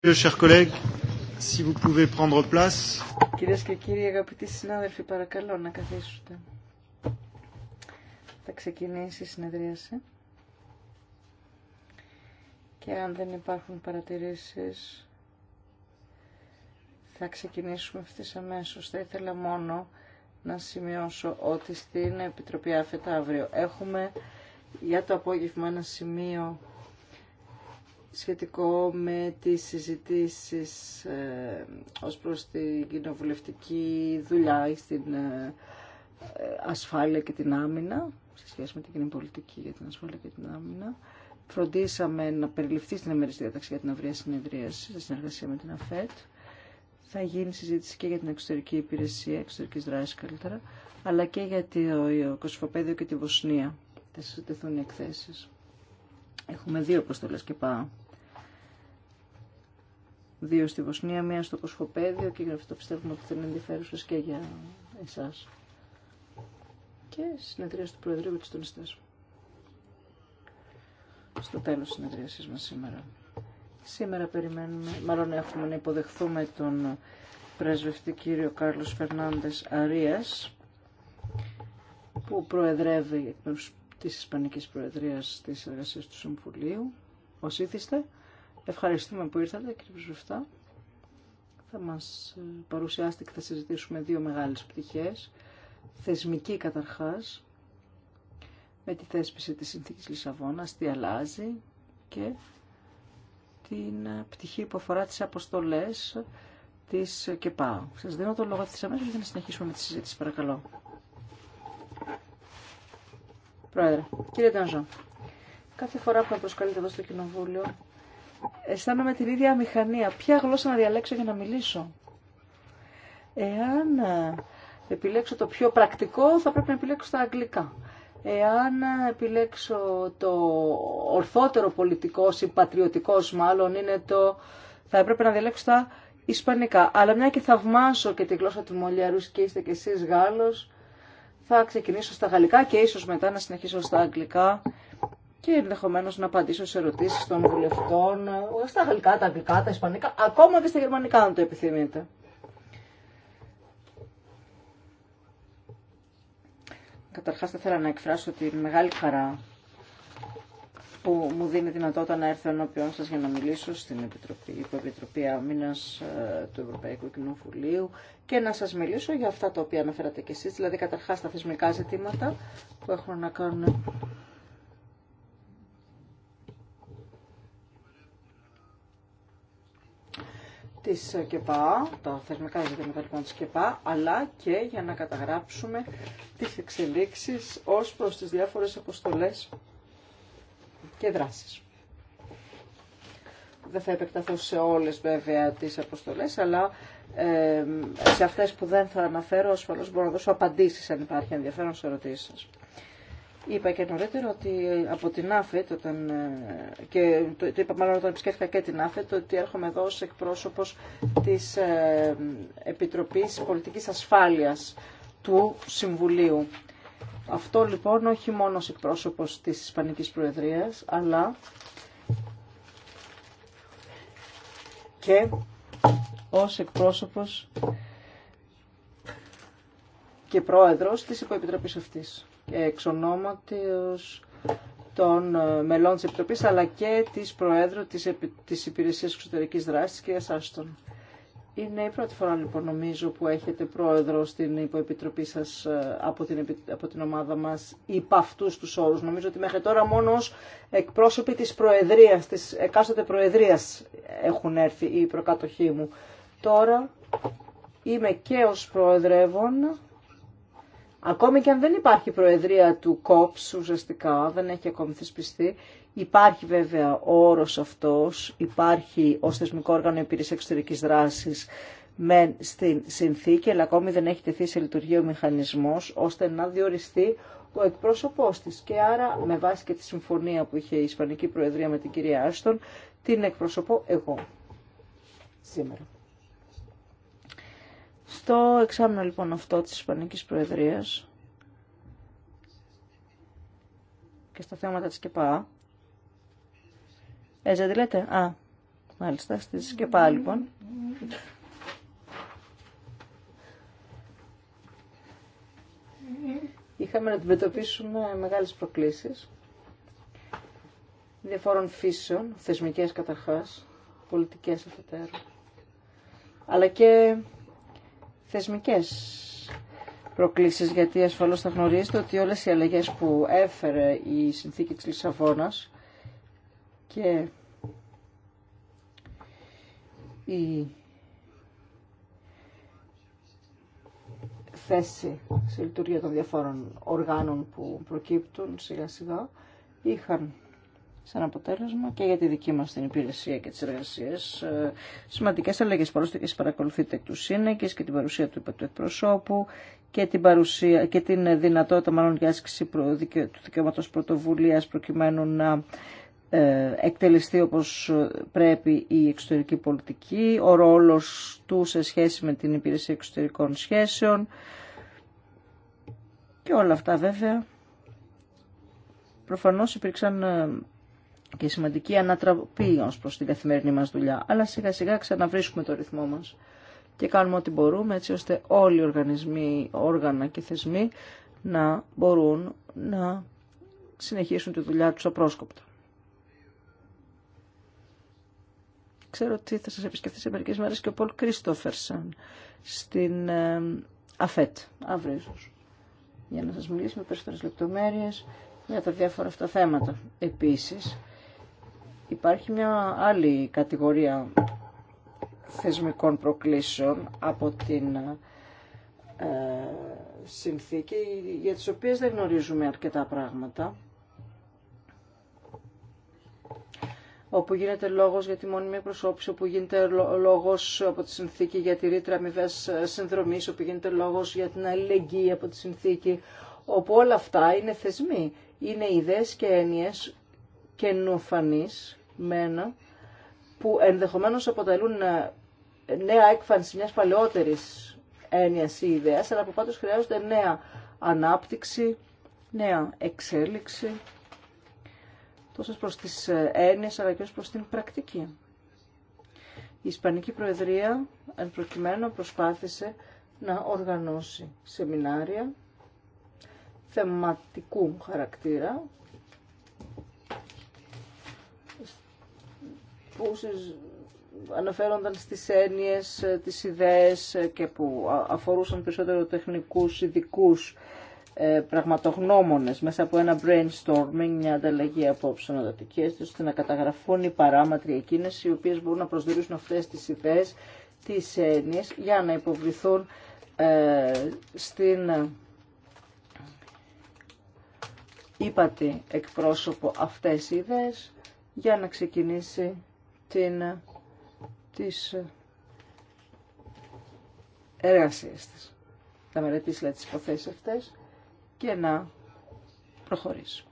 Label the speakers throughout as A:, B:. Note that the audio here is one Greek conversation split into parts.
A: Κυρίες και κύριοι, αγαπητοί συνάδελφοι, παρακαλώ να καθίσετε. Θα ξεκινήσει η συνεδρίαση. Και αν δεν υπάρχουν παρατηρήσεις, θα ξεκινήσουμε ευθύ αμέσως. Θα ήθελα μόνο να σημειώσω ότι στην Επιτροπή Άφετα αύριο έχουμε για το απόγευμα ένα σημείο σχετικό με τις συζητήσεις ε, ως προς την κοινοβουλευτική δουλειά στην ε, ασφάλεια και την άμυνα, σε σχέση με την κοινή πολιτική για την ασφάλεια και την άμυνα. Φροντίσαμε να περιληφθεί στην εμερική διάταξη για την αυρία συνεδρίαση, σε συνεργασία με την ΑΦΕΤ. Θα γίνει συζήτηση και για την εξωτερική υπηρεσία, εξωτερική δράση καλύτερα, αλλά και για το Κωσυφοπαίδιο και τη Βοσνία. Θα συζητηθούν οι εκθέσει. Έχουμε δύο αποστολέ και πάω. Δύο στη Βοσνία, μία στο Κοσμοπέδιο και γι' αυτό πιστεύουμε ότι θα είναι ενδιαφέρουσε και για εσά. Και συνεδρία του Προεδρείου και των τονιστέ. Στο τέλο τη συνεδρίασή μα σήμερα. Σήμερα περιμένουμε, μάλλον έχουμε να υποδεχθούμε τον πρέσβευτή κύριο Κάρλο Φερνάντε Αρία, που προεδρεύει τη Ισπανική Προεδρία τη Εργασία του Συμβουλίου ως Ευχαριστούμε που ήρθατε κύριε Προσβευτά. Θα μας ε, παρουσιάσετε και θα συζητήσουμε δύο μεγάλες πτυχές. Θεσμική καταρχάς, με τη θέσπιση της Συνθήκης Λισαβόνας, τι αλλάζει και την ε, πτυχή που αφορά τις αποστολές της ε, ΚΕΠΑ. Σας δίνω το λόγο της αμέσως για να συνεχίσουμε με τη συζήτηση, παρακαλώ. Πρόεδρε, κύριε Τανζό, κάθε φορά που με προσκαλείτε εδώ στο Κοινοβούλιο, αισθάνομαι την ίδια μηχανία. Ποια γλώσσα να διαλέξω για να μιλήσω. Εάν ε, επιλέξω το πιο πρακτικό, θα πρέπει να επιλέξω τα αγγλικά. Εάν ε, επιλέξω το ορθότερο πολιτικό, ή πατριωτικό, μάλλον είναι το... θα έπρεπε να διαλέξω τα ισπανικά. Αλλά μια και θαυμάσω και τη γλώσσα του Μολιαρούς και είστε και εσείς Γάλλος, θα ξεκινήσω στα γαλλικά και ίσως μετά να συνεχίσω στα αγγλικά και ενδεχομένω να απαντήσω σε ερωτήσει των βουλευτών στα γαλλικά, τα αγγλικά, τα ισπανικά, ακόμα και στα γερμανικά αν το επιθυμείτε. Καταρχάς θα ήθελα να εκφράσω τη μεγάλη χαρά που μου δίνει δυνατότητα να έρθω ενώπιον σας για να μιλήσω στην Επιτροπή, Υποεπιτροπή Αμήνας ε, του Ευρωπαϊκού Κοινοβουλίου και να σας μιλήσω για αυτά τα οποία αναφέρατε κι εσείς, δηλαδή καταρχάς τα θεσμικά ζητήματα που έχουν να κάνουν της ΚΕΠΑ, τα θερμικά ζητήματα λοιπόν της ΚΕΠΑ, αλλά και για να καταγράψουμε τις εξελίξεις ως προς τις διάφορες αποστολές και δράσεις. Δεν θα επεκταθώ σε όλες βέβαια τις αποστολές, αλλά σε αυτές που δεν θα αναφέρω ασφαλώς μπορώ να δώσω απαντήσεις αν υπάρχει ενδιαφέρον σε ερωτήσεις σας. Είπα και νωρίτερα ότι από την ΑΦΕΤ, όταν, ε, και το, είπα μάλλον όταν επισκέφθηκα και την ΑΦΕΤ, ότι έρχομαι εδώ ως εκπρόσωπος της ε, Επιτροπής Πολιτικής Ασφάλειας του Συμβουλίου. Αυτό λοιπόν όχι μόνο ως εκπρόσωπος της Ισπανικής Προεδρίας, αλλά και ως εκπρόσωπος και πρόεδρος της υποεπιτροπής αυτής εξ των ε, μελών της Επιτροπής αλλά και της Προέδρου της, της Υπηρεσίας Εξωτερικής Δράσης κ. Σάστον. Είναι η πρώτη φορά λοιπόν νομίζω που έχετε πρόεδρο στην υποεπιτροπή σας ε, από την, από την ομάδα μας υπ' αυτούς τους όρους. Νομίζω ότι μέχρι τώρα μόνο ως εκπρόσωποι της προεδρίας, της εκάστοτε προεδρίας έχουν έρθει οι προκατοχοί μου. Τώρα είμαι και ως προεδρεύων Ακόμη και αν δεν υπάρχει προεδρία του ΚΟΠΣ ουσιαστικά, δεν έχει ακόμη θεσπιστεί, υπάρχει βέβαια ο όρος αυτός, υπάρχει ο θεσμικό όργανο υπηρεσία εξωτερικής δράσης με στην συνθήκη, αλλά ακόμη δεν έχει τεθεί σε λειτουργία ο μηχανισμός, ώστε να διοριστεί ο εκπρόσωπός της. Και άρα, με βάση και τη συμφωνία που είχε η Ισπανική Προεδρία με την κυρία Άστον, την εκπροσωπώ εγώ σήμερα. Στο εξάμεινο λοιπόν αυτό της Ισπανικής Προεδρίας και στα θέματα της ΚΕΠΑ. Ε, δεν λέτε. Α, μάλιστα, στις ΚΕΠΑ λοιπόν. Είχαμε να αντιμετωπίσουμε μεγάλες προκλήσεις διαφόρων φύσεων, θεσμικές καταρχάς, πολιτικές αφετέρου, αλλά και θεσμικές προκλήσεις, γιατί ασφαλώς θα γνωρίζετε ότι όλες οι αλλαγές που έφερε η συνθήκη της Λισαβόνας και η θέση σε λειτουργία των διαφόρων οργάνων που προκύπτουν σιγά σιγά είχαν σαν αποτέλεσμα και για τη δική μας την υπηρεσία και τις εργασίες. Ε, σημαντικές αλλαγές και παρακολουθείτε εκ του σύνεκης και την παρουσία του υπατού εκπροσώπου και την, παρουσία, και την δυνατότητα μάλλον για άσκηση του δικαιώματος πρωτοβουλίας προκειμένου να ε, εκτελεστεί όπως πρέπει η εξωτερική πολιτική, ο ρόλος του σε σχέση με την υπηρεσία εξωτερικών σχέσεων και όλα αυτά βέβαια. Προφανώς υπήρξαν ε, και σημαντική ανατροπή ω προ την καθημερινή μας δουλειά. Αλλά σιγά σιγά ξαναβρίσκουμε το ρυθμό μας και κάνουμε ό,τι μπορούμε έτσι ώστε όλοι οι οργανισμοί, όργανα και θεσμοί να μπορούν να συνεχίσουν τη δουλειά τους απρόσκοπτα. Ξέρω ότι θα σας επισκεφθεί σε μερικές μέρες και ο Πολ Κρίστοφερσαν στην ε, ΑΦΕΤ, αύριο για να σας μιλήσουμε με περισσότερες λεπτομέρειες για τα διάφορα αυτά θέματα. Επίσης, Υπάρχει μια άλλη κατηγορία θεσμικών προκλήσεων από την ε, συνθήκη για τις οποίες δεν γνωρίζουμε αρκετά πράγματα όπου γίνεται λόγος για τη μόνιμη προσώπηση, όπου γίνεται λόγος από τη συνθήκη για τη ρήτρα αμοιβές ε, συνδρομής, όπου γίνεται λόγος για την αλληλεγγύη από τη συνθήκη, όπου όλα αυτά είναι θεσμοί, είναι ιδέες και έννοιες καινοφανείς, μένα που ενδεχομένως αποτελούν ε, νέα έκφανση μιας παλαιότερης έννοιας ή ιδέας, αλλά που πάντως χρειάζονται νέα ανάπτυξη, νέα εξέλιξη, τόσο προς τις ε, έννοιες αλλά και προς την πρακτική. Η Ισπανική Προεδρία εν προκειμένου προσπάθησε να οργανώσει σεμινάρια θεματικού χαρακτήρα που αναφέρονταν στις έννοιες, ε, τις ιδέες ε, και που αφορούσαν περισσότερο τεχνικούς ειδικού ε, πραγματογνώμονες μέσα από ένα brainstorming, μια ανταλλαγή απόψεων οδοτικές, ώστε να καταγραφούν οι παράμετροι εκείνες οι οποίες μπορούν να προσδιορίσουν αυτές τις ιδέες, τις έννοιες, για να υποβληθούν στην ύπατη εκπρόσωπο αυτές οι ιδέες για να ξεκινήσει την, τις ε, εργασίες της. Να μελετήσει δηλαδή, τις υποθέσεις αυτές και να προχωρήσει.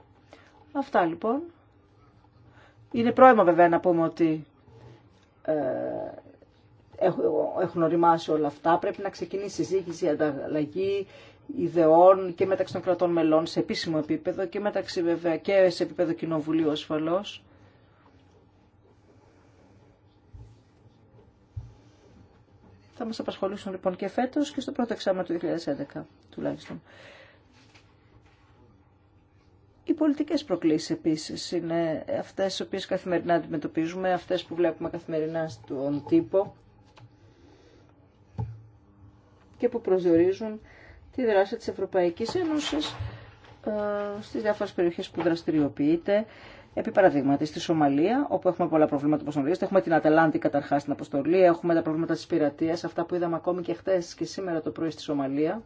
A: Αυτά λοιπόν. Είναι πρόημα βέβαια να πούμε ότι ε, έχουν οριμάσει όλα αυτά. Πρέπει να ξεκινήσει η συζήτηση, η ανταλλαγή ιδεών και μεταξύ των κρατών μελών σε επίσημο επίπεδο και μεταξύ βέβαια και σε επίπεδο κοινοβουλίου ασφαλώς. θα μας απασχολήσουν λοιπόν και φέτος και στο πρώτο εξάμεινο του 2011 τουλάχιστον. Οι πολιτικές προκλήσεις επίσης είναι αυτές τις οποίες καθημερινά αντιμετωπίζουμε, αυτές που βλέπουμε καθημερινά στον τύπο και που προσδιορίζουν τη δράση της Ευρωπαϊκής Ένωσης ε, στις διάφορες περιοχές που δραστηριοποιείται, Επί παραδείγματι, στη Σομαλία, όπου έχουμε πολλά προβλήματα, όπω γνωρίζετε, έχουμε την Ατελάντη καταρχά στην αποστολή, έχουμε τα προβλήματα τη πειρατεία, αυτά που είδαμε ακόμη και χθε και σήμερα το πρωί στη Σομαλία,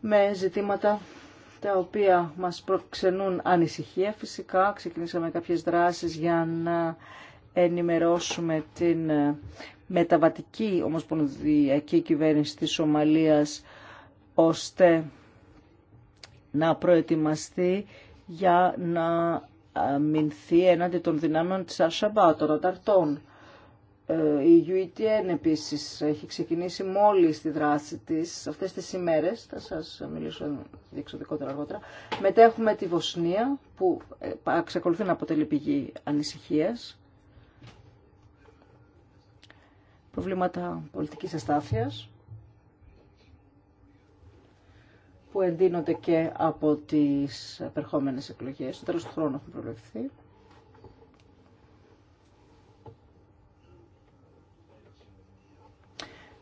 A: με ζητήματα τα οποία μας προξενούν ανησυχία φυσικά. Ξεκινήσαμε κάποιες δράσεις για να ενημερώσουμε την ε, μεταβατική ομοσπονδιακή κυβέρνηση της Σομαλίας ώστε να προετοιμαστεί για να μηνθεί έναντι των δυνάμεων της Αρσαμπά, των Αταρτών. Ε, η UETN επίσης έχει ξεκινήσει μόλις τη δράση της αυτές τις ημέρες, θα σας μιλήσω διεξοδικότερα αργότερα. Μετά έχουμε τη Βοσνία που ε, εξακολουθεί να αποτελεί πηγή ανησυχίας. Προβλήματα πολιτικής αστάθειας. που εντείνονται και από τις επερχόμενες εκλογές. Στο τέλος του χρόνου έχουν προβλεφθεί.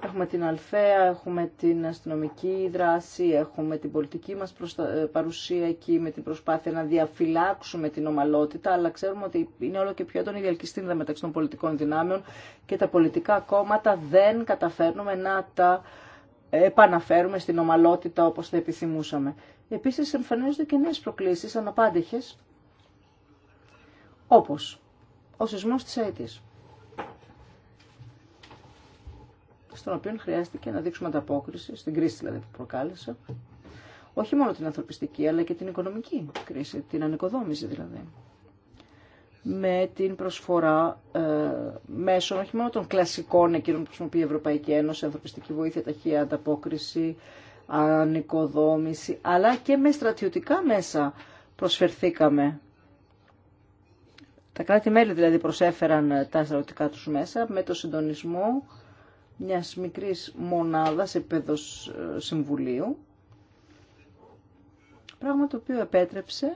A: Έχουμε την Αλφαία, έχουμε την αστυνομική δράση, έχουμε την πολιτική μας ε, παρουσία εκεί με την προσπάθεια να διαφυλάξουμε την ομαλότητα, αλλά ξέρουμε ότι είναι όλο και πιο έντονη η διαλκυστίνδα μεταξύ των πολιτικών δυνάμεων και τα πολιτικά κόμματα δεν καταφέρνουμε να τα επαναφέρουμε στην ομαλότητα όπως θα επιθυμούσαμε. Επίσης εμφανίζονται και νέες προκλήσεις αναπάντηχες, όπως ο σεισμός της ΑΕΤΗΣ, στον οποίο χρειάστηκε να δείξουμε ανταπόκριση, στην κρίση δηλαδή που προκάλεσε, όχι μόνο την ανθρωπιστική αλλά και την οικονομική κρίση, την ανοικοδόμηση δηλαδή με την προσφορά ε, μέσων, όχι μόνο των κλασικών εκείνων που χρησιμοποιεί η Ευρωπαϊκή Ένωση, ανθρωπιστική βοήθεια, ταχεία ανταπόκριση, ανοικοδόμηση, αλλά και με στρατιωτικά μέσα προσφερθήκαμε. Τα κράτη-μέλη δηλαδή προσέφεραν τα στρατιωτικά τους μέσα με το συντονισμό μιας μικρής μονάδας επίπεδος ε, συμβουλίου, πράγμα το οποίο επέτρεψε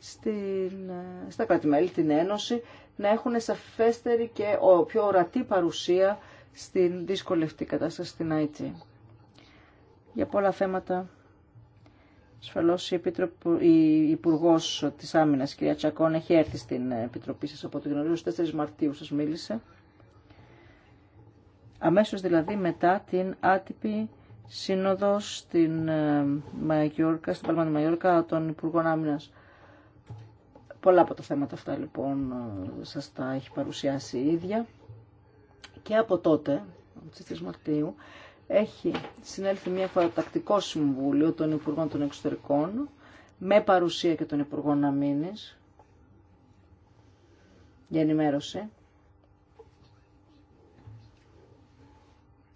A: στην, στα κράτη-μέλη, την Ένωση, να έχουν σαφέστερη και πιο ορατή παρουσία στην δύσκολη αυτή κατάσταση στην IT. Για πολλά θέματα, ασφαλώ η, Επίτροπο, η Υπουργός της Άμυνας, κυρία Τσακών, έχει έρθει στην Επιτροπή σα από την γνωρίζω, 4 Μαρτίου σας μίλησε. Αμέσως δηλαδή μετά την άτυπη σύνοδο στην ε, Μαγιόρκα, στην Παλμανή Μαγιόρκα των Υπουργών Άμυνας Πολλά από τα θέματα αυτά λοιπόν σας τα έχει παρουσιάσει η ίδια. Και από τότε, από 3 Μαρτίου, έχει συνέλθει μια φορά τακτικό συμβούλιο των Υπουργών των Εξωτερικών, με παρουσία και των Υπουργών Αμήνης, για ενημέρωση.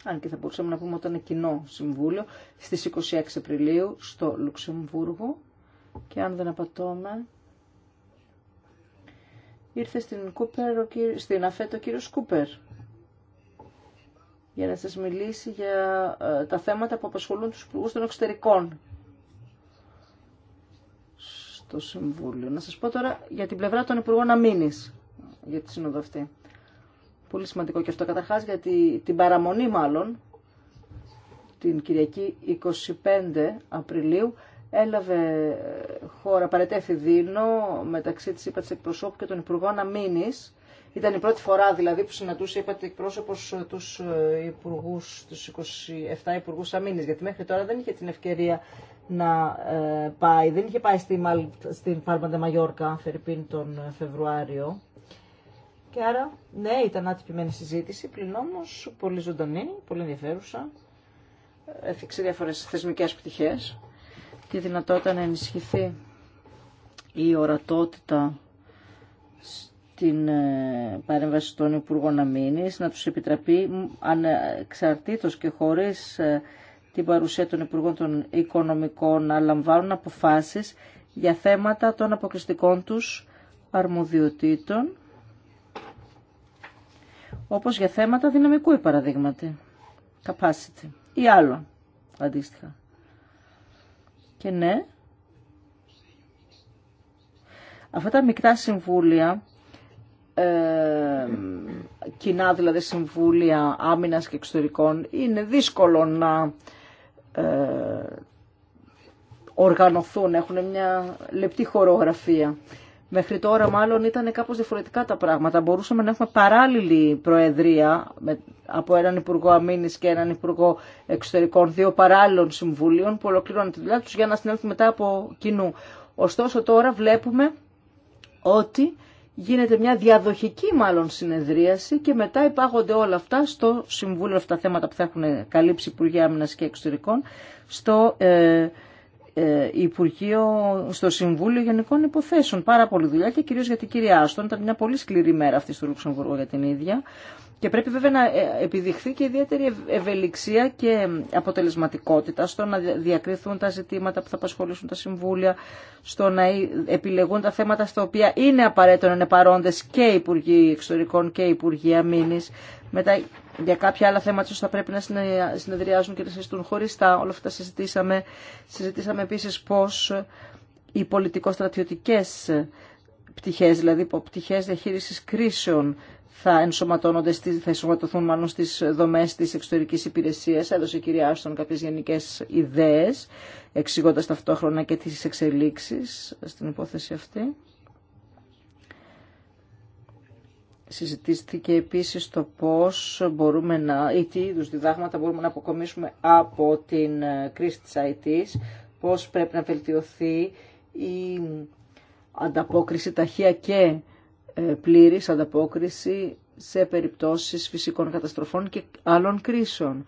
A: Αν και θα μπορούσαμε να πούμε ότι ήταν κοινό συμβούλιο, στις 26 Απριλίου στο Λουξεμβούργο. Και αν δεν απατώμε, ήρθε στην, Κούπερ, στην ΑΦΕΤ ο κύριος Κούπερ για να σας μιλήσει για ε, τα θέματα που απασχολούν τους υπουργούς των εξωτερικών στο Συμβούλιο. Να σας πω τώρα για την πλευρά των υπουργών αμήνης για τη σύνοδο αυτή. Πολύ σημαντικό και αυτό καταρχάς για την παραμονή μάλλον την Κυριακή 25 Απριλίου έλαβε χώρα, παρετέθη Δίνο μεταξύ της είπα της εκπροσώπου και των Υπουργών Αμήνης. Ήταν η πρώτη φορά δηλαδή που συναντούσε, είπατε, εκπρόσωπος ε, τους ε, υπουργούς, τους 27 υπουργούς αμήνης, γιατί μέχρι τώρα δεν είχε την ευκαιρία να ε, πάει. Δεν είχε πάει στην Πάρμαντα Μαγιόρκα, Φερρυπίν, τον Φεβρουάριο. Και άρα, ναι, ήταν άτυπημένη συζήτηση, πλην όμω πολύ ζωντανή, πολύ ενδιαφέρουσα. Έφυξε διάφορες θεσμικές πτυχές τη δυνατότητα να ενισχυθεί η ορατότητα στην ε, παρέμβαση των Υπουργών Αμήνης, να τους επιτραπεί ανεξαρτήτως και χωρίς ε, την παρουσία των Υπουργών των Οικονομικών να λαμβάνουν αποφάσεις για θέματα των αποκλειστικών τους αρμοδιοτήτων, όπως για θέματα δυναμικού, παραδείγματι, capacity ή άλλο. αντίστοιχα. Και ναι, αυτά τα μικρά συμβούλια, ε, κοινά δηλαδή συμβούλια άμυνας και εξωτερικών, είναι δύσκολο να ε, οργανωθούν, έχουν μια λεπτή χορογραφία. Μέχρι τώρα μάλλον ήταν κάπως διαφορετικά τα πράγματα. Μπορούσαμε να έχουμε παράλληλη προεδρία από έναν Υπουργό Αμήνης και έναν Υπουργό Εξωτερικών, δύο παράλληλων συμβουλίων που ολοκλήρωναν τη δουλειά τους για να συνέλθουν μετά από κοινού. Ωστόσο τώρα βλέπουμε ότι γίνεται μια διαδοχική μάλλον συνεδρίαση και μετά υπάγονται όλα αυτά στο Συμβούλιο, αυτά τα θέματα που θα έχουν καλύψει Υπουργοί Άμυνας και Εξωτερικών, στο ε, ε, Υπουργείο στο Συμβούλιο Γενικών Υποθέσεων. Πάρα πολλή δουλειά και κυρίως για την κυρία Άστον. Ήταν μια πολύ σκληρή μέρα αυτή στο Λουξεμβούργο για την ίδια. Και πρέπει βέβαια να ε, επιδειχθεί και ιδιαίτερη ευελιξία και αποτελεσματικότητα στο να διακριθούν τα ζητήματα που θα απασχολήσουν τα συμβούλια, στο να επιλεγούν τα θέματα στα οποία είναι απαραίτητο να είναι παρόντε και οι Υπουργοί Εξωτερικών και οι Υπουργοί Αμήνη, μετά για κάποια άλλα θέματα που θα πρέπει να συνεδριάζουν και να συζητούν χωριστά. Όλα αυτά συζητήσαμε. Συζητήσαμε επίσης πώς οι πολιτικο-στρατιωτικές πτυχές, δηλαδή πτυχές διαχείρισης κρίσεων, θα ενσωματώνονται, θα ενσωματωθούν μάλλον στις δομές της εξωτερικής υπηρεσίας. Έδωσε η κυρία Άστον κάποιες γενικές ιδέες, εξηγώντα ταυτόχρονα και τις εξελίξεις στην υπόθεση αυτή. Συζητήθηκε επίσης το πώς μπορούμε να, ή τι είδους διδάγματα μπορούμε να αποκομίσουμε από την ε, κρίση της IT, πώς πρέπει να βελτιωθεί η ανταπόκριση ταχεία και ε, πλήρης ανταπόκριση σε περιπτώσεις φυσικών καταστροφών και άλλων κρίσεων.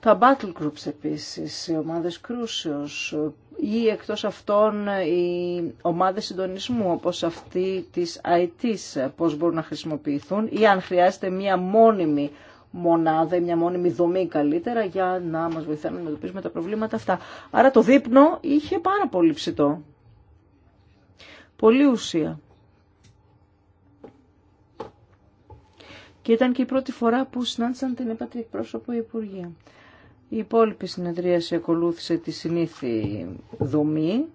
A: Τα battle groups επίσης, οι ομάδες κρούσεως, ή εκτός αυτών οι ομάδες συντονισμού όπως αυτή της ITs πώς μπορούν να χρησιμοποιηθούν ή αν χρειάζεται μια μόνιμη μονάδα ή μια μόνιμη δομή καλύτερα για να μας βοηθάνε να αντιμετωπίσουμε τα προβλήματα αυτά. Άρα το δείπνο είχε πάρα πολύ ψητό. Πολύ ουσία. Και ήταν και η πρώτη φορά που συνάντησαν την επατρική πρόσωπο Υπουργεία. Η υπόλοιπη συνεδρίαση ακολούθησε τη συνήθη δομή.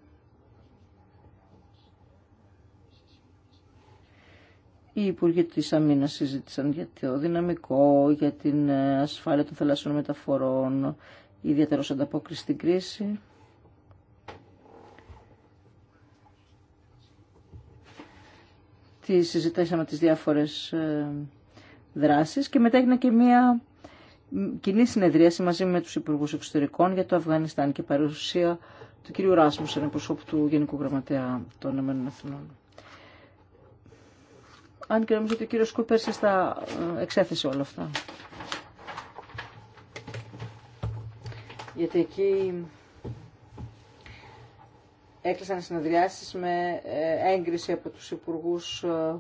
A: Οι Υπουργοί τη Αμήνας συζήτησαν για το δυναμικό, για την ε, ασφάλεια των θαλασσιών μεταφορών, ιδιαίτερο ανταπόκριση στην κρίση. Τι συζητήσαμε τις διάφορες ε, δράσεις και μετά έγινε και μία κοινή συνεδρίαση μαζί με τους Υπουργούς Εξωτερικών για το Αφγανιστάν και παρουσία του κ. Ράσμουσεν, προσώπου του Γενικού Γραμματέα των ΗΠΑ. Αν και νομίζω ότι ο κύριος Κούπερς τα ε, εξέθεσε όλα αυτά. Γιατί εκεί έκλεισαν συνεδριάσεις με ε, έγκριση από τους υπουργούς ε,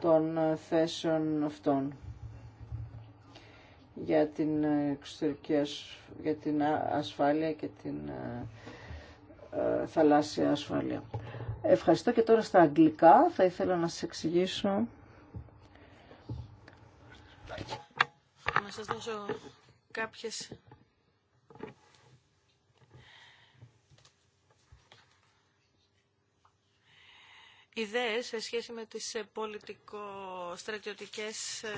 A: των θέσεων αυτών για την ε, εξωτερική για την ασφάλεια και την ε, ε, θαλάσσια ασφάλεια. Ευχαριστώ και τώρα στα αγγλικά. Θα ήθελα να σας εξηγήσω.
B: Να σας δώσω κάποιες ιδέες σε σχέση με τις ε, πολιτικο-στρατιωτικές ε,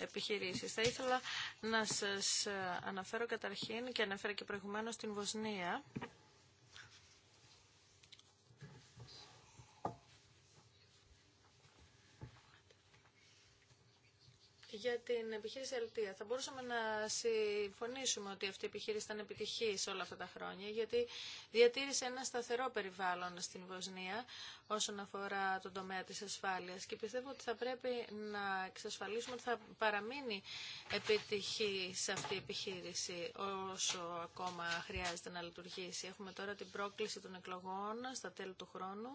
B: επιχειρήσεις. Θα ήθελα να σας ε, αναφέρω καταρχήν και αναφέρω και προηγουμένως την Βοσνία. για την επιχείρηση Αλτία. Θα μπορούσαμε να συμφωνήσουμε ότι αυτή η επιχείρηση ήταν επιτυχή όλα αυτά τα χρόνια, γιατί διατήρησε ένα σταθερό περιβάλλον στην Βοσνία όσον αφορά τον τομέα της ασφάλειας και πιστεύω ότι θα πρέπει να εξασφαλίσουμε ότι θα παραμείνει επιτυχή σε αυτή η επιχείρηση όσο ακόμα χρειάζεται να λειτουργήσει. Έχουμε τώρα την πρόκληση των εκλογών στα τέλη του χρόνου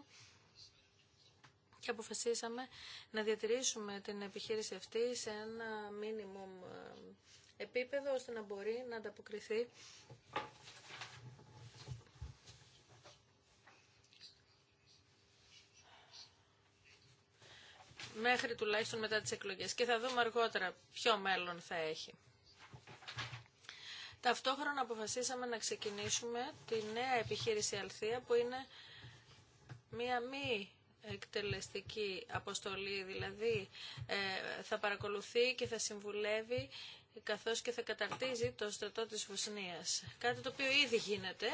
B: και αποφασίσαμε να διατηρήσουμε την επιχείρηση αυτή σε ένα μίνιμουμ ε, επίπεδο ώστε να μπορεί να ανταποκριθεί μέχρι τουλάχιστον μετά τις εκλογές και θα δούμε αργότερα ποιο μέλλον θα έχει. Ταυτόχρονα αποφασίσαμε να ξεκινήσουμε τη νέα επιχείρηση Αλθεία που είναι μία μη εκτελεστική αποστολή, δηλαδή ε, θα παρακολουθεί και θα συμβουλεύει καθώς και θα καταρτίζει το στρατό της Βοσνίας. Κάτι το οποίο ήδη γίνεται,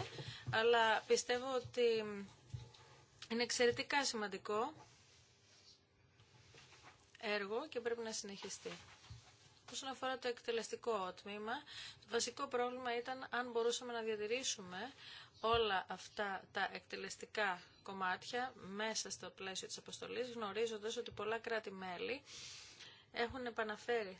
B: αλλά πιστεύω ότι είναι εξαιρετικά σημαντικό έργο και πρέπει να συνεχιστεί. Όσον αφορά το εκτελεστικό τμήμα, το βασικό πρόβλημα ήταν αν μπορούσαμε να διατηρήσουμε όλα αυτά τα εκτελεστικά κομμάτια μέσα στο πλαίσιο της αποστολής, γνωρίζοντας ότι πολλά κράτη-μέλη έχουν επαναφέρει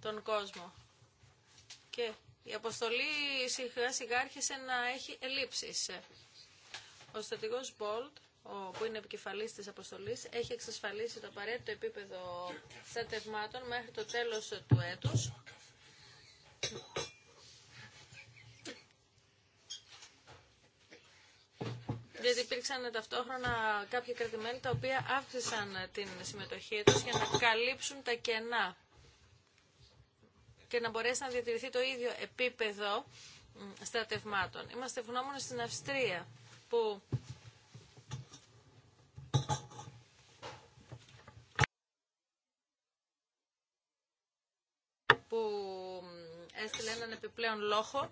B: τον κόσμο. Και η αποστολή σιγά σιγά άρχισε να έχει ελλείψεις. Ο στρατηγός Μπολτ που είναι επικεφαλής της αποστολής, έχει εξασφαλίσει το απαραίτητο επίπεδο στρατευμάτων μέχρι το τέλος του έτους. Γιατί υπήρξαν ταυτόχρονα κάποια κρατημέλη τα οποία αύξησαν την συμμετοχή τους για να καλύψουν τα κενά και να μπορέσει να διατηρηθεί το ίδιο επίπεδο στρατευμάτων. Είμαστε ευγνώμονες στην Αυστρία που που έστειλε έναν επιπλέον λόγο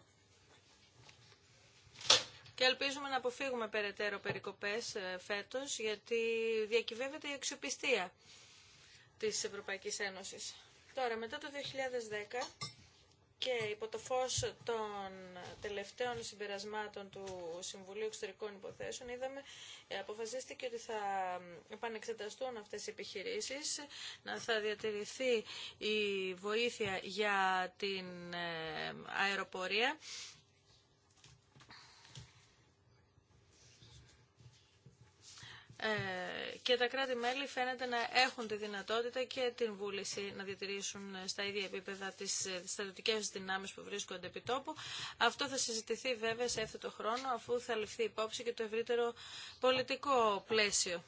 B: και ελπίζουμε να αποφύγουμε περαιτέρω περικοπές ε, φέτος γιατί διακυβεύεται η αξιοπιστία της Ευρωπαϊκής Ένωσης. Τώρα, μετά το 2010 και υπό το φως των τελευταίων συμπερασμάτων του Συμβουλίου Εξωτερικών Υποθέσεων είδαμε, ε, αποφασίστηκε ότι θα επανεξεταστούν αυτές οι επιχειρήσεις, να θα διατηρηθεί η βοήθεια για την ε, αεροπορία Ε, και τα κράτη-μέλη φαίνεται να έχουν τη δυνατότητα και την βούληση να διατηρήσουν ε, στα ίδια επίπεδα ε, τις στρατιωτικές δυνάμεις που βρίσκονται επί τόπου. Αυτό θα συζητηθεί βέβαια σε αυτό το χρόνο αφού θα ληφθεί υπόψη και το ευρύτερο πολιτικό πλαίσιο.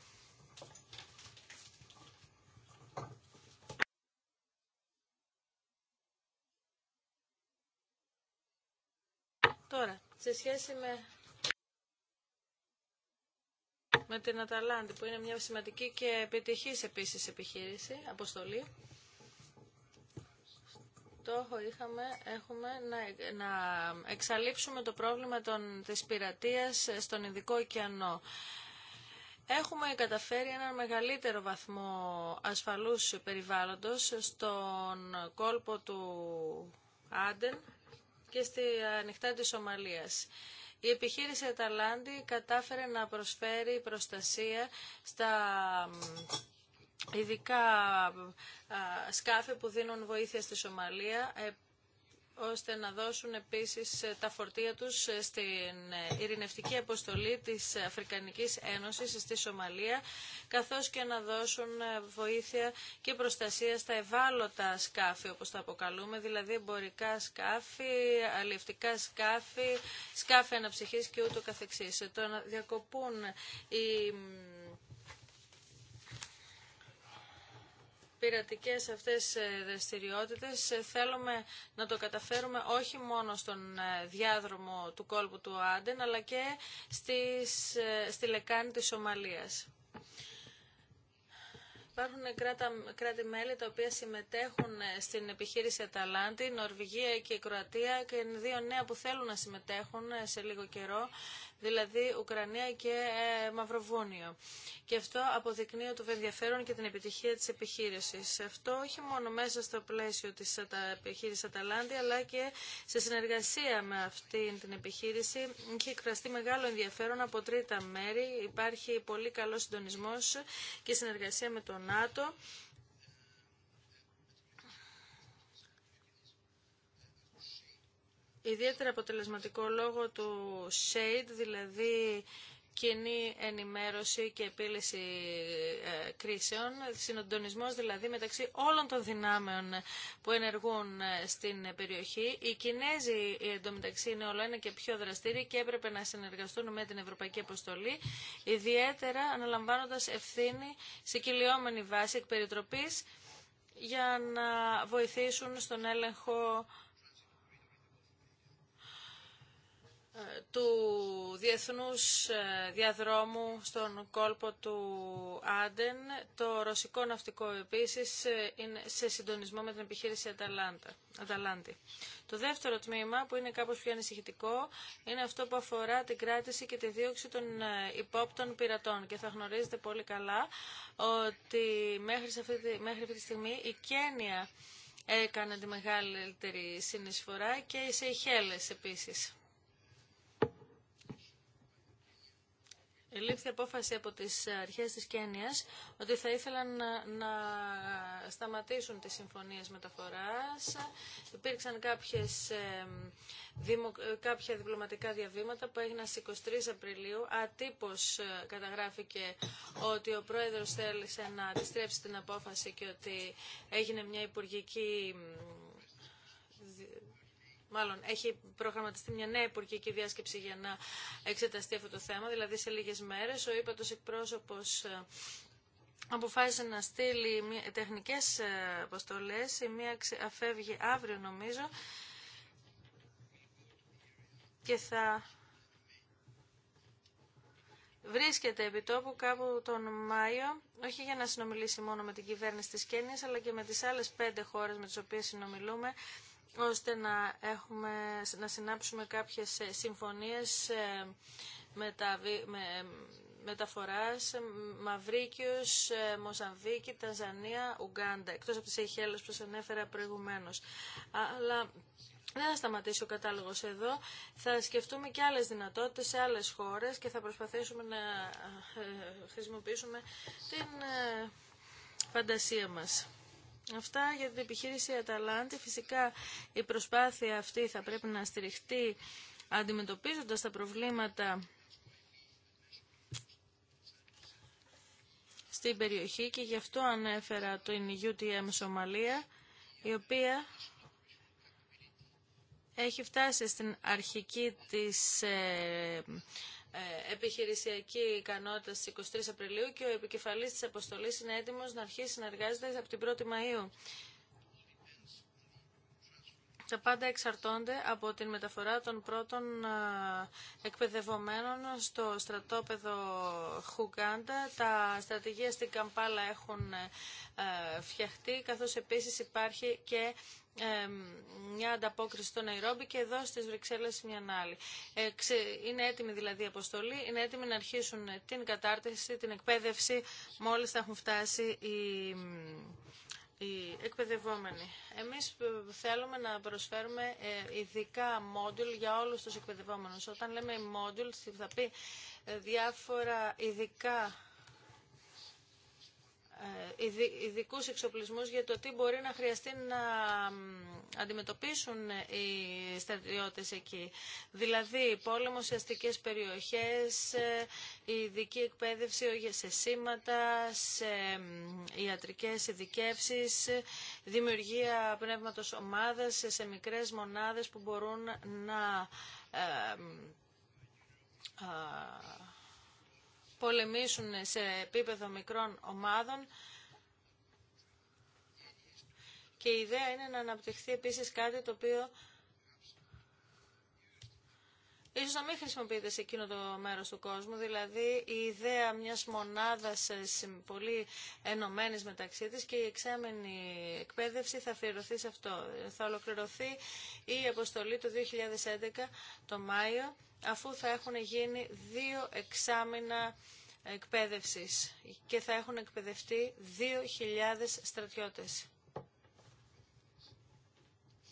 B: Τώρα, σε σχέση με με την Αταλάντη, που είναι μια σημαντική και επιτυχής επίσης επιχείρηση, αποστολή. Το είχαμε, έχουμε να, να εξαλείψουμε το πρόβλημα των, της πειρατείας στον Ειδικό ωκεανό. Έχουμε καταφέρει έναν μεγαλύτερο βαθμό ασφαλούς περιβάλλοντος στον κόλπο του Άντεν και στη ανοιχτά της Σομαλίας. Η επιχείρηση Αταλάντη κατάφερε να προσφέρει προστασία στα ειδικά σκάφη που δίνουν βοήθεια στη Σομαλία ε, ώστε να δώσουν επίσης ε, τα φορτία τους ε, στην ε, ειρηνευτική αποστολή της Αφρικανικής Ένωσης στη Σομαλία, καθώς και να δώσουν βοήθεια και προστασία στα ευάλωτα σκάφη, όπως τα αποκαλούμε, δηλαδή εμπορικά σκάφη, αλλιευτικά σκάφη, σκάφη αναψυχής και ούτω καθεξής. Το να διακοπούν οι πειρατικές αυτές ε, δραστηριότητε ε, θέλουμε να το καταφέρουμε όχι μόνο στον ε, διάδρομο του κόλπου του Άντεν αλλά και στις, στη λεκάνη της Σομαλίας. Υπάρχουν κράτη-μέλη τα οποία συμμετέχουν στην επιχείρηση Αταλάντη, Νορβηγία και η Κροατία και δύο νέα που θέλουν να συμμετέχουν σε λίγο καιρό δηλαδή Ουκρανία και ε, Μαυροβούνιο. Και αυτό αποδεικνύει το ενδιαφέρον και την επιτυχία της επιχείρησης. Αυτό όχι μόνο μέσα στο πλαίσιο της επιχείρησης Αταλάντη, αλλά και σε συνεργασία με αυτή την επιχείρηση έχει εκφραστεί μεγάλο ενδιαφέρον από τρίτα μέρη. Υπάρχει πολύ καλό συντονισμός και συνεργασία με το ΝΑΤΟ. ιδιαίτερα αποτελεσματικό λόγο του SHADE, δηλαδή κοινή ενημέρωση και επίλυση ε, κρίσεων, συνοντονισμός δηλαδή μεταξύ όλων των δυνάμεων που ενεργούν ε, στην περιοχή. Οι Κινέζοι ε, εντωμεταξύ είναι όλο ένα και πιο δραστήριοι και έπρεπε να συνεργαστούν με την Ευρωπαϊκή Αποστολή, ιδιαίτερα αναλαμβάνοντας ευθύνη σε κυλιόμενη βάση εκπεριτροπής για να βοηθήσουν στον έλεγχο του διεθνούς ε, διαδρόμου στον κόλπο του Άντεν. Το ρωσικό ναυτικό επίσης ε, είναι σε συντονισμό με την επιχείρηση Αταλάντα, Αταλάντη. Το δεύτερο τμήμα που είναι κάπως πιο ανησυχητικό είναι αυτό που αφορά την κράτηση και τη δίωξη των ε, υπόπτων πειρατών και θα γνωρίζετε πολύ καλά ότι μέχρι, σε αυτή, τη, μέχρι αυτή τη στιγμή η Κένια έκανε τη μεγαλύτερη συνεισφορά και οι Σεϊχέλες επίσης. λήφθη απόφαση από τις αρχές της Κένιας ότι θα ήθελαν να, να σταματήσουν τις συμφωνίες μεταφοράς. Υπήρξαν κάποιες, δημο, κάποια διπλωματικά διαβήματα που έγιναν στις 23 Απριλίου. Ατύπως ε, καταγράφηκε ότι ο πρόεδρος θέλησε να αντιστρέψει την απόφαση και ότι έγινε μια υπουργική μάλλον έχει προγραμματιστεί μια νέα υπουργική διάσκεψη για να εξεταστεί αυτό το θέμα, δηλαδή σε λίγες μέρες. Ο ύπατος εκπρόσωπος ε, αποφάσισε να στείλει τεχνικές ε, αποστολές, η μία αφεύγει αύριο νομίζω και θα βρίσκεται επί τόπου κάπου τον Μάιο, όχι για να συνομιλήσει μόνο με την κυβέρνηση της Κένιας, αλλά και με τις άλλες πέντε χώρες με τις οποίες συνομιλούμε, ώστε να, έχουμε, να συνάψουμε κάποιες ε, συμφωνίες ε, με τα, με, μεταφοράς ε, Μαυρίκιος, Μοζαμβίκη, Τανζανία, Ουγκάντα, εκτός από τις Αιχέλες που σας ανέφερα προηγουμένως. Αλλά δεν θα σταματήσει ο κατάλογος εδώ. Θα σκεφτούμε και άλλες δυνατότητες σε άλλες χώρες και θα προσπαθήσουμε να χρησιμοποιήσουμε την φαντασία μας. Αυτά για την επιχείρηση Αταλάντη. Φυσικά η προσπάθεια αυτή θα πρέπει να στηριχτεί αντιμετωπίζοντας τα προβλήματα στην περιοχή και γι' αυτό ανέφερα το UTM Σομαλία, η οποία έχει φτάσει στην αρχική της ε, ε, επιχειρησιακή ικανότητα στις 23 Απριλίου και ο επικεφαλής της αποστολής είναι έτοιμος να αρχίσει να εργάζεται από την 1η Μαΐου. Τα πάντα εξαρτώνται από την μεταφορά των πρώτων ε, εκπαιδευομένων στο στρατόπεδο Χουγκάντα. Τα στρατηγία στην Καμπάλα έχουν ε, φτιαχτεί, καθώς επίσης υπάρχει και μια ανταπόκριση στο Ναϊρόμπι και εδώ στις Βρυξέλλες μια άλλη. Ε, είναι έτοιμη δηλαδή η αποστολή, είναι έτοιμη να αρχίσουν την κατάρτιση, την εκπαίδευση μόλις θα έχουν φτάσει οι, εκπαιδευόμενοι. Εμείς ε, θέλουμε να προσφέρουμε ε, ειδικά μόντουλ για όλους τους εκπαιδευόμενους. Όταν λέμε μόντουλ θα πει διάφορα ειδικά ε, ειδικού εξοπλισμού για το τι μπορεί να χρειαστεί να αντιμετωπίσουν οι στρατιώτε εκεί. Δηλαδή, πόλεμο σε αστικές περιοχές, ε, η ειδική εκπαίδευση σε σήματα, σε ιατρικές ειδικεύσει, δημιουργία πνεύματο ομάδας σε μικρές μονάδες που μπορούν να ε, πολεμήσουν σε επίπεδο μικρών ομάδων. Και η ιδέα είναι να αναπτυχθεί επίσης κάτι το οποίο ίσως να μην χρησιμοποιείται σε εκείνο το μέρος του κόσμου, δηλαδή η ιδέα μιας μονάδας ε, πολύ ενωμένης μεταξύ της και η εξάμενη εκπαίδευση θα αφιερωθεί σε αυτό. Θα ολοκληρωθεί η αποστολή το 2011 το Μάιο, αφού θα έχουν γίνει δύο εξάμενα εκπαίδευσης και θα έχουν εκπαιδευτεί 2.000 στρατιώτες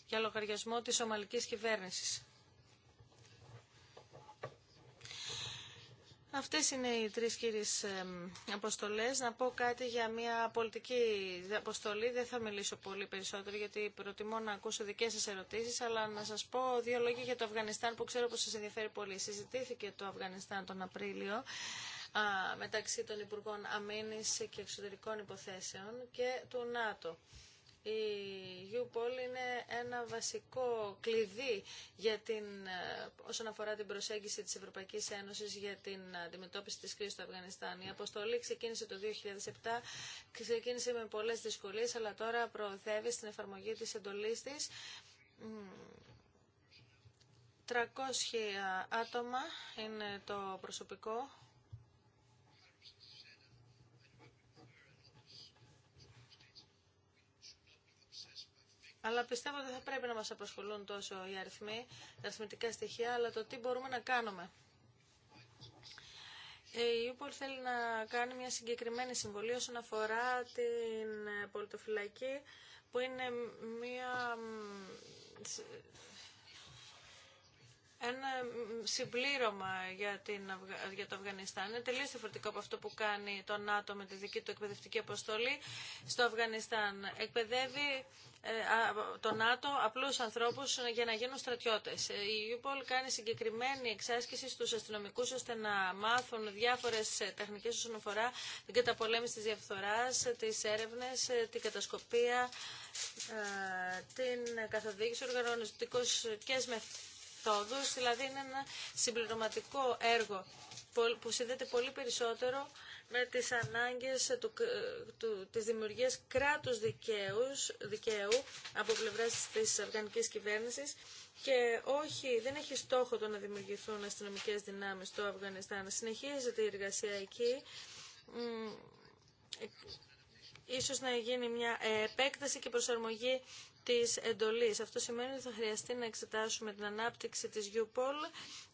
B: για λογαριασμό της ομαλικής κυβέρνησης. Αυτές είναι οι τρεις κύριες αποστολές. Να πω κάτι για μια πολιτική αποστολή. Δεν θα μιλήσω πολύ περισσότερο γιατί προτιμώ να ακούσω δικές σας ερωτήσεις, αλλά να σας πω δύο λόγια για το Αφγανιστάν που ξέρω πως σας ενδιαφέρει πολύ. Συζητήθηκε το Αφγανιστάν τον Απρίλιο μεταξύ των Υπουργών Αμήνης και Εξωτερικών Υποθέσεων και του ΝΑΤΟ. Η U-Poll είναι ένα βασικό κλειδί για την, ε, όσον αφορά την προσέγγιση της Ευρωπαϊκής Ένωσης για την αντιμετώπιση της κρίσης στο Αφγανιστάν. Η αποστολή ξεκίνησε το 2007, ξεκίνησε με πολλές δυσκολίες, αλλά τώρα προοδεύει στην εφαρμογή της εντολής της. 300 άτομα είναι το προσωπικό Αλλά πιστεύω ότι θα πρέπει να μας απασχολούν τόσο οι αριθμοί, τα αριθμητικά στοιχεία, αλλά το τι μπορούμε να κάνουμε. Ε, η Ιούπολ θέλει να κάνει μια συγκεκριμένη συμβολή όσον αφορά την ε, πολιτοφυλακή, που είναι μια ένα συμπλήρωμα για, την, για το Αφγανιστάν. Είναι τελείως διαφορετικό από αυτό που κάνει το ΝΑΤΟ με τη δική του εκπαιδευτική αποστολή στο Αφγανιστάν. Εκπαιδεύει ε, το ΝΑΤΟ απλούς ανθρώπους για να γίνουν στρατιώτες. Η UPOL κάνει συγκεκριμένη εξάσκηση στους αστυνομικούς ώστε να μάθουν διάφορες τεχνικές όσον αφορά την καταπολέμηση της διαφθοράς, τις έρευνες, ε, την κατασκοπία, ε, την καθοδήγηση οργανωτικούς και δηλαδή είναι ένα συμπληρωματικό έργο που συνδέεται πολύ περισσότερο με τις ανάγκες του, δημιουργία της δημιουργίας κράτους δικαίου από πλευράς της αφγανικής κυβέρνησης και όχι, δεν έχει στόχο το να δημιουργηθούν αστυνομικές δυνάμεις στο Αφγανιστάν. Συνεχίζεται η εργασία εκεί. Ε, ίσως να γίνει μια επέκταση και προσαρμογή τη εντολή. Αυτό σημαίνει ότι θα χρειαστεί να εξετάσουμε την ανάπτυξη της UPOL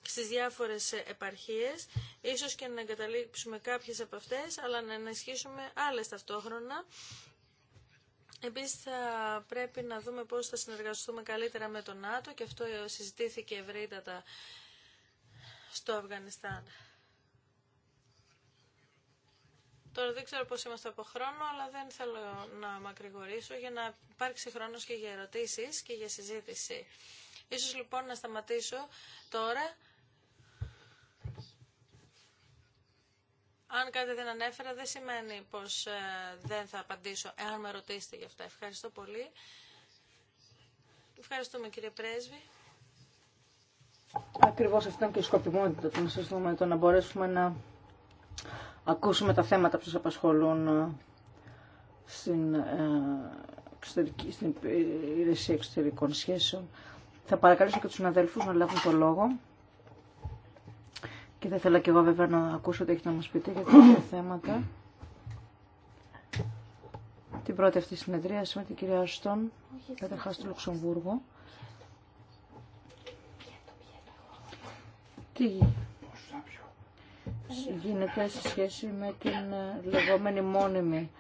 B: στις διάφορες επαρχίες, ίσως και να εγκαταλείψουμε κάποιες από αυτέ, αλλά να ενισχύσουμε άλλε ταυτόχρονα. Επίσης θα πρέπει να δούμε πώς θα συνεργαστούμε καλύτερα με τον ΝΑΤΟ και αυτό συζητήθηκε ευρύτατα στο Αφγανιστάν. Τώρα δεν ξέρω πώς είμαστε από χρόνο, αλλά δεν θέλω να μακρηγορήσω για να υπάρξει χρόνος και για ερωτήσεις και για συζήτηση. Ίσως λοιπόν να σταματήσω τώρα. Αν κάτι δεν ανέφερα, δεν σημαίνει πως ε, δεν θα απαντήσω, εάν με ρωτήσετε γι' αυτά. Ευχαριστώ πολύ. Ευχαριστούμε κύριε Πρέσβη.
A: Ακριβώς αυτό είναι και η σκοπιμότητα δούμε να μπορέσουμε να ακούσουμε τα θέματα που σας απασχολούν ε, στην, ε, εξωτερική, στην υπηρεσία εξωτερικών σχέσεων. Θα παρακαλέσω και τους συναδέλφους να λάβουν το λόγο. Και θα ήθελα και εγώ βέβαια να ακούσω τι έχει να μας πείτε για τέτοια θέματα. Την πρώτη αυτή συνεδρία με την κυρία Αστόν, καταρχά στο Λουξεμβούργου. Τι γίνεται σε σχέση με την ε, λεγόμενη μόνιμη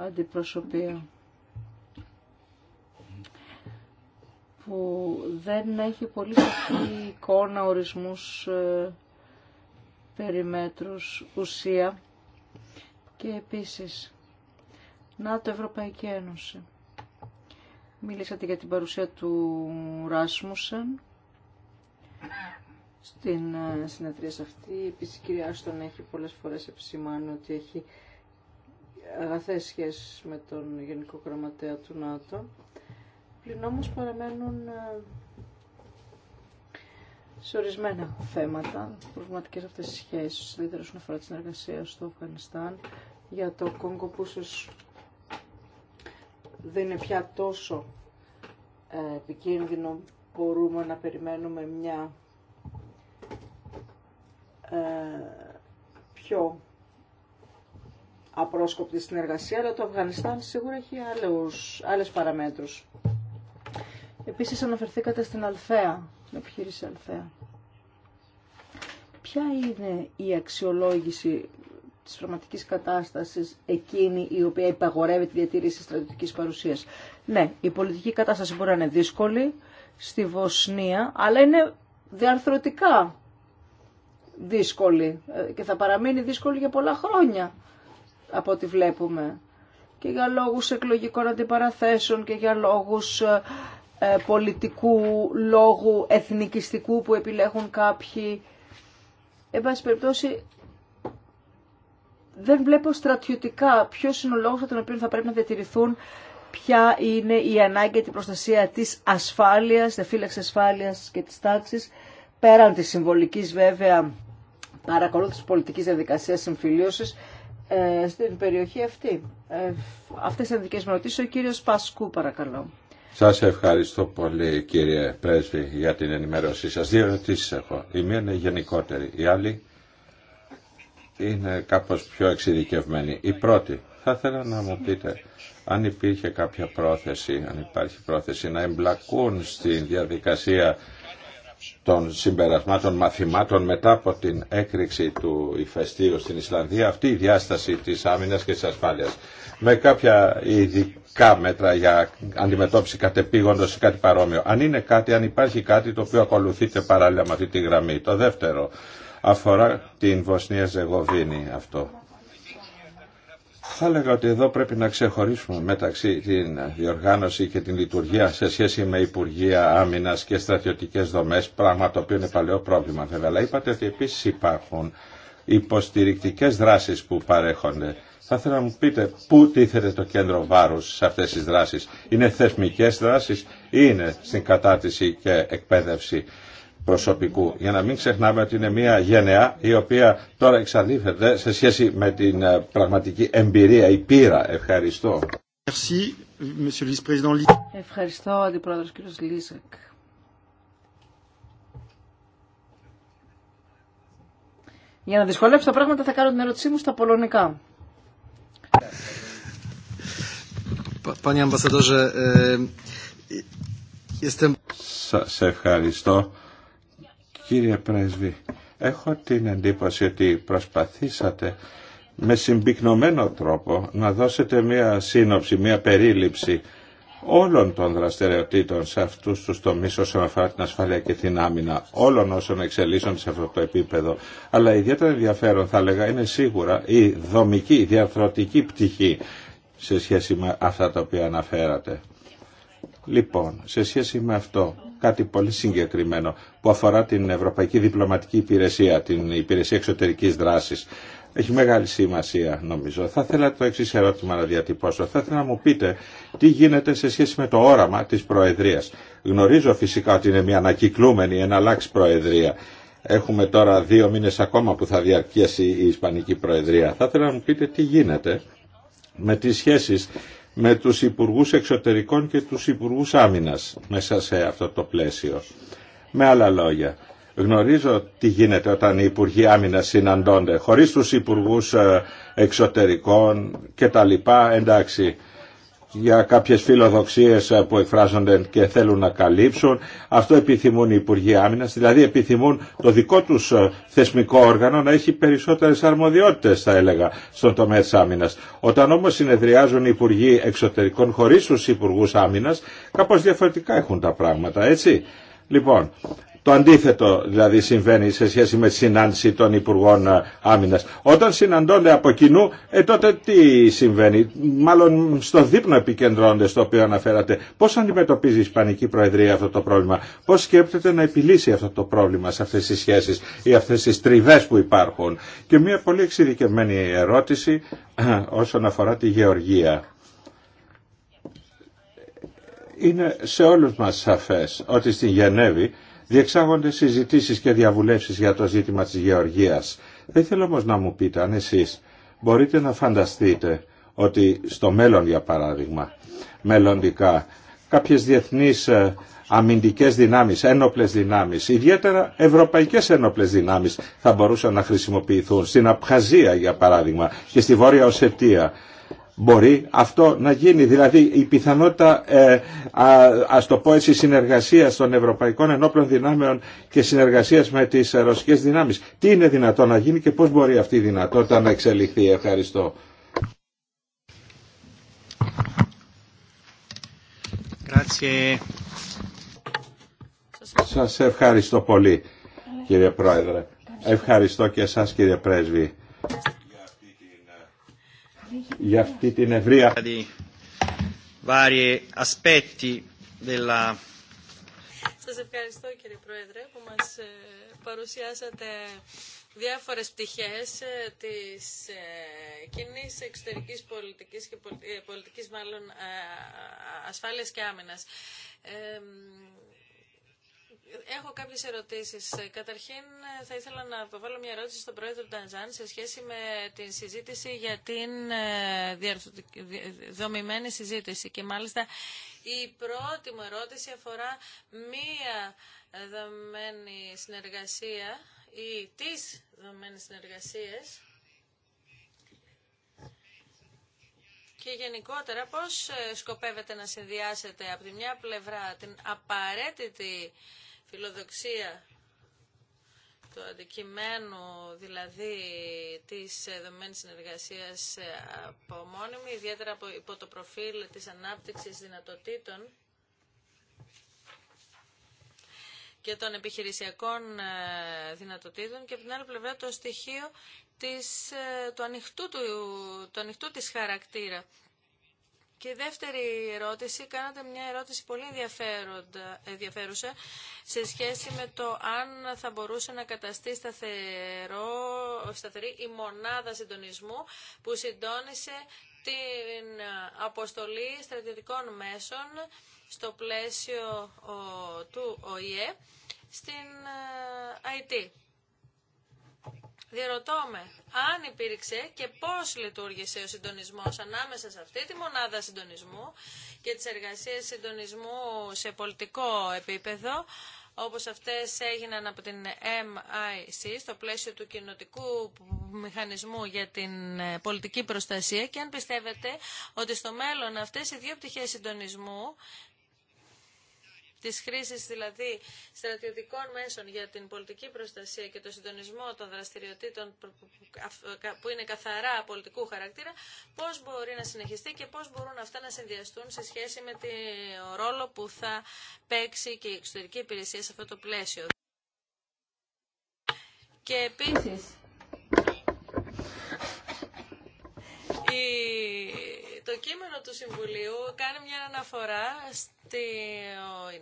A: αντιπροσωπεία που δεν έχει πολύ σωστή εικόνα, ορισμούς, ε, περιμέτρους, ουσία και επίσης να το Ευρωπαϊκή Ένωση. Μίλησατε για την παρουσία του Ράσμουσεν στην ε, συνεδρία σε αυτή. Επίσης η κυρία Άστον έχει πολλές φορές επισημάνει ότι έχει αγαθές σχέσεις με τον Γενικό Γραμματέα του ΝΑΤΟ. Πλην όμως παραμένουν ε, σε ορισμένα θέματα, προβληματικές αυτές οι σχέσεις, ιδιαίτερα όσον αφορά τη συνεργασία στο Αφγανιστάν, για το Κόγκο που ίσως δεν είναι πια τόσο ε, επικίνδυνο, μπορούμε να περιμένουμε μια ε, πιο απρόσκοπτη συνεργασία, αλλά το Αφγανιστάν σίγουρα έχει άλλους, άλλες παραμέτρους. Επίσης αναφερθήκατε στην Αλθέα, την επιχείρηση Αλθέα. Ποια είναι η αξιολόγηση της πραγματικής κατάστασης εκείνη η οποία υπαγορεύει τη διατήρηση στρατιωτικής παρουσίας. Ναι, η πολιτική κατάσταση μπορεί να είναι δύσκολη στη Βοσνία, αλλά είναι διαρθρωτικά δύσκολη ε, και θα παραμείνει δύσκολη για πολλά χρόνια από ό,τι βλέπουμε και για λόγους εκλογικών αντιπαραθέσεων και για λόγους ε, ε, πολιτικού λόγου εθνικιστικού που επιλέγουν κάποιοι. Εν πάση περιπτώσει δεν βλέπω στρατιωτικά ποιο είναι ο λόγος για τον οποίο θα πρέπει να διατηρηθούν ποια είναι η ανάγκη για την προστασία της ασφάλειας, της φύλαξης ασφάλειας και της τάξης πέραν της συμβολικής βέβαια παρακολούθηση πολιτικής διαδικασίας συμφιλίωσης ε, στην περιοχή αυτή. Ε, αυτές οι δικέ μου Ο κύριος Πασκού παρακαλώ.
C: Σας ευχαριστώ πολύ κύριε Πρέσβη για την ενημέρωσή σας. Δύο ερωτήσει έχω. Η μία είναι γενικότερη, η άλλη είναι κάπως πιο εξειδικευμένη. Η πρώτη, θα ήθελα να μου πείτε αν υπήρχε κάποια πρόθεση, αν υπάρχει πρόθεση να εμπλακούν στη διαδικασία των συμπερασμάτων μαθημάτων μετά από την έκρηξη του ηφαιστείου στην Ισλανδία αυτή η διάσταση της άμυνας και της ασφάλειας με κάποια ειδικά μέτρα για αντιμετώπιση κατεπήγοντος ή κάτι παρόμοιο. Αν είναι κάτι, αν υπάρχει κάτι το οποίο ακολουθείται παράλληλα με αυτή τη γραμμή. Το δεύτερο αφορά την Βοσνία Ζεγοβίνη αυτό. Θα έλεγα ότι εδώ πρέπει να ξεχωρίσουμε μεταξύ την διοργάνωση και την λειτουργία σε σχέση με Υπουργεία Άμυνα και στρατιωτικέ δομέ, πράγμα το οποίο είναι παλαιό πρόβλημα βέβαια. Αλλά είπατε ότι επίση υπάρχουν υποστηρικτικέ δράσει που παρέχονται. Θα ήθελα να μου πείτε πού τίθεται το κέντρο βάρου σε αυτέ τι δράσει. Είναι θεσμικέ δράσει ή είναι στην κατάρτιση και εκπαίδευση προσωπικού. Για να μην ξεχνάμε ότι είναι μια γενεά η οποία τώρα εξαλείφεται σε σχέση με την ε, πραγματική εμπειρία, η πείρα. Ευχαριστώ.
B: Ευχαριστώ,
A: Αντιπρόεδρος κ. Λίζεκ. Για να δυσκολέψω τα πράγματα θα κάνω την ερώτησή μου στα πολωνικά.
C: Panie Ambasadorze, ε, ε, jestem... Σας ευχαριστώ. Κύριε Πρέσβη, έχω την εντύπωση ότι προσπαθήσατε με συμπυκνωμένο τρόπο να δώσετε μία σύνοψη, μία περίληψη όλων των δραστηριοτήτων σε αυτούς τους τομείς όσον αφορά την ασφάλεια και την άμυνα, όλων όσων εξελίσσονται σε αυτό το επίπεδο. Αλλά ιδιαίτερα ενδιαφέρον θα έλεγα είναι σίγουρα η δομική, η διαρθρωτική πτυχή σε σχέση με αυτά τα οποία αναφέρατε. Λοιπόν, σε σχέση με αυτό, κάτι πολύ συγκεκριμένο που αφορά την Ευρωπαϊκή Διπλωματική Υπηρεσία, την Υπηρεσία Εξωτερικής Δράσης. Έχει μεγάλη σημασία νομίζω. Θα ήθελα το εξή ερώτημα να διατυπώσω. Θα ήθελα να μου πείτε τι γίνεται σε σχέση με το όραμα της Προεδρίας. Γνωρίζω φυσικά ότι είναι μια ανακυκλούμενη, ένα αλλάξει Προεδρία. Έχουμε τώρα δύο μήνες ακόμα που θα διαρκέσει η Ισπανική Προεδρία. Θα ήθελα να μου πείτε τι γίνεται με τις σχέσεις με τους Υπουργούς Εξωτερικών και τους Υπουργούς Άμυνας μέσα σε αυτό το πλαίσιο. Με άλλα λόγια, γνωρίζω τι γίνεται όταν οι Υπουργοί Άμυνας συναντώνται χωρίς τους Υπουργούς ε, Εξωτερικών και τα λοιπά, εντάξει για κάποιες φιλοδοξίες ε, που εκφράζονται και θέλουν να καλύψουν. Αυτό επιθυμούν οι Υπουργοί Άμυνας, δηλαδή επιθυμούν το δικό τους ε, θεσμικό όργανο να έχει περισσότερες αρμοδιότητες θα έλεγα στον τομέα της άμυνας. Όταν όμως συνεδριάζουν οι Υπουργοί Εξωτερικών χωρίς τους Υπουργούς Άμυνας, κάπως διαφορετικά έχουν τα πράγματα, έτσι. Λοιπόν, το αντίθετο δηλαδή συμβαίνει σε σχέση με τη συνάντηση των Υπουργών ε, Άμυνας. Όταν συναντώνται από κοινού, ε, τότε τι συμβαίνει. Μάλλον στο δείπνο επικεντρώνονται στο οποίο αναφέρατε. Πώς αντιμετωπίζει η Ισπανική Προεδρία αυτό το πρόβλημα. Πώς σκέπτεται να επιλύσει αυτό το πρόβλημα σε αυτές τις σχέσεις ή αυτές τις τριβές που υπάρχουν. Και μια πολύ εξειδικευμένη ερώτηση ε, όσον αφορά τη γεωργία είναι σε όλους μας σαφές ότι στην Γενέβη διεξάγονται συζητήσεις και διαβουλεύσεις για το ζήτημα της γεωργίας. Δεν θέλω όμως να μου πείτε αν εσείς μπορείτε να φανταστείτε ότι στο μέλλον για παράδειγμα, μελλοντικά, κάποιες διεθνείς ε, αμυντικές δυνάμεις, ένοπλες δυνάμεις, ιδιαίτερα ευρωπαϊκές ένοπλες δυνάμεις θα μπορούσαν να χρησιμοποιηθούν στην Απχαζία για παράδειγμα και στη Βόρεια Οσετία Μπορεί αυτό να γίνει, δηλαδή η πιθανότητα, ε, α ας το πω έτσι, συνεργασίας των Ευρωπαϊκών Ενόπλων Δυνάμεων και συνεργασίας με τις ρωσικές δυνάμεις. Τι είναι δυνατό να γίνει και πώς μπορεί αυτή η δυνατότητα να εξελιχθεί. Ευχαριστώ. Σας ευχαριστώ πολύ κύριε Πρόεδρε. Ευχαριστώ και εσάς κύριε Πρέσβη για αυτή την ευρεία. Δηλαδή,
B: Σας ευχαριστώ κύριε Πρόεδρε που μας ε, παρουσιάσατε διάφορες πτυχές ε, της ε, κοινή εξωτερικής πολιτικής και πολιτικής μάλλον ασφάλειας και άμυνας. Έχω κάποιες ερωτήσεις. Ε, καταρχήν ε, θα ήθελα να βάλω μια ερώτηση στον πρόεδρο Τανζάν σε σχέση με την συζήτηση για την ε, δομημένη συζήτηση. Και μάλιστα η πρώτη μου ερώτηση αφορά μία δομένη συνεργασία ή τις δομένες συνεργασίες και γενικότερα πώς σκοπεύετε να συνδυάσετε από τη μια πλευρά την απαραίτητη φιλοδοξία του αντικειμένου δηλαδή της δεδομένης συνεργασίας ε, από μόνιμη, ιδιαίτερα από, υπό το προφίλ της ανάπτυξης δυνατοτήτων και των επιχειρησιακών ε, δυνατοτήτων και από την άλλη πλευρά το στοιχείο της, ε, του, ανοιχτού, του, του ανοιχτού της χαρακτήρα και η δεύτερη ερώτηση, κάνατε μια ερώτηση πολύ ενδιαφέρουσα σε σχέση με το αν θα μπορούσε να καταστεί σταθερό, σταθερή η μονάδα συντονισμού που συντόνισε την αποστολή στρατιωτικών μέσων στο πλαίσιο του ΟΗΕ στην IT. Ε, Διερωτώ αν υπήρξε και πώς λειτουργήσε ο συντονισμός ανάμεσα σε αυτή τη μονάδα συντονισμού και τις εργασίες συντονισμού σε πολιτικό επίπεδο, όπως αυτές έγιναν από την MIC στο πλαίσιο του κοινοτικού μηχανισμού για την ε, πολιτική προστασία και αν πιστεύετε ότι στο μέλλον αυτές οι δύο πτυχές συντονισμού της χρήσης δηλαδή στρατιωτικών μέσων για την πολιτική προστασία και το συντονισμό των δραστηριοτήτων που είναι καθαρά πολιτικού χαρακτήρα, πώς μπορεί να συνεχιστεί και πώς μπορούν αυτά να συνδυαστούν σε σχέση με τον ρόλο που θα παίξει και η εξωτερική υπηρεσία σε αυτό το πλαίσιο. Και επίσης, η το κείμενο του Συμβουλίου κάνει μια αναφορά στη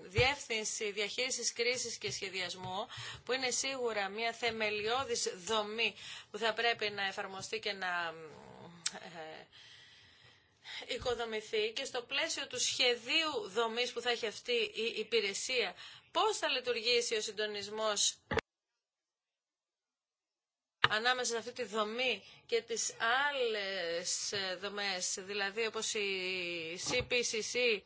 B: διεύθυνση διαχείρισης κρίσης και σχεδιασμού, που είναι σίγουρα μια θεμελιώδης δομή που θα πρέπει να εφαρμοστεί και να ε, οικοδομηθεί και στο πλαίσιο του σχεδίου δομής που θα έχει αυτή η υπηρεσία, πώς θα λειτουργήσει ο συντονισμός ανάμεσα σε αυτή τη δομή και τις άλλες ε, δομές, δηλαδή όπως η CPCC,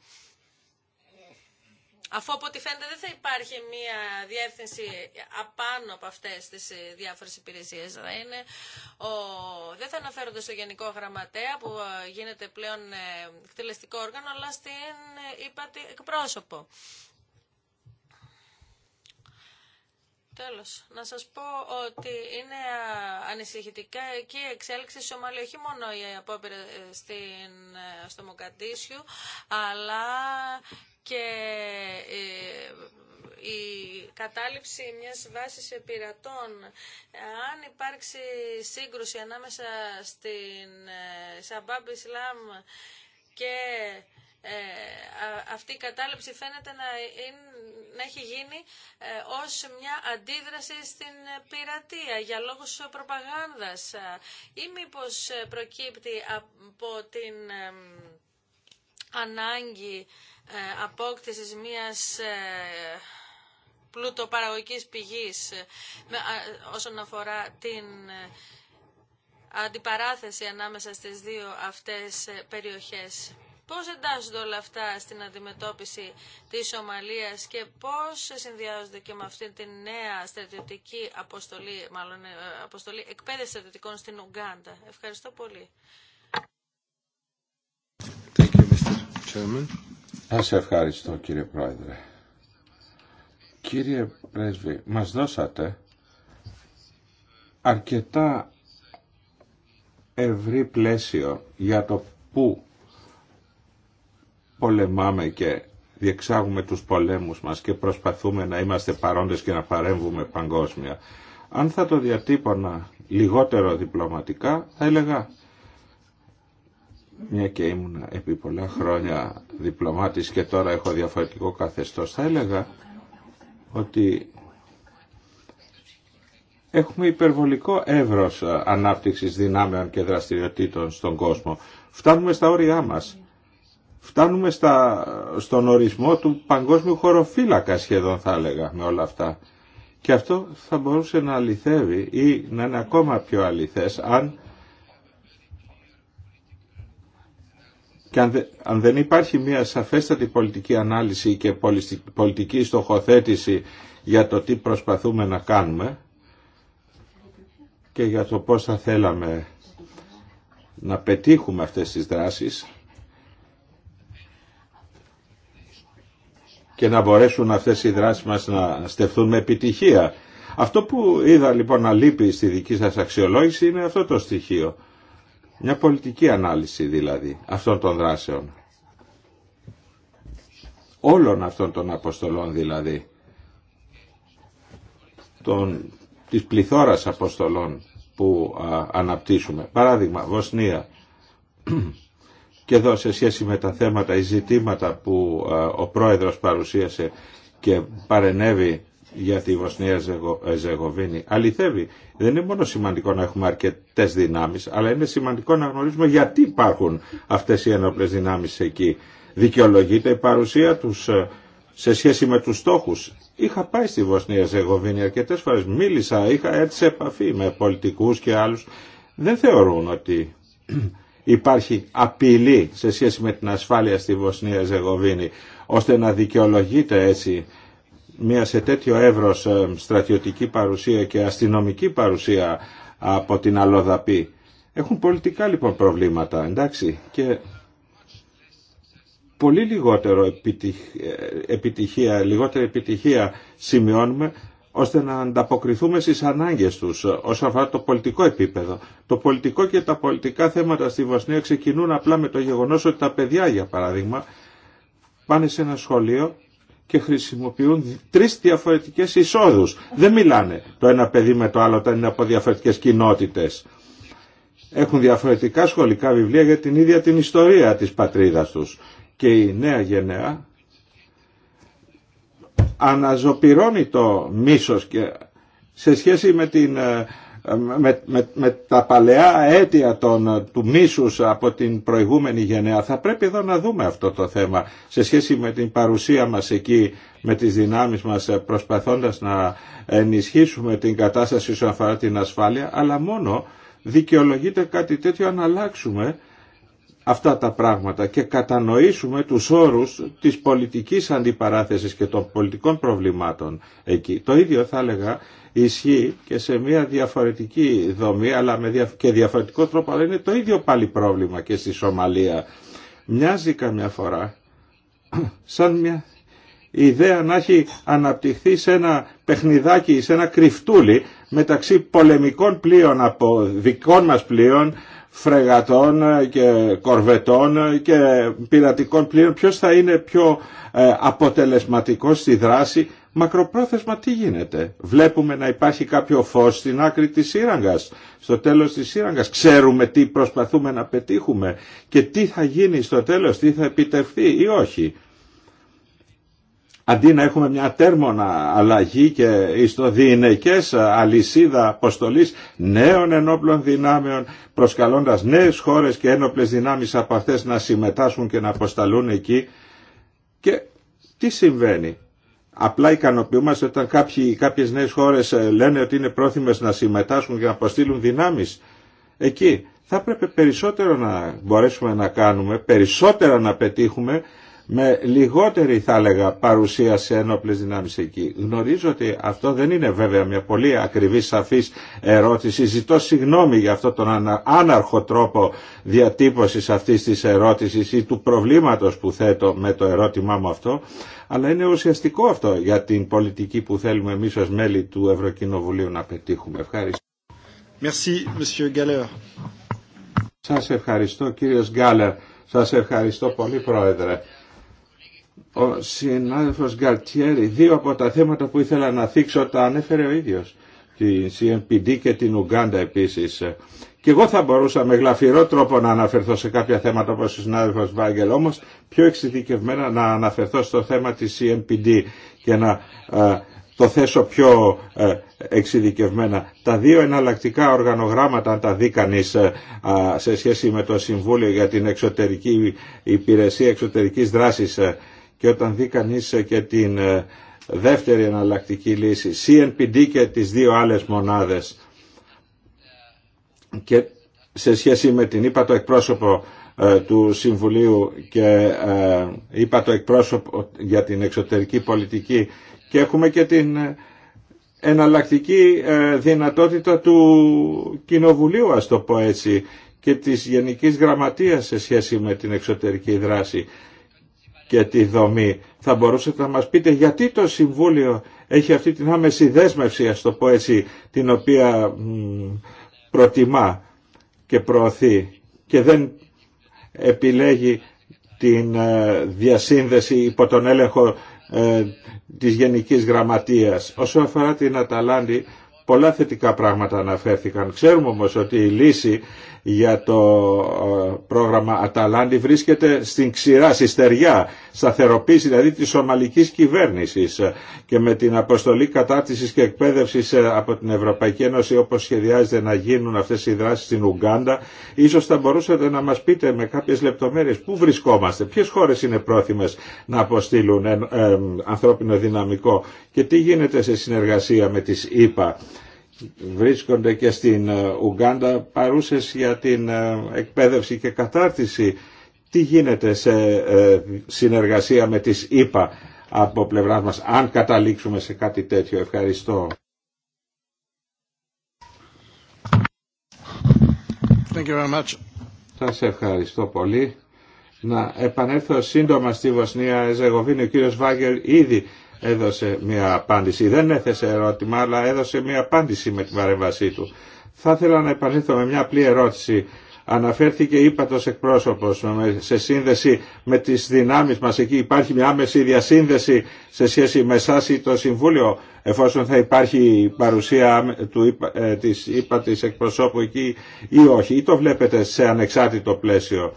B: αφού από ό,τι φαίνεται δεν θα υπάρχει μία διεύθυνση απάνω από αυτές τις ε, διάφορες υπηρεσίες. Θα είναι ο... Δεν θα αναφέρονται στο Γενικό Γραμματέα που ε, γίνεται πλέον εκτελεστικό όργανο, αλλά στην ΕΠΑΤΗ εκπρόσωπο. Τέλος, να σας πω ότι είναι ανησυχητικά εκεί η εξέλιξη Σομαλία, όχι μόνο η απόπειρα στην, στο αλλά και ε, η κατάληψη μιας βάσης επιρατών. αν υπάρξει σύγκρουση ανάμεσα στην ε, Σαμπάμπ Ισλάμ και ε, αυτή η κατάληψη φαίνεται να, να έχει γίνει ε, ως μια αντίδραση στην πειρατεία για λόγους προπαγάνδας ε, ή μήπως προκύπτει από την ανάγκη απόκτησης μιας πλουτοπαραγωγικής πηγής όσον αφορά την αντιπαράθεση ανάμεσα στις δύο αυτές περιοχές. Πώς εντάσσονται όλα αυτά στην αντιμετώπιση της Σομαλίας και πώς συνδυάζονται και με αυτή τη νέα στρατιωτική αποστολή, μάλλον ε, αποστολή εκπαίδευση στρατιωτικών στην Ουγγάντα. Ευχαριστώ πολύ.
C: Thank ευχαριστώ κύριε Πρόεδρε. Κύριε Πρέσβη, μας δώσατε αρκετά ευρύ πλαίσιο για το πού πολεμάμε και διεξάγουμε τους πολέμους μας και προσπαθούμε να είμαστε παρόντες και να παρέμβουμε παγκόσμια. Αν θα το διατύπωνα λιγότερο διπλωματικά, θα έλεγα, μια και ήμουν επί πολλά χρόνια διπλωμάτης και τώρα έχω διαφορετικό καθεστώς, θα έλεγα ότι έχουμε υπερβολικό εύρος ανάπτυξης δυνάμεων και δραστηριοτήτων στον κόσμο. Φτάνουμε στα όρια μας φτάνουμε στα, στον ορισμό του παγκόσμιου χωροφύλακα σχεδόν θα έλεγα με όλα αυτά. Και αυτό θα μπορούσε να αληθεύει ή να είναι ακόμα πιο αληθές αν και αν, δεν υπάρχει μια σαφέστατη πολιτική ανάλυση και πολιτική στοχοθέτηση για το τι προσπαθούμε να κάνουμε και για το πώς θα θέλαμε να πετύχουμε αυτές τις δράσεις και να μπορέσουν αυτές οι δράσεις μας να στεφθούν με επιτυχία. Αυτό που είδα λοιπόν να λείπει στη δική σας αξιολόγηση είναι αυτό το στοιχείο. Μια πολιτική ανάλυση δηλαδή αυτών των δράσεων. Όλων αυτών των αποστολών δηλαδή. Των, της πληθώρας αποστολών που α, αναπτύσσουμε. Παράδειγμα, Βοσνία και εδώ σε σχέση με τα θέματα, οι ζητήματα που ε, ο πρόεδρος παρουσίασε και παρενέβη για τη Βοσνία ε, Ζεγοβίνη. Αληθεύει. Δεν είναι μόνο σημαντικό να έχουμε αρκετέ δυνάμει, αλλά είναι σημαντικό να γνωρίζουμε γιατί υπάρχουν αυτέ οι ένοπλε δυνάμει εκεί. Δικαιολογείται η παρουσία του ε, σε σχέση με του στόχου. Είχα πάει στη Βοσνία Ζεγοβίνη αρκετέ φορέ. Μίλησα, είχα έτσι επαφή με πολιτικού και άλλου. Δεν θεωρούν ότι υπάρχει απειλή σε σχέση με την ασφάλεια στη Βοσνία Ζεγοβίνη, ώστε να δικαιολογείται έτσι μια σε τέτοιο εύρος ε, στρατιωτική παρουσία και αστυνομική παρουσία από την Αλοδαπή. Έχουν πολιτικά λοιπόν προβλήματα, εντάξει, και πολύ λιγότερο ε, επιτυχία, λιγότερη επιτυχία σημειώνουμε ώστε να ανταποκριθούμε στις ανάγκες τους όσον αφορά το πολιτικό επίπεδο. Το πολιτικό και τα πολιτικά θέματα στη Βοσνία ξεκινούν απλά με το γεγονός ότι τα παιδιά, για παράδειγμα, πάνε σε ένα σχολείο και χρησιμοποιούν τρεις διαφορετικές εισόδους. Δεν μιλάνε το ένα παιδί με το άλλο όταν είναι από διαφορετικές κοινότητες. Έχουν διαφορετικά σχολικά βιβλία για την ίδια την ιστορία της πατρίδας τους. Και η νέα γενναία αναζωπυρώνει το μίσος και σε σχέση με, την, ε, με, τα παλαιά αίτια των, ε, του μίσους από την προηγούμενη γενναία. Θα πρέπει εδώ να δούμε αυτό το θέμα σε σχέση με την παρουσία μας εκεί με τις δυνάμεις μας ε, προσπαθώντας να ενισχύσουμε την κατάσταση όσον αφορά την ασφάλεια αλλά μόνο δικαιολογείται κάτι τέτοιο αν αλλάξουμε αυτά τα πράγματα και κατανοήσουμε τους όρους της πολιτικής αντιπαράθεσης και των πολιτικών προβλημάτων εκεί. Το ίδιο θα έλεγα ισχύει και σε μια διαφορετική δομή αλλά με και διαφορετικό τρόπο αλλά είναι το ίδιο πάλι πρόβλημα και στη Σομαλία. Μοιάζει καμιά φορά σαν μια ιδέα να έχει αναπτυχθεί σε ένα παιχνιδάκι, σε ένα κρυφτούλι μεταξύ πολεμικών πλοίων από δικών μας πλοίων φρεγατών και κορβετών και πειρατικών πλοίων, ποιος θα είναι πιο ε, αποτελεσματικός στη δράση, μακροπρόθεσμα τι γίνεται. Βλέπουμε να υπάρχει κάποιο φως στην άκρη της σύραγγας, στο τέλος της σύραγγας. Ξέρουμε τι προσπαθούμε να πετύχουμε και τι θα γίνει στο τέλος, τι θα επιτευχθεί ή όχι αντί να έχουμε μια τέρμονα αλλαγή και ιστοδιειναικές αλυσίδα αποστολής νέων ενόπλων δυνάμεων, προσκαλώντας νέες χώρες και ένοπλες δυνάμεις από αυτές να συμμετάσχουν και να αποσταλούν εκεί. Και τι συμβαίνει. Απλά ικανοποιούμαστε όταν κάποιοι, κάποιες νέες χώρες ε, λένε ότι είναι πρόθυμες να συμμετάσχουν και να αποστείλουν δυνάμεις. Εκεί θα έπρεπε περισσότερο να μπορέσουμε να κάνουμε, περισσότερα να πετύχουμε με λιγότερη θα έλεγα παρουσία σε ενόπλες δυνάμεις εκεί. Γνωρίζω ότι αυτό δεν είναι βέβαια μια πολύ ακριβή σαφής ερώτηση. Ζητώ συγγνώμη για αυτό τον άναρχο τρόπο διατύπωσης αυτής της ερώτησης ή του προβλήματος που θέτω με το ερώτημά μου αυτό. Αλλά είναι ουσιαστικό αυτό για την πολιτική που θέλουμε εμείς ως μέλη του Ευρωκοινοβουλίου να πετύχουμε. Ευχαριστώ. Merci, Σας ευχαριστώ κύριος Γκάλερ. Σας ευχαριστώ πολύ Πρόεδρε. Ο συνάδελφος Γκαρτιέρη, δύο από τα θέματα που ήθελα να θίξω τα ανέφερε ο ίδιος. Την CMPD και την Ουγγάντα επίσης. Και εγώ θα μπορούσα με γλαφυρό τρόπο να αναφερθώ σε κάποια θέματα όπως ο συνάδελφος Βάγγελ, όμως πιο εξειδικευμένα να αναφερθώ στο θέμα της CMPD και να ε, το θέσω πιο ε, εξειδικευμένα. Τα δύο εναλλακτικά οργανογράμματα, αν τα δει κανεί ε, σε σχέση με το Συμβούλιο για την Εξωτερική Υπηρεσία Εξωτερικής Δράσης και όταν δει κανεί ε, και την ε, δεύτερη εναλλακτική λύση, CNPD και τις δύο άλλες μονάδες και σε σχέση με την είπα το εκπρόσωπο ε, του Συμβουλίου και είπα το εκπρόσωπο για την εξωτερική πολιτική και έχουμε και την εναλλακτική δυνατότητα του Κοινοβουλίου ας το πω έτσι και της Γενικής Γραμματείας σε σχέση με την εξωτερική δράση και τη δομή. Θα μπορούσατε να μας πείτε γιατί το Συμβούλιο έχει αυτή την άμεση δέσμευση, ας το πω την οποία προτιμά και προωθεί και δεν επιλέγει την ε, διασύνδεση υπό τον έλεγχο ε, της Γενικής Γραμματείας. Όσο αφορά την Αταλάντη, πολλά θετικά πράγματα αναφέρθηκαν. Ξέρουμε όμως ότι η λύση για το ε, πρόγραμμα Αταλάντη βρίσκεται στην ξηρά, στη στεριά, σταθεροποίηση δηλαδή της ομαλικής κυβέρνησης και με την αποστολή κατάρτισης και εκπαίδευσης ε, από την Ευρωπαϊκή Ένωση όπως σχεδιάζεται να γίνουν αυτές οι δράσεις στην Ουγκάντα ίσως θα μπορούσατε να μας πείτε με κάποιες λεπτομέρειες πού βρισκόμαστε, ποιες χώρες είναι πρόθυμες να αποστείλουν ε, ανθρώπινο δυναμικό και τι γίνεται σε συνεργασία με τις ΗΠΑ βρίσκονται και στην ε, Ουγγάντα παρούσες για την ε, εκπαίδευση και κατάρτιση. Τι γίνεται σε ε, συνεργασία με τις ΙΠΑ από πλευράς μας, αν καταλήξουμε σε κάτι τέτοιο. Ευχαριστώ. Thank you very much. Σας ευχαριστώ πολύ. Να επανέλθω σύντομα στη Βοσνία Εζεγοβίνη. Ο κύριος Βάγκελ ήδη έδωσε μια απάντηση. Δεν έθεσε ερώτημα, αλλά έδωσε μια απάντηση με την παρέμβασή του. Θα ήθελα να επανέλθω με μια απλή ερώτηση. Αναφέρθηκε ύπατος εκπρόσωπος σε σύνδεση με τις δυνάμεις μας εκεί. Υπάρχει μια άμεση διασύνδεση σε σχέση με εσά ή το συμβούλιο εφόσον θα υπάρχει ή το Συμβούλιο εφόσον θα υπάρχει παρουσία του, ε, της εκπροσώπου εκεί ή όχι. Ή το βλέπετε σε ανεξάρτητο πλαίσιο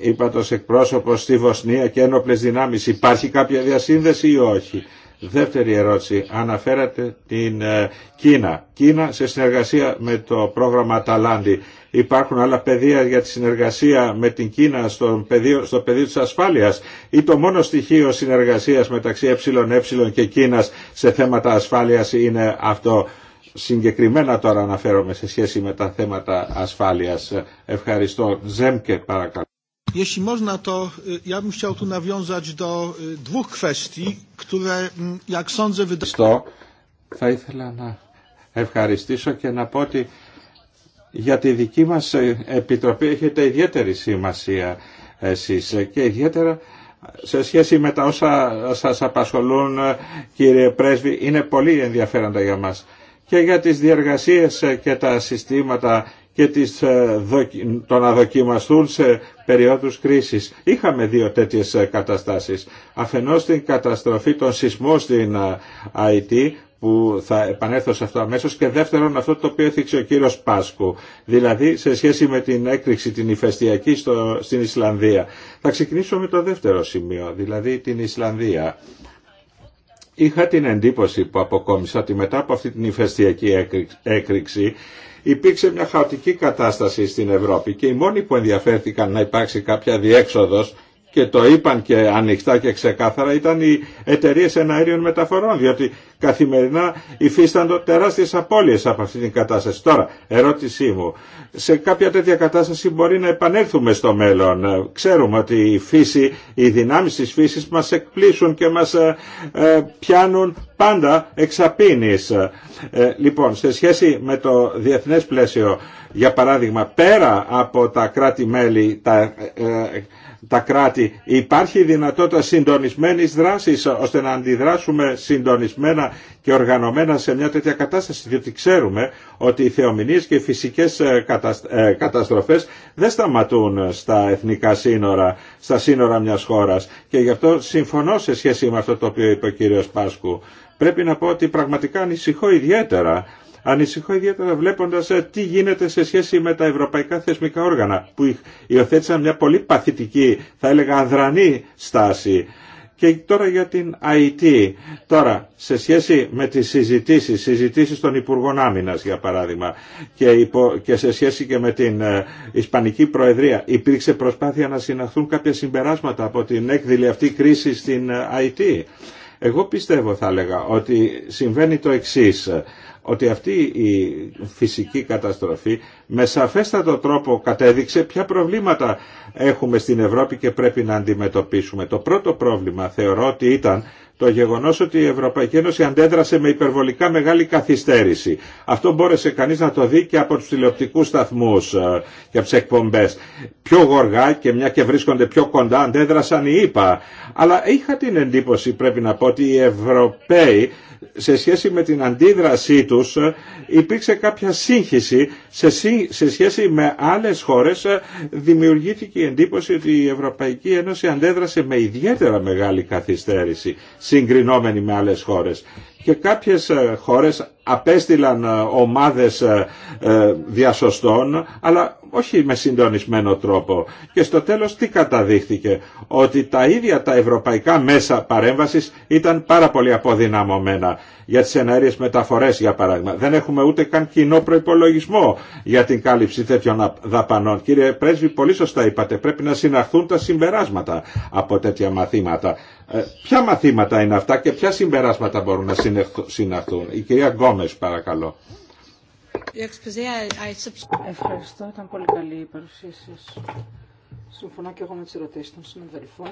C: ύπατος εκπρόσωπο στη Βοσνία και ένοπλε δυνάμεις. Υπάρχει κάποια διασύνδεση ή όχι. Δεύτερη ερώτηση. Αναφέρατε την ε, Κίνα. Κίνα σε συνεργασία με το πρόγραμμα Αταλάντη. Υπάρχουν άλλα πεδία για τη συνεργασία με την Κίνα στο πεδίο, στο πεδίο της ασφάλειας ή το μόνο στοιχείο συνεργασίας μεταξύ ΕΕ και Κίνας σε θέματα ασφάλειας είναι αυτό. Συγκεκριμένα τώρα αναφέρομαι σε σχέση με τα θέματα ασφάλειας. Ευχαριστώ. Ζέμκε παρακαλώ. Jeśli można, to ja bym chciał tu nawiązać do dwóch kwestii, które mm, jak sądzę Θα ήθελα να ευχαριστήσω και να πω ότι για τη δική μας ε, επιτροπή έχετε ιδιαίτερη σημασία εσείς ε, και ιδιαίτερα σε σχέση με τα όσα σας απασχολούν ε, κύριε Πρέσβη είναι πολύ ενδιαφέροντα για μας και για τις διεργασίες και τα συστήματα και τις, να δοκιμαστούν σε περιόδους κρίσης. Είχαμε δύο τέτοιες ε, καταστάσεις. Αφενός την καταστροφή των σεισμών στην ε, Αιτή που θα επανέλθω σε αυτό αμέσως και δεύτερον αυτό το οποίο έθιξε ο κύριος Πάσκου δηλαδή σε σχέση με την έκρηξη την ηφαιστειακή στο, στην Ισλανδία θα ξεκινήσω με το δεύτερο σημείο δηλαδή την Ισλανδία είχα την εντύπωση που αποκόμισα ότι μετά από αυτή την ηφαιστειακή έκρηξη υπήρξε μια χαοτική κατάσταση στην Ευρώπη και οι μόνοι που ενδιαφέρθηκαν να υπάρξει κάποια διέξοδος και το είπαν και ανοιχτά και ξεκάθαρα ήταν οι εταιρείε εναέριων μεταφορών διότι καθημερινά υφίστανται τεράστιες απώλειες από αυτή την κατάσταση. Τώρα, ερώτησή μου, σε κάποια τέτοια κατάσταση μπορεί να επανέλθουμε στο μέλλον. Ξέρουμε ότι η φύση, οι δυνάμεις της φύσης μας εκπλήσουν και μας ε, ε, πιάνουν πάντα εξαπίνης. Ε, λοιπόν, σε σχέση με το διεθνές πλαίσιο, για παράδειγμα, πέρα από τα κράτη-μέλη, τα τα κράτη. Υπάρχει δυνατότητα συντονισμένης δράσης ώστε να αντιδράσουμε συντονισμένα και οργανωμένα σε μια τέτοια κατάσταση διότι ξέρουμε ότι οι θεομηνίες και οι φυσικές ε, ε, καταστροφές δεν σταματούν στα εθνικά σύνορα, στα σύνορα μιας χώρας και γι' αυτό συμφωνώ σε σχέση με αυτό το οποίο είπε ο κύριος Πάσκου. Πρέπει να πω ότι πραγματικά ανησυχώ ιδιαίτερα Ανησυχώ ιδιαίτερα βλέποντα ε, τι γίνεται σε σχέση με τα ευρωπαϊκά θεσμικά όργανα που υιοθέτησαν μια πολύ παθητική, θα έλεγα αδρανή στάση. Και τώρα για την IT. Τώρα, σε σχέση με τις συζητήσεις, συζητήσεις των Υπουργών Άμυνας για παράδειγμα και, και σε σχέση και με την ε, Ισπανική Προεδρία υπήρξε προσπάθεια να συναχθούν κάποια συμπεράσματα από την έκδηλη αυτή κρίση στην ε, IT. Εγώ πιστεύω θα έλεγα ότι συμβαίνει το εξής ότι αυτή η φυσική καταστροφή με σαφέστατο τρόπο κατέδειξε ποια προβλήματα έχουμε στην Ευρώπη και πρέπει να αντιμετωπίσουμε. Το πρώτο πρόβλημα θεωρώ ότι ήταν το γεγονός ότι η Ευρωπαϊκή Ένωση αντέδρασε με υπερβολικά μεγάλη καθυστέρηση. Αυτό μπόρεσε κανείς να το δει και από τους τηλεοπτικούς σταθμούς ε, και από τις εκπομπές. Πιο γοργά και μια και βρίσκονται πιο κοντά αντέδρασαν οι ΙΠΑ. Αλλά είχα την εντύπωση πρέπει να πω ότι οι Ευρωπαίοι σε σχέση με την αντίδρασή τους ε, υπήρξε κάποια σύγχυση σε, σχέση με άλλες χώρες ε, δημιουργήθηκε η εντύπωση ότι η Ευρωπαϊκή Ένωση αντέδρασε με ιδιαίτερα μεγάλη καθυστέρηση συγκρινόμενοι με άλλες χώρες. Και κάποιες ε, χώρες απέστειλαν ε, ομάδες ε, ε, διασωστών, αλλά όχι με συντονισμένο τρόπο. Και στο τέλος τι καταδείχθηκε, ότι τα ίδια τα ευρωπαϊκά μέσα παρέμβασης ήταν πάρα πολύ αποδυναμωμένα για τις εναέριες μεταφορές για παράδειγμα. Δεν έχουμε ούτε καν κοινό προϋπολογισμό για την κάλυψη τέτοιων δαπανών. Κύριε Πρέσβη, πολύ σωστά είπατε, πρέπει να συναχθούν τα συμπεράσματα από τέτοια μαθήματα. Ε, ποια μαθήματα είναι αυτά και ποια συμπεράσματα μπορούν να συναχθούν. Η κυρία Γκόμ Ευχαριστώ,
A: ήταν πολύ καλή η παρουσία σας. Συμφωνώ και εγώ με τις ερωτήσεις των συναδελφών.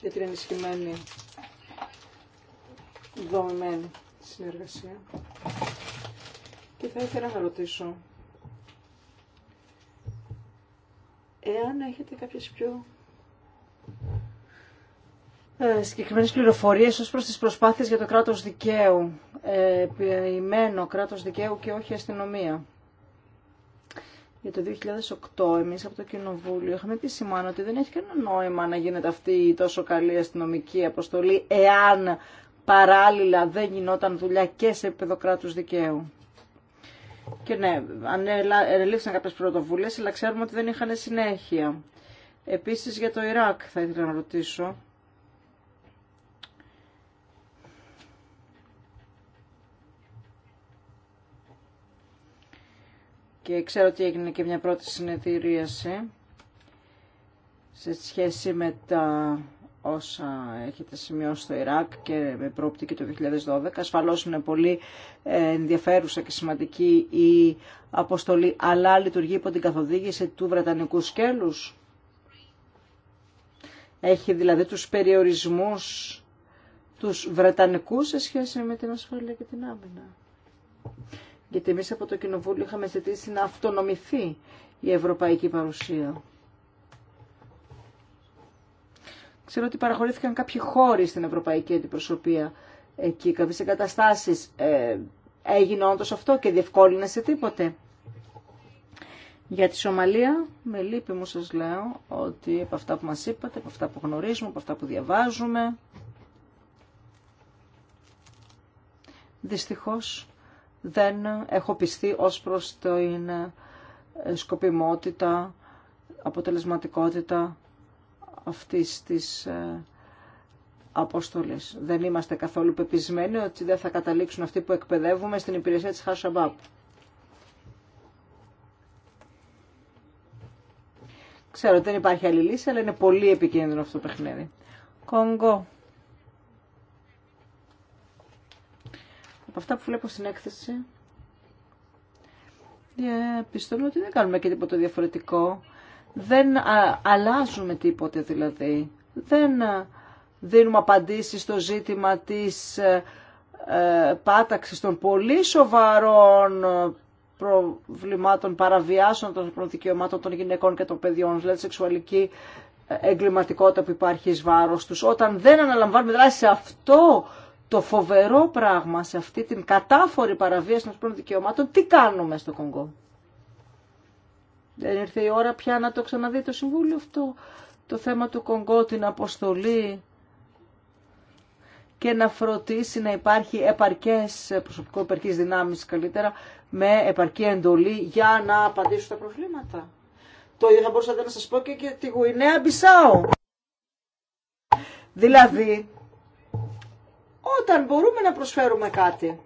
A: Για την ενισχυμένη δομημένη συνεργασία. Και θα ήθελα να ρωτήσω εάν έχετε κάποιες πιο ε, συγκεκριμένε πληροφορίε ω προ τι προσπάθειε για το κράτο δικαίου. Ε, επιμένω κράτο δικαίου και όχι αστυνομία. Για το 2008 εμεί από το Κοινοβούλιο είχαμε επισημάνει ότι δεν έχει κανένα νόημα να γίνεται αυτή η τόσο καλή αστυνομική αποστολή εάν παράλληλα δεν γινόταν δουλειά και σε επίπεδο κράτου δικαίου. Και ναι, ανελήφθησαν κάποιε πρωτοβουλίε, αλλά ξέρουμε ότι δεν είχαν συνέχεια. επίσης για το Ιράκ θα ήθελα να ρωτήσω και ξέρω ότι έγινε και μια πρώτη συνεδρίαση σε σχέση με τα όσα έχετε σημειώσει στο Ιράκ και με προοπτική το 2012. Ασφαλώς είναι πολύ ε, ενδιαφέρουσα και σημαντική η αποστολή, αλλά λειτουργεί υπό την καθοδήγηση του Βρετανικού σκέλους. Έχει δηλαδή τους περιορισμούς τους Βρετανικούς σε σχέση με την ασφάλεια και την άμυνα γιατί εμείς από το Κοινοβούλιο είχαμε ζητήσει να αυτονομηθεί η ευρωπαϊκή παρουσία. Ξέρω ότι παραχωρήθηκαν κάποιοι χώροι στην ευρωπαϊκή αντιπροσωπεία εκεί, κάποιες εγκαταστάσεις. Ε, έγινε όντως αυτό και διευκόλυνε σε τίποτε. Για τη Σομαλία, με λύπη μου σας λέω ότι από αυτά που μας είπατε, από αυτά που γνωρίζουμε, από αυτά που διαβάζουμε, δυστυχώς δεν έχω πιστεί ως προς την ε, σκοπιμότητα, αποτελεσματικότητα αυτής της ε, αποστολής. Δεν είμαστε καθόλου πεπισμένοι ότι δεν θα καταλήξουν αυτοί που εκπαιδεύουμε στην υπηρεσία της Χασαμπάπ. Ξέρω ότι δεν υπάρχει άλλη λύση, αλλά είναι πολύ επικίνδυνο αυτό το παιχνίδι. Κόγκο. από αυτά που βλέπω στην έκθεση, πιστεύω ότι δεν κάνουμε και τίποτα διαφορετικό. Δεν αλλάζουμε τίποτε δηλαδή. Δεν δίνουμε απαντήσεις στο ζήτημα της ε, ε, πάταξης των πολύ σοβαρών ε, προβλημάτων παραβιάσεων των δικαιωμάτων των γυναικών και των παιδιών, δηλαδή σεξουαλική εγκληματικότητα που υπάρχει εις βάρος τους. Όταν δεν αναλαμβάνουμε δράση σε αυτό το φοβερό πράγμα σε αυτή την κατάφορη παραβίαση των πρώτων δικαιωμάτων, τι κάνουμε στο Κονγκό. Δεν ήρθε η ώρα πια να το ξαναδεί το Συμβούλιο αυτό, το θέμα του Κονγκό, την αποστολή και να φροντίσει να υπάρχει επαρκές, προσωπικό επαρκής δυνάμεις καλύτερα, με επαρκή εντολή για να απαντήσουν τα προβλήματα. Το ίδιο θα μπορούσατε να σας πω και τη Γουινέα Μπισάου. Δηλαδή, όταν μπορούμε να προσφέρουμε κάτι.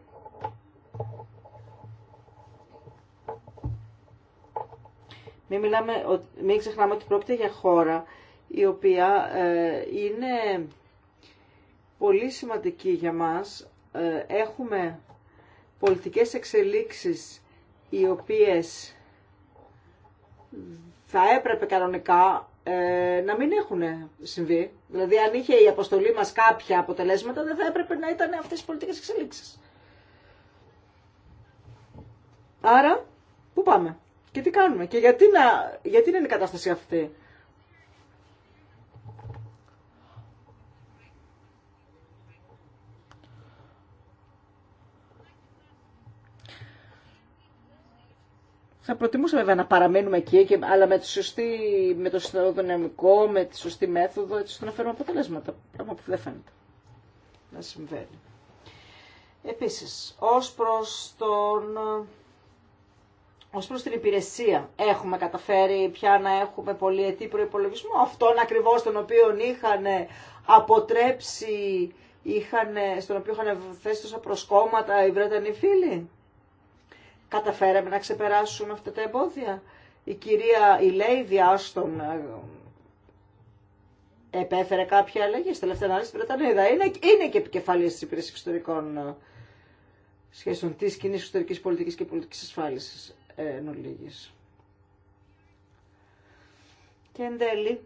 A: Μην, μιλάμε, μην ξεχνάμε ότι πρόκειται για χώρα η οποία ε, είναι πολύ σημαντική για μας. Ε, έχουμε πολιτικές εξελίξεις οι οποίες θα έπρεπε κανονικά ε, να μην έχουν συμβεί. Δηλαδή αν είχε η αποστολή μας κάποια αποτελέσματα δεν θα έπρεπε να ήταν αυτές οι πολιτικές εξελίξεις. Άρα, πού πάμε και τι κάνουμε και γιατί, να, γιατί είναι η κατάσταση αυτή. Θα προτιμούσα βέβαια να παραμένουμε εκεί, αλλά με, τη σωστή, με το σωστό δυναμικό, με τη σωστή μέθοδο, έτσι ώστε να φέρουμε αποτελέσματα, πράγμα που δεν φαίνεται να συμβαίνει. Επίσης, ως προς, τον, ως προς την υπηρεσία, έχουμε καταφέρει πια να έχουμε πολυετή προϋπολογισμό, αυτόν ακριβώς τον οποίο είχαν αποτρέψει, είχαν, στον οποίο είχαν θέσει τόσα προσκόμματα οι Βρετανοί φίλοι. Καταφέραμε να ξεπεράσουμε αυτά τα εμπόδια. Η κυρία η Λέιδη Άστον ε, επέφερε κάποια αλλαγή. στην τελευταία ανάλυση Βρετανίδα. Είναι, είναι και επικεφαλής της υπηρεσίας εξωτερικών ε, σχέσεων της κοινής εξωτερικής πολιτικής και πολιτικής ασφάλισης εν ολίγης. Και εν τέλει,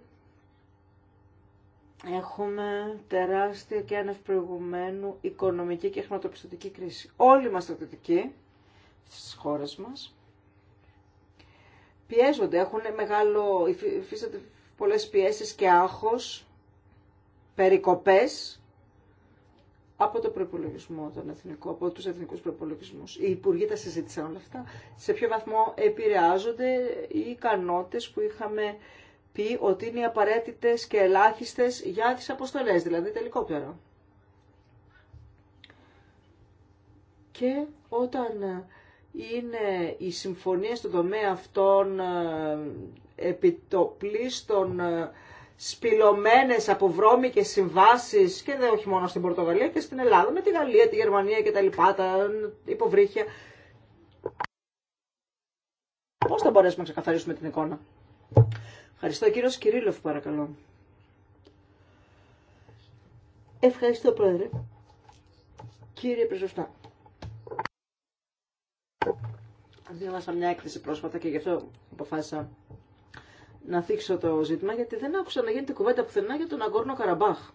A: έχουμε τεράστια και ανευπροηγουμένου οικονομική και χρηματοπιστωτική κρίση. Όλοι είμαστε στρατιωτικοί στις χώρες μας πιέζονται, έχουν μεγάλο, υφίσταται πολλές πιέσεις και άγχος, περικοπές από το προπολογισμό τον εθνικό, από τους εθνικούς προπολογισμούς. Οι υπουργοί τα συζήτησαν όλα αυτά. Σε ποιο βαθμό επηρεάζονται οι ικανότητες που είχαμε πει ότι είναι απαραίτητες και ελάχιστες για τις αποστολές, δηλαδή τελικόπτερα. Και όταν είναι η συμφωνία στον τομέα αυτών ε, επιτοπλίστων ε, σπηλωμένες από βρώμικες συμβάσεις και δεν όχι μόνο στην Πορτογαλία και στην Ελλάδα, με τη Γαλλία, τη Γερμανία και τα λοιπά, τα υποβρύχια. Πώς θα μπορέσουμε να ξεκαθαρίσουμε την εικόνα. Ευχαριστώ κύριο Κυρίλοφ παρακαλώ. Ευχαριστώ πρόεδρε. Κύριε Πρεσβευτά. διάβασα μια έκθεση πρόσφατα και γι' αυτό αποφάσισα να θίξω το ζήτημα, γιατί δεν άκουσα να γίνεται κουβέντα πουθενά για τον Αγκόρνο Καραμπάχ.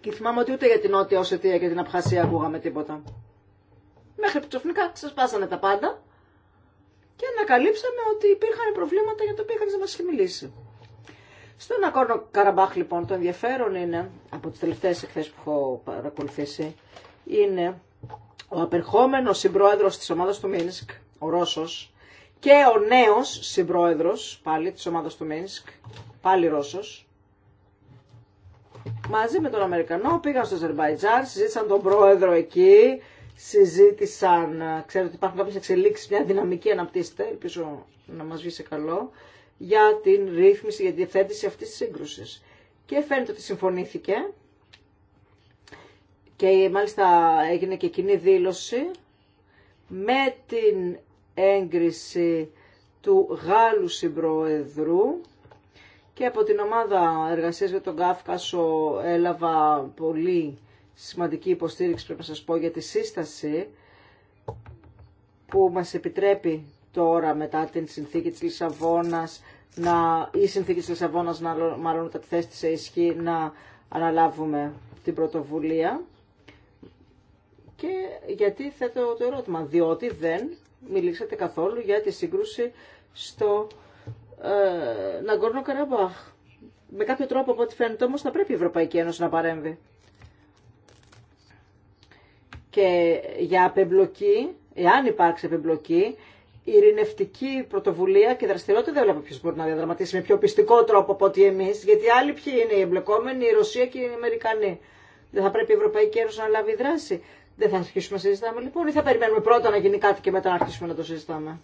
A: Και θυμάμαι ότι ούτε για την Νότια Οσετία και την Απχασία ακούγαμε τίποτα. Μέχρι που ξαφνικά ξεσπάσανε τα πάντα και ανακαλύψαμε ότι υπήρχαν προβλήματα για τα οποία κανεί δεν μα είχε μιλήσει. Στον Ακόρνο Καραμπάχ, λοιπόν, το ενδιαφέρον είναι, από τι τελευταίε εκθέσει που έχω παρακολουθήσει, είναι ο απερχόμενος συμπρόεδρος της ομάδας του Μίνσκ, ο Ρώσος, και ο νέος συμπρόεδρος, πάλι, της ομάδας του Μίνσκ, πάλι Ρώσος, μαζί με τον Αμερικανό πήγαν στο Αζερβαϊτζάν, συζήτησαν τον πρόεδρο εκεί, συζήτησαν, ε, ξέρω ότι υπάρχουν κάποιες εξελίξεις, μια δυναμική αναπτύσσεται, ελπίζω να μας βγει σε καλό, για την ρύθμιση, για τη διευθέτηση αυτής της σύγκρουσης. Και φαίνεται ότι συμφωνήθηκε και μάλιστα έγινε και κοινή δήλωση με την έγκριση του Γάλλου Συμπροεδρού και από την ομάδα εργασίας για τον Κάφκασο έλαβα πολύ σημαντική υποστήριξη πρέπει να σας πω για τη σύσταση που μας επιτρέπει τώρα μετά την συνθήκη της Λισαβόνας να, η συνθήκη της Λισαβόνας να μάλλον τα θέση σε ισχύ να αναλάβουμε την πρωτοβουλία. Και γιατί θέτω το ερώτημα, διότι δεν μιλήσατε καθόλου για τη σύγκρουση στο ε, Ναγκόρνο Καραμπάχ. Με κάποιο τρόπο, από ό,τι φαίνεται όμως, θα πρέπει η Ευρωπαϊκή Ένωση να παρέμβει. Και για απεμπλοκή, εάν υπάρξει απεμπλοκή, η ειρηνευτική πρωτοβουλία και δραστηριότητα δεν βλέπω ποιο μπορεί να διαδραματίσει με πιο πιστικό τρόπο από ότι εμεί, γιατί άλλοι ποιοι είναι οι εμπλεκόμενοι, η Ρωσία και οι Αμερικανοί. Δεν θα πρέπει η Ευρωπαϊκή Ένωση να λάβει δράση. Δεν θα αρχίσουμε να συζητάμε λοιπόν ή θα περιμένουμε πρώτα να γίνει κάτι και μετά να αρχίσουμε να το συζητάμε.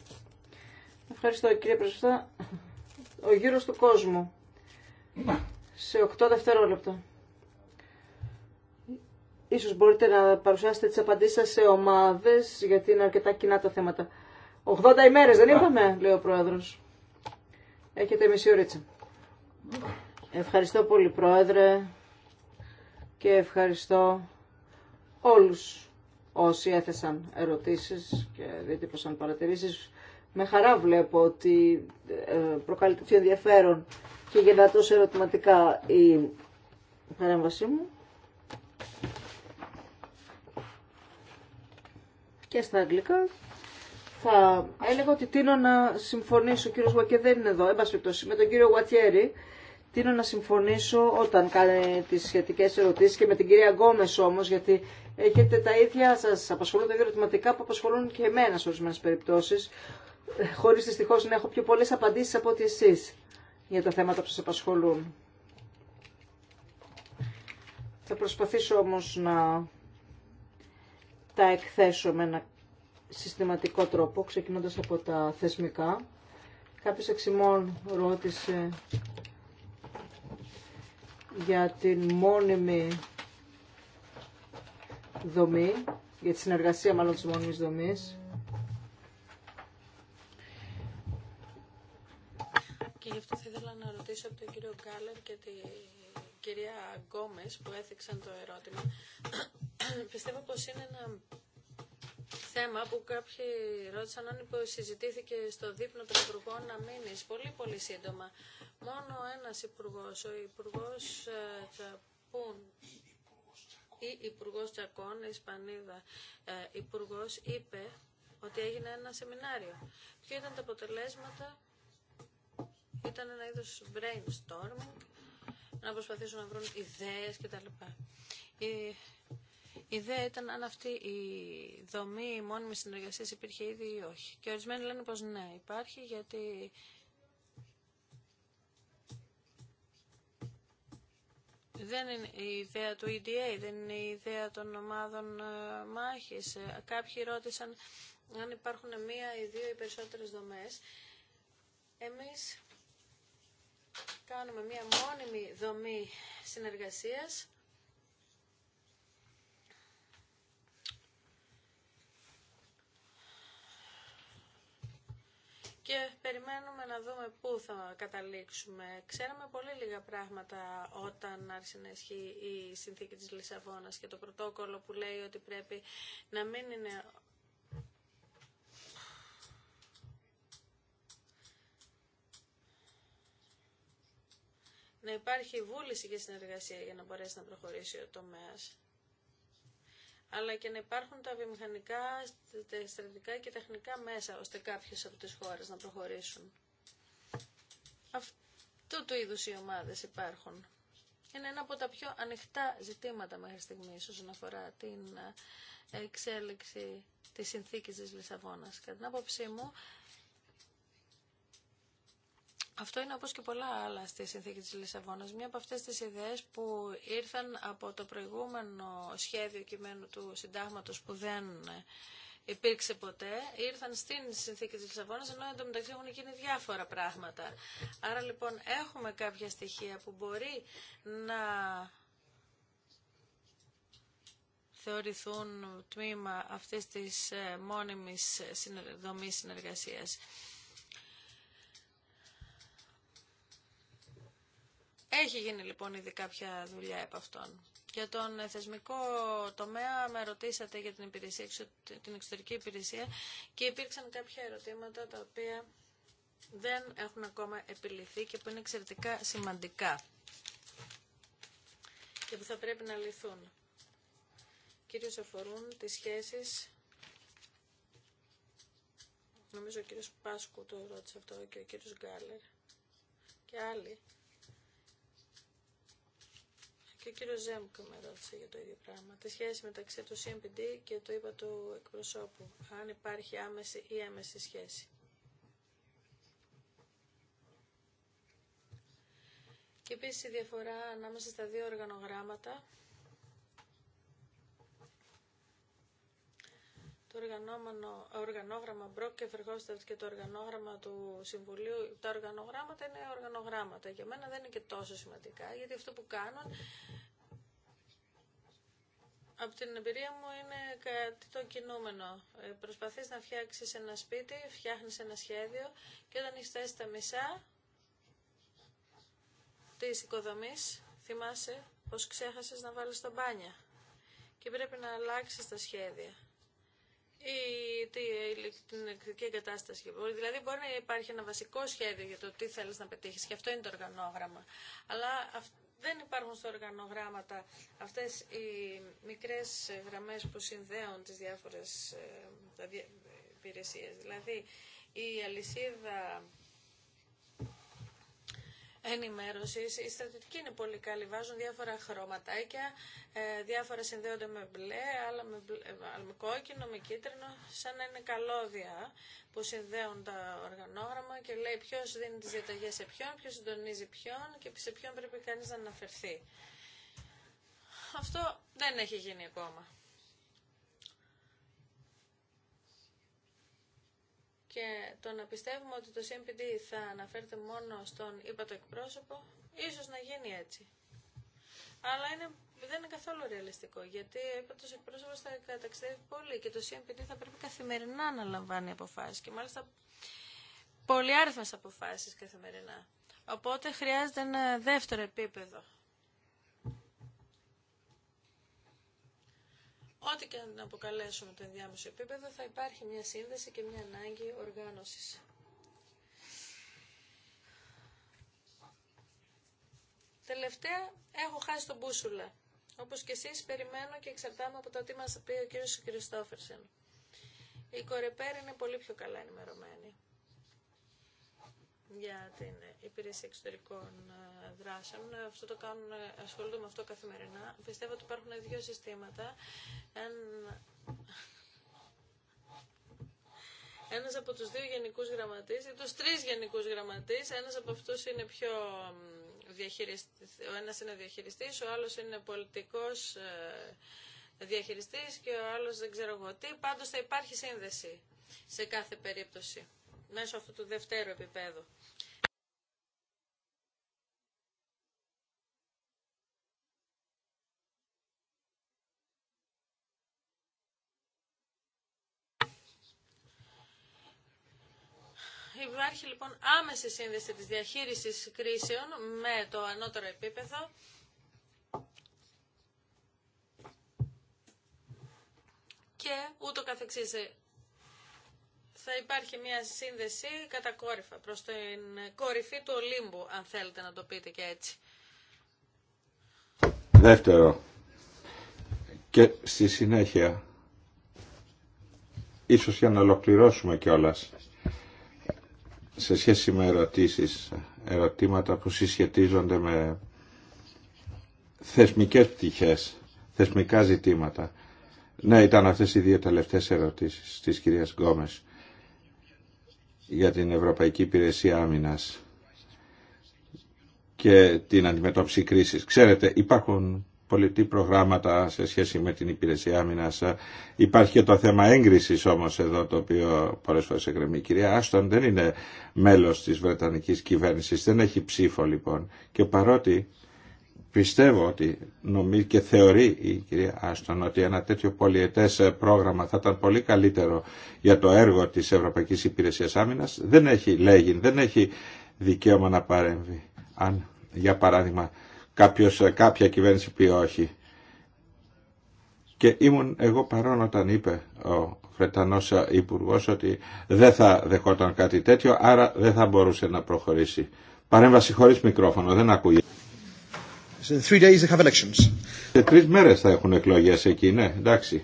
A: Ευχαριστώ κύριε Πρεσβευτά. Ο γύρος του κόσμου. Σε 8 δευτερόλεπτα. Ίσως μπορείτε να παρουσιάσετε τις απαντήσεις σας σε ομάδες, γιατί είναι αρκετά κοινά τα θέματα. 80 ημέρες, δεν είπαμε, λέει ο Πρόεδρος. Έχετε μισή ωρίτσα. Ευχαριστώ πολύ Πρόεδρε και ευχαριστώ όλους όσοι έθεσαν ερωτήσεις και διατύπωσαν παρατηρήσεις. Με χαρά βλέπω ότι ε, προκαλεί τέτοιο ενδιαφέρον και γεννά τόσο ερωτηματικά η παρέμβασή μου. Και στα αγγλικά θα έλεγα ότι τίνω να συμφωνήσω, ο κύριος Γουακέ δεν είναι εδώ, με τον κύριο Γουατιέρη, τίνω να συμφωνήσω όταν κάνει τις σχετικές ερωτήσεις και με την κυρία Γκόμες όμως, γιατί έχετε τα ίδια, σας απασχολούν τα ίδια ερωτηματικά που απασχολούν και εμένα σε ορισμένε περιπτώσεις, χωρίς δυστυχώ να έχω πιο πολλές απαντήσεις από ότι εσεί για τα θέματα που σα απασχολούν. Θα προσπαθήσω όμως να τα εκθέσω με ένα συστηματικό τρόπο, ξεκινώντας από τα θεσμικά. Κάποιος εξημών ρώτησε για την μόνιμη δομή, για τη συνεργασία μάλλον της μόνιμη δομής.
B: Και γι' αυτό θα ήθελα να ρωτήσω από τον κύριο Γκάλερ και την κυρία Γκόμες που έθιξαν το ερώτημα. Πιστεύω πως είναι ένα θέμα που κάποιοι ρώτησαν αν συζητήθηκε στο δείπνο των Υπουργών να μείνεις πολύ πολύ σύντομα. Μόνο ένας υπουργό, ο υπουργό ε, θα πούν η Υπουργό Τσακών, η Ισπανίδα ε, Υπουργό, είπε ότι έγινε ένα σεμινάριο. Ποιο ήταν τα αποτελέσματα, ήταν ένα είδος brainstorming, να προσπαθήσουν να βρουν ιδέε κτλ. Η ιδέα ήταν αν αυτή η δομή η μόνιμη συνεργασία υπήρχε ήδη ή όχι. Και ορισμένοι λένε πω ναι, υπάρχει γιατί Δεν είναι η ιδέα του EDA, δεν είναι η ιδέα των ομάδων ε, μάχης. Ε, κάποιοι ρώτησαν αν υπάρχουν μία ή δύο ή περισσότερες δομές. Εμείς κάνουμε μία μόνιμη δομή συνεργασίας και περιμένουμε να δούμε πού θα καταλήξουμε. Ξέραμε πολύ λίγα πράγματα όταν άρχισε να ισχύει η συνθήκη της Λισαβόνας και το πρωτόκολλο που λέει ότι πρέπει να μην είναι... να υπάρχει βούληση και συνεργασία για να μπορέσει να προχωρήσει ο τομέας αλλά και να υπάρχουν τα βιομηχανικά, τα και τεχνικά μέσα, ώστε κάποιες από τις χώρες να προχωρήσουν. Αυτού του είδους οι ομάδες υπάρχουν. Είναι ένα από τα πιο ανοιχτά ζητήματα μέχρι στιγμής όσον αφορά την ε, εξέλιξη της συνθήκης της Λισαβόνας. Κατά την άποψή μου, αυτό είναι όπως και πολλά άλλα στη συνθήκη της Λισαβόνας. Μία από αυτές τις ιδέες που ήρθαν από το προηγούμενο σχέδιο κειμένου του συντάγματος που δεν υπήρξε ποτέ, ήρθαν στην συνθήκη της Λισαβόνας, ενώ εντωμεταξύ έχουν γίνει διάφορα πράγματα. Άρα λοιπόν έχουμε κάποια στοιχεία που μπορεί να θεωρηθούν τμήμα αυτής της ε, μόνιμης δομής συνεργασίας. Έχει γίνει λοιπόν ήδη κάποια δουλειά από αυτόν. Για τον ε, θεσμικό τομέα με ρωτήσατε για την, υπηρεσία, την εξωτερική υπηρεσία και υπήρξαν κάποια ερωτήματα τα οποία δεν έχουν ακόμα επιληθεί και που είναι εξαιρετικά σημαντικά και που θα πρέπει να λυθούν. Κύριος αφορούν τις σχέσεις νομίζω ο κύριος Πάσκου το ρώτησε αυτό και ο κύριος Γκάλερ και άλλοι και ο κύριος Ζέμκο με ρώτησε για το ίδιο πράγμα. Τη σχέση μεταξύ του CMPD και το είπα του εκπροσώπου. Αν υπάρχει άμεση ή έμεση σχέση. Και επίσης η διαφορά ανάμεσα στα δύο οργανογράμματα το οργανόγραμμα Μπροκ και και το οργανόγραμμα του Συμβουλίου, τα οργανογράμματα είναι οργανογράμματα. Για μένα δεν είναι και τόσο σημαντικά, γιατί αυτό που κάνουν από την εμπειρία μου είναι κάτι το κινούμενο. Ε, προσπαθείς να φτιάξεις ένα σπίτι, φτιάχνεις ένα σχέδιο και όταν έχεις θέσει τα μισά της οικοδομής, θυμάσαι πως ξέχασες να βάλεις τα μπάνια και πρέπει να αλλάξεις τα σχέδια ή την ηλεκτρική εγκατάσταση. Δηλαδή μπορεί να υπάρχει ένα βασικό σχέδιο για το τι θέλεις να πετύχεις και αυτό είναι το οργανόγραμμα. Αλλά δεν υπάρχουν στο οργανόγραμμα αυτές οι μικρές γραμμές που συνδέουν τις διάφορες ε, ε, υπηρεσίες. Δηλαδή η αλυσίδα Ενημέρωση. Οι στρατιωτική είναι πολύ καλοί, βάζουν διάφορα χρωματάκια, ε, διάφορα συνδέονται με μπλε, ε, άλλα με, κόκκινο, με κίτρινο, σαν να είναι καλώδια που συνδέουν τα οργανόγραμμα και λέει ποιο δίνει τις διαταγέ σε ποιον, ποιο συντονίζει ποιον και σε ποιον πρέπει κανεί να αναφερθεί. Αυτό δεν έχει γίνει ακόμα. Και το να πιστεύουμε ότι το CMPD θα αναφέρεται μόνο στον ύπατο εκπρόσωπο, ίσως να γίνει έτσι. Αλλά είναι, δεν είναι καθόλου ρεαλιστικό, γιατί ο ύπατος εκπρόσωπος θα καταξιδεύει πολύ και το CMPD θα πρέπει καθημερινά να λαμβάνει αποφάσεις και μάλιστα άρθμες αποφάσεις καθημερινά. Οπότε χρειάζεται ένα δεύτερο επίπεδο ό,τι και να αποκαλέσουμε το ενδιάμεσο επίπεδο, θα υπάρχει μια σύνδεση και μια ανάγκη οργάνωσης. Τελευταία, έχω χάσει τον μπούσουλα. Όπως και εσείς, περιμένω και εξαρτάμαι από το τι μας πει ο κύριος Κριστόφερσεν. Η Κορεπέρ είναι πολύ πιο καλά ενημερωμένη για την υπηρεσία εξωτερικών ε, δράσεων. Αυτό το κάνουν, ε, ασχολούνται με αυτό καθημερινά. Πιστεύω ότι υπάρχουν δύο συστήματα. Ένας από τους δύο γενικούς γραμματείς ή τους τρεις γενικούς γραμματείς, ένας από αυτούς είναι πιο διαχειριστής, ο ένας είναι διαχειριστής, ο άλλος είναι πολιτικός ε, διαχειριστής και ο άλλος δεν ξέρω εγώ τι. Πάντως θα υπάρχει σύνδεση σε κάθε περίπτωση μέσω αυτού του δευτέρου επίπεδου. Υπάρχει λοιπόν άμεση σύνδεση της διαχείρισης κρίσεων με το ανώτερο επίπεδο. και ούτω καθεξής. Ε, θα υπάρχει μια σύνδεση κατακόρυφα προς την κορυφή του Ολύμπου, αν θέλετε να το πείτε και έτσι.
C: Δεύτερο. Και στη συνέχεια, ίσως για να ολοκληρώσουμε κιόλας, σε σχέση με ερωτήσεις, ερωτήματα που συσχετίζονται με θεσμικές πτυχές, θεσμικά ζητήματα. Ναι, ήταν αυτές οι δύο τελευταίες ερωτήσεις της κυρίας Γκόμες για την Ευρωπαϊκή Υπηρεσία Άμυνας και την αντιμετώπιση κρίσης. Ξέρετε, υπάρχουν πολιτή προγράμματα σε σχέση με την υπηρεσία άμυνα. Υπάρχει και το θέμα έγκριση όμω εδώ, το οποίο πολλέ φορέ εγκρεμεί Η κυρία Άστον δεν είναι μέλο τη Βρετανική κυβέρνηση, δεν έχει ψήφο λοιπόν. Και παρότι Πιστεύω ότι νομίζει και θεωρεί η κυρία Άστον ότι ένα τέτοιο πολιετές ε, πρόγραμμα θα ήταν πολύ καλύτερο για το έργο της Ευρωπαϊκής Υπηρεσίας Άμυνας. Δεν έχει λέγει, δεν έχει δικαίωμα να παρέμβει. Αν, για παράδειγμα, κάποιος, ε, κάποια κυβέρνηση πει όχι. Και ήμουν εγώ παρόν όταν είπε ο Βρετανός ε, υπουργό ότι δεν θα δεχόταν κάτι τέτοιο, άρα δεν θα μπορούσε να προχωρήσει. Παρέμβαση χωρίς μικρόφωνο, δεν ακούγεται three days elections. Σε τρεις μέρες θα έχουν εκλογές εκεί, ναι, εντάξει.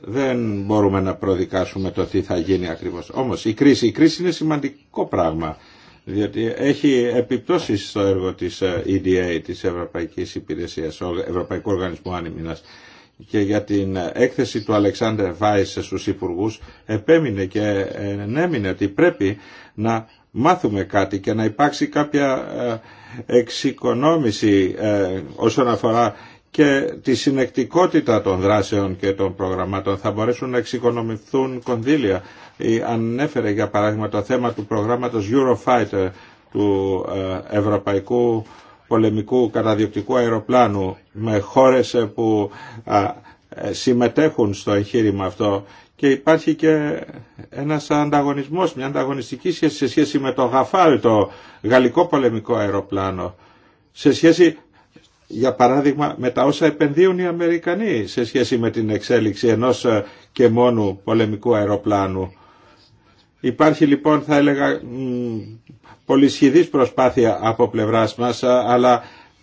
C: Δεν μπορούμε να προδικάσουμε το τι θα γίνει ακριβώς. Όμως η κρίση, η κρίση είναι σημαντικό πράγμα, διότι έχει επιπτώσεις στο έργο της ε, EDA, της Ευρωπαϊκής Υπηρεσίας, Ευρωπαϊκού Οργανισμού Άνημινας και για την έκθεση του Αλεξάνδρε Βάης στους υπουργούς επέμεινε και ενέμεινε ότι πρέπει να μάθουμε κάτι και να υπάρξει κάποια ε, εξοικονόμηση ε, όσον αφορά και τη συνεκτικότητα των δράσεων και των προγραμμάτων. Θα μπορέσουν να εξοικονομηθούν κονδύλια. Ανέφερε για παράδειγμα το θέμα του προγράμματος Eurofighter του ε, Ευρωπαϊκού Πολεμικού Καταδιοκτικού Αεροπλάνου με χώρες που συμμετέχουν στο εγχείρημα αυτό και υπάρχει και ένας ανταγωνισμός, μια ανταγωνιστική σχέση σε σχέση με το Γαφάλ, το γαλλικό πολεμικό αεροπλάνο, σε σχέση για παράδειγμα με τα όσα επενδύουν οι Αμερικανοί σε σχέση με την εξέλιξη ενός ε, και μόνου πολεμικού αεροπλάνου. Υπάρχει λοιπόν θα έλεγα πολυσχηδής προσπάθεια από πλευράς μας ε, αλλά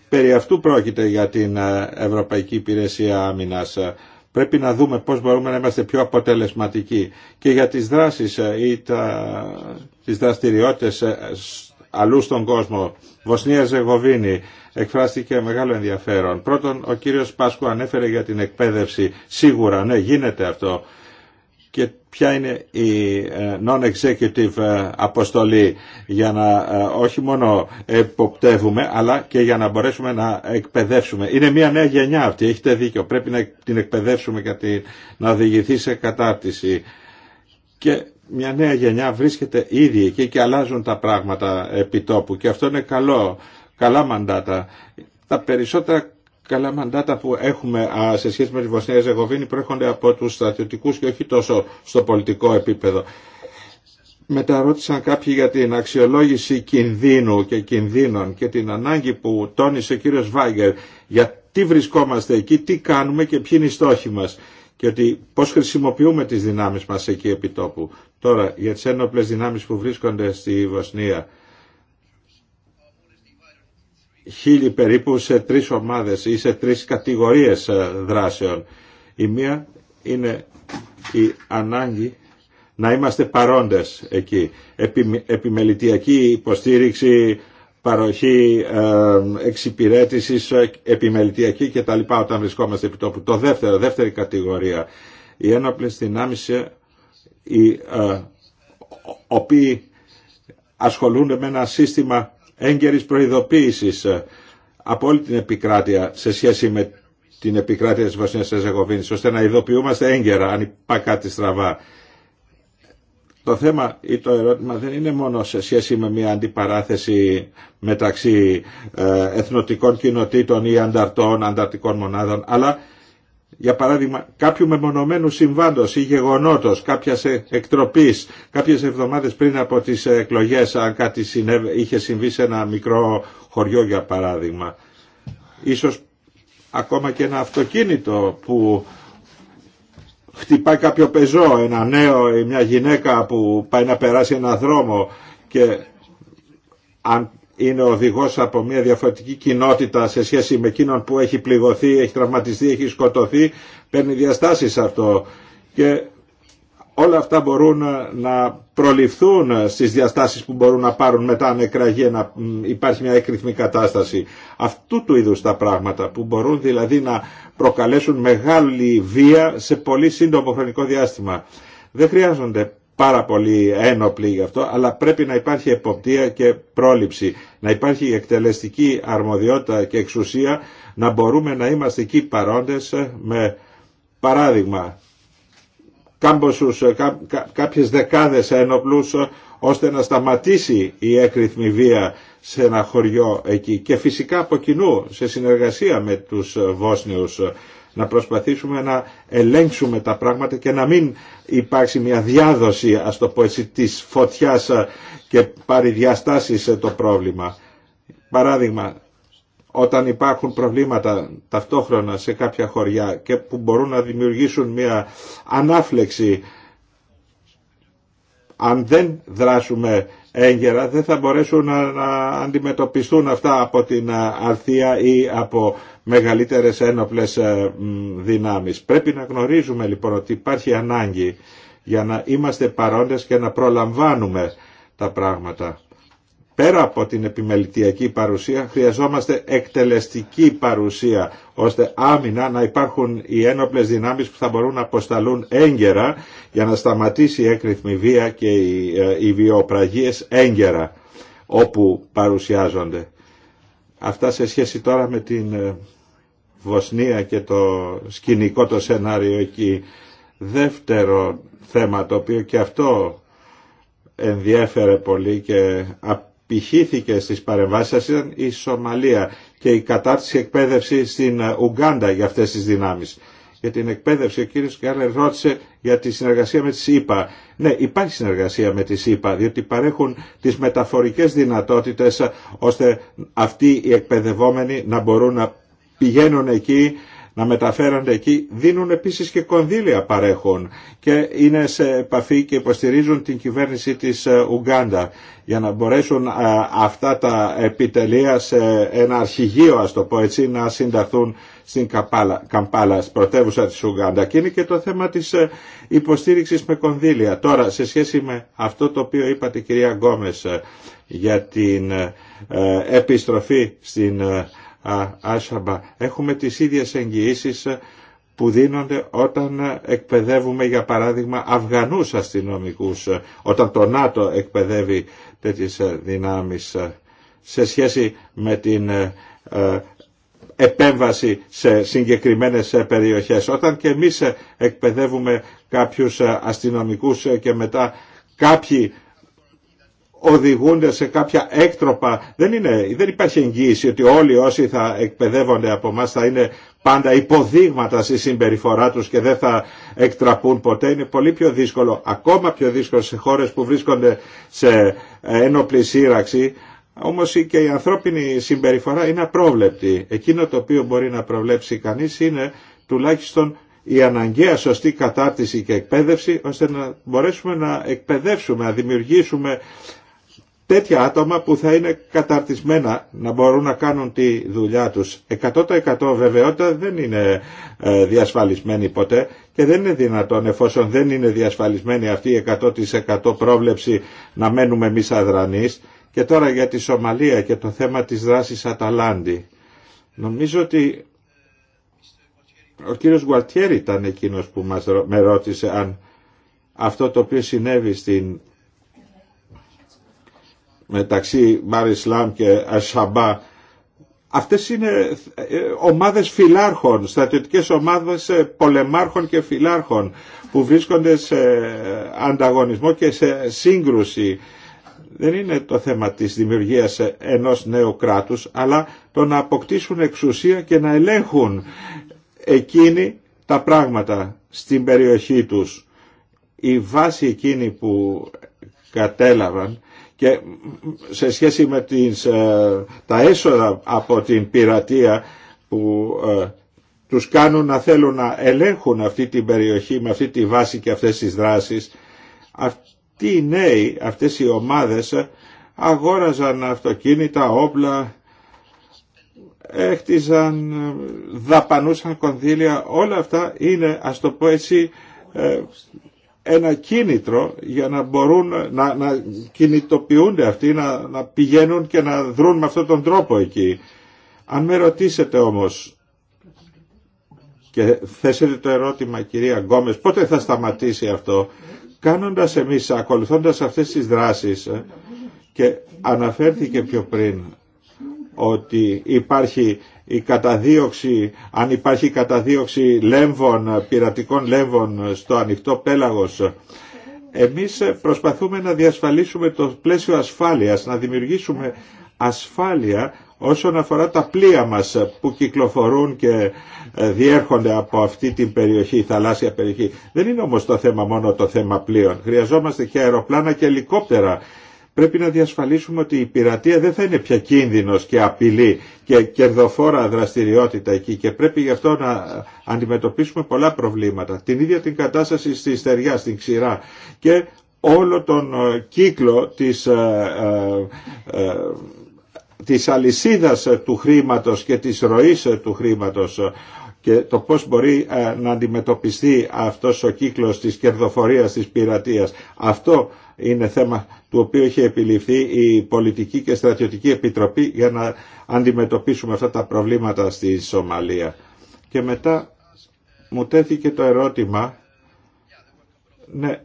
C: περί αυτού πρόκειται για την ε, Ευρωπαϊκή Υπηρεσία Άμυνας. Πρέπει να δούμε πώς μπορούμε να είμαστε πιο αποτελεσματικοί και για τις δράσεις ε, ή τα, τις δραστηριότητες ε, αλλού στον κόσμο. Βοσνία Ζεγοβίνη εκφράστηκε μεγάλο ενδιαφέρον. Πρώτον, ο κύριος Πάσκου ανέφερε για την εκπαίδευση. Σίγουρα, ναι, γίνεται αυτό και ποια είναι η ε, non-executive ε, αποστολή για να ε, όχι μόνο εποπτεύουμε αλλά και για να μπορέσουμε να εκπαιδεύσουμε. Είναι μια νέα γενιά αυτή, έχετε δίκιο, πρέπει να την εκπαιδεύσουμε και να οδηγηθεί σε κατάρτιση. Και μια νέα γενιά βρίσκεται ήδη εκεί και αλλάζουν τα πράγματα επιτόπου και αυτό είναι καλό, καλά μαντάτα. Τα περισσότερα καλά μαντάτα που έχουμε σε σχέση με τη Βοσνία Ζεγοβίνη προέρχονται από τους στρατιωτικούς και όχι τόσο στο πολιτικό επίπεδο. Μετά κάποιοι για την αξιολόγηση κινδύνου και κινδύνων και την ανάγκη που τόνισε ο κύριος Βάγκερ για τι βρισκόμαστε εκεί, τι κάνουμε και ποιοι είναι οι στόχοι μας και ότι πώς χρησιμοποιούμε τις δυνάμεις μας εκεί επί τόπου. Τώρα για τις ένοπλες δυνάμεις που βρίσκονται στη Βοσνία χίλιοι περίπου σε τρεις ομάδες ή σε τρεις κατηγορίες ε, δράσεων. Η μία είναι η ανάγκη να είμαστε παρόντες εκεί. Επιμελητιακή υποστήριξη, παροχή ε, εξυπηρέτησης, ε, επιμελητιακή κτλ. όταν βρισκόμαστε επί τόπου. Το δεύτερο, δεύτερη κατηγορία. Οι ένοπλες δυνάμεις οι οποίοι ασχολούνται με ένα σύστημα έγκαιρης προειδοποίησης ε, από όλη την επικράτεια σε σχέση με την επικράτεια της Βοσνίας Εζεγοβίνης, ώστε να ειδοποιούμαστε έγκαιρα αν υπάρχει κάτι στραβά. Το θέμα ή το ερώτημα δεν είναι μόνο σε σχέση με μια αντιπαράθεση μεταξύ ε, εθνοτικών κοινοτήτων ή ανταρτών, ανταρτικών μονάδων, αλλά για παράδειγμα κάποιου μεμονωμένου συμβάντος ή γεγονότος κάποιας εκτροπής κάποιες εβδομάδες πριν από τις εκλογές αν κάτι είχε συμβεί σε ένα μικρό χωριό για παράδειγμα. Ίσως ακόμα και ένα αυτοκίνητο που χτυπάει κάποιο πεζό, ένα νέο ή μια γυναίκα που πάει να περάσει ένα δρόμο και είναι οδηγός από μια διαφορετική κοινότητα σε σχέση με εκείνον που έχει πληγωθεί, έχει τραυματιστεί, έχει σκοτωθεί, παίρνει διαστάσει αυτό. Και όλα αυτά μπορούν να προληφθούν στις διαστάσεις που μπορούν να πάρουν μετά ανεκράγει να υπάρχει μια εκρυθμή κατάσταση. Αυτού του είδου τα πράγματα που μπορούν δηλαδή να προκαλέσουν μεγάλη βία σε πολύ σύντομο χρονικό διάστημα. Δεν χρειάζονται πάρα πολύ ένοπλοι γι' αυτό, αλλά πρέπει να υπάρχει εποπτεία και πρόληψη, να υπάρχει εκτελεστική αρμοδιότητα και εξουσία, να μπορούμε να είμαστε εκεί παρόντες με παράδειγμα κάμποσους, κά, κά, κάποιες δεκάδες ένοπλους ώστε να σταματήσει η έκρηθμη βία σε ένα χωριό εκεί και φυσικά από κοινού σε συνεργασία με τους Βόσνιους να προσπαθήσουμε να ελέγξουμε τα πράγματα και να μην υπάρξει μια διάδοση, ας το πω έτσι, της φωτιάς και πάρει διαστάσεις το πρόβλημα. Παράδειγμα, όταν υπάρχουν προβλήματα ταυτόχρονα σε κάποια χωριά και που μπορούν να δημιουργήσουν μια ανάφλεξη, αν δεν δράσουμε έγκαιρα δεν θα μπορέσουν να, να αντιμετωπιστούν αυτά από την αρθία ή από μεγαλύτερες ένοπλες ε, δυνάμεις. Πρέπει να γνωρίζουμε λοιπόν ότι υπάρχει ανάγκη για να είμαστε παρόντες και να προλαμβάνουμε τα πράγματα πέρα από την επιμελητιακή παρουσία χρειαζόμαστε εκτελεστική παρουσία ώστε άμυνα να υπάρχουν οι ένοπλες δυνάμεις που θα μπορούν να αποσταλούν έγκαιρα για να σταματήσει η έκρηθμη βία και οι, ε, οι βιοπραγίες έγκαιρα όπου παρουσιάζονται. Αυτά σε σχέση τώρα με την ε, Βοσνία και το σκηνικό το σενάριο εκεί. Δεύτερο θέμα το οποίο και αυτό ενδιέφερε πολύ και πηχήθηκε στις παρεμβάσεις ήταν η Σομαλία και η κατάρτιση εκπαίδευση στην ε, Ουγκάντα για αυτές τις δυνάμεις. Για την εκπαίδευση ο κύριος Γκάλερ ρώτησε για τη συνεργασία με τις ΗΠΑ. Ναι, υπάρχει συνεργασία με τις ΗΠΑ, διότι παρέχουν τις μεταφορικές δυνατότητες ε, ώστε αυτοί οι εκπαιδευόμενοι να μπορούν να πηγαίνουν εκεί να μεταφέρονται εκεί, δίνουν επίσης και κονδύλια παρέχουν και είναι σε επαφή και υποστηρίζουν την κυβέρνηση της ε, Ουγκάντα για να μπορέσουν ε, αυτά τα επιτελεία σε ένα αρχηγείο, ας το πω έτσι, να συνταθούν στην Καμπάλα, στην πρωτεύουσα της Ουγγάντα. Και είναι και το θέμα της ε, υποστήριξης με κονδύλια. Τώρα, σε σχέση με αυτό το οποίο είπατε κυρία Γκόμες για την επιστροφή στην Άσαμπα. Έχουμε τις ίδιες εγγυήσεις που δίνονται όταν εκπαιδεύουμε για παράδειγμα Αφγανούς αστυνομικούς, όταν το ΝΑΤΟ εκπαιδεύει τέτοιες δυνάμεις σε σχέση με την ε, επέμβαση σε συγκεκριμένες περιοχές. Όταν και εμείς εκπαιδεύουμε κάποιους αστυνομικούς και μετά κάποιοι οδηγούνται σε κάποια έκτροπα. Δεν, είναι, δεν υπάρχει εγγύηση ότι όλοι όσοι θα εκπαιδεύονται από εμά θα είναι πάντα υποδείγματα στη συμπεριφορά τους και δεν θα εκτραπούν ποτέ. Είναι πολύ πιο δύσκολο, ακόμα πιο δύσκολο σε χώρες που βρίσκονται σε ένοπλη σύραξη. Όμως και η ανθρώπινη συμπεριφορά είναι απρόβλεπτη. Εκείνο το οποίο μπορεί να προβλέψει κανείς είναι τουλάχιστον η αναγκαία σωστή κατάρτιση και εκπαίδευση ώστε να μπορέσουμε να εκπαιδεύσουμε, να δημιουργήσουμε τέτοια άτομα που θα είναι καταρτισμένα να μπορούν να κάνουν τη δουλειά τους. 100% βεβαιότητα δεν είναι ε, διασφαλισμένοι ποτέ και δεν είναι δυνατόν εφόσον δεν είναι διασφαλισμένη αυτή η 100% πρόβλεψη να μένουμε εμείς αδρανείς. Και τώρα για τη Σομαλία και το θέμα της δράσης Αταλάντη. Νομίζω ότι ο κύριος Γουαλτιέρη ήταν εκείνος που μας, με ρώτησε αν αυτό το οποίο συνέβη στην μεταξύ Μάρ και Ασσαμπά. αυτές είναι ε, ομάδες φιλάρχων, στρατιωτικές ομάδες ε, πολεμάρχων και φιλάρχων που βρίσκονται σε ανταγωνισμό και σε σύγκρουση. Δεν είναι το θέμα της δημιουργίας ενός νέου κράτους, αλλά το να αποκτήσουν εξουσία και να ελέγχουν εκείνη τα πράγματα στην περιοχή τους. Η βάση εκείνη που κατέλαβαν και σε σχέση με τις, ε, τα έσοδα από την πειρατεία που ε, τους κάνουν να θέλουν να ελέγχουν αυτή την περιοχή με αυτή τη βάση και αυτές τις δράσεις. Αυτοί οι νέοι, αυτές οι ομάδες ε, αγόραζαν αυτοκίνητα, όπλα, έχτιζαν, δαπανούσαν κονδύλια, όλα αυτά είναι, ας το πω έτσι, ένα κίνητρο για να μπορούν να, να κινητοποιούνται αυτοί, να, να πηγαίνουν και να δρουν με αυτόν τον τρόπο εκεί. Αν με ρωτήσετε όμως και θέσετε το ερώτημα κυρία Γκόμες πότε θα σταματήσει αυτό κάνοντας εμείς, ακολουθώντας αυτές τις δράσεις ε, και αναφέρθηκε πιο πριν ότι υπάρχει η καταδίωξη, αν υπάρχει καταδίωξη λέμβων, πειρατικών λέμβων στο ανοιχτό πέλαγος. Εμείς προσπαθούμε να διασφαλίσουμε το πλαίσιο ασφάλειας, να δημιουργήσουμε ασφάλεια όσον αφορά τα πλοία μας που κυκλοφορούν και ε, διέρχονται από αυτή την περιοχή, η θαλάσσια περιοχή. Δεν είναι όμως το θέμα μόνο το θέμα πλοίων. Χρειαζόμαστε και αεροπλάνα και ελικόπτερα Πρέπει να διασφαλίσουμε ότι η πειρατεία δεν θα είναι πια κίνδυνος και απειλή και κερδοφόρα δραστηριότητα εκεί και πρέπει γι' αυτό να αντιμετωπίσουμε πολλά προβλήματα. Την ίδια την κατάσταση στη στεριά, στην ξηρά και όλο τον ε, κύκλο της ε, ε, της αλυσίδας του χρήματος και της ροής του χρήματος και το πώς μπορεί ε, να αντιμετωπιστεί αυτός ο κύκλος της κερδοφορίας, της πειρατείας. Αυτό είναι θέμα του οποίου έχει επιληφθεί η Πολιτική και Στρατιωτική Επιτροπή για να αντιμετωπίσουμε αυτά τα προβλήματα στη Σομαλία. Και μετά μου τέθηκε το ερώτημα, ναι,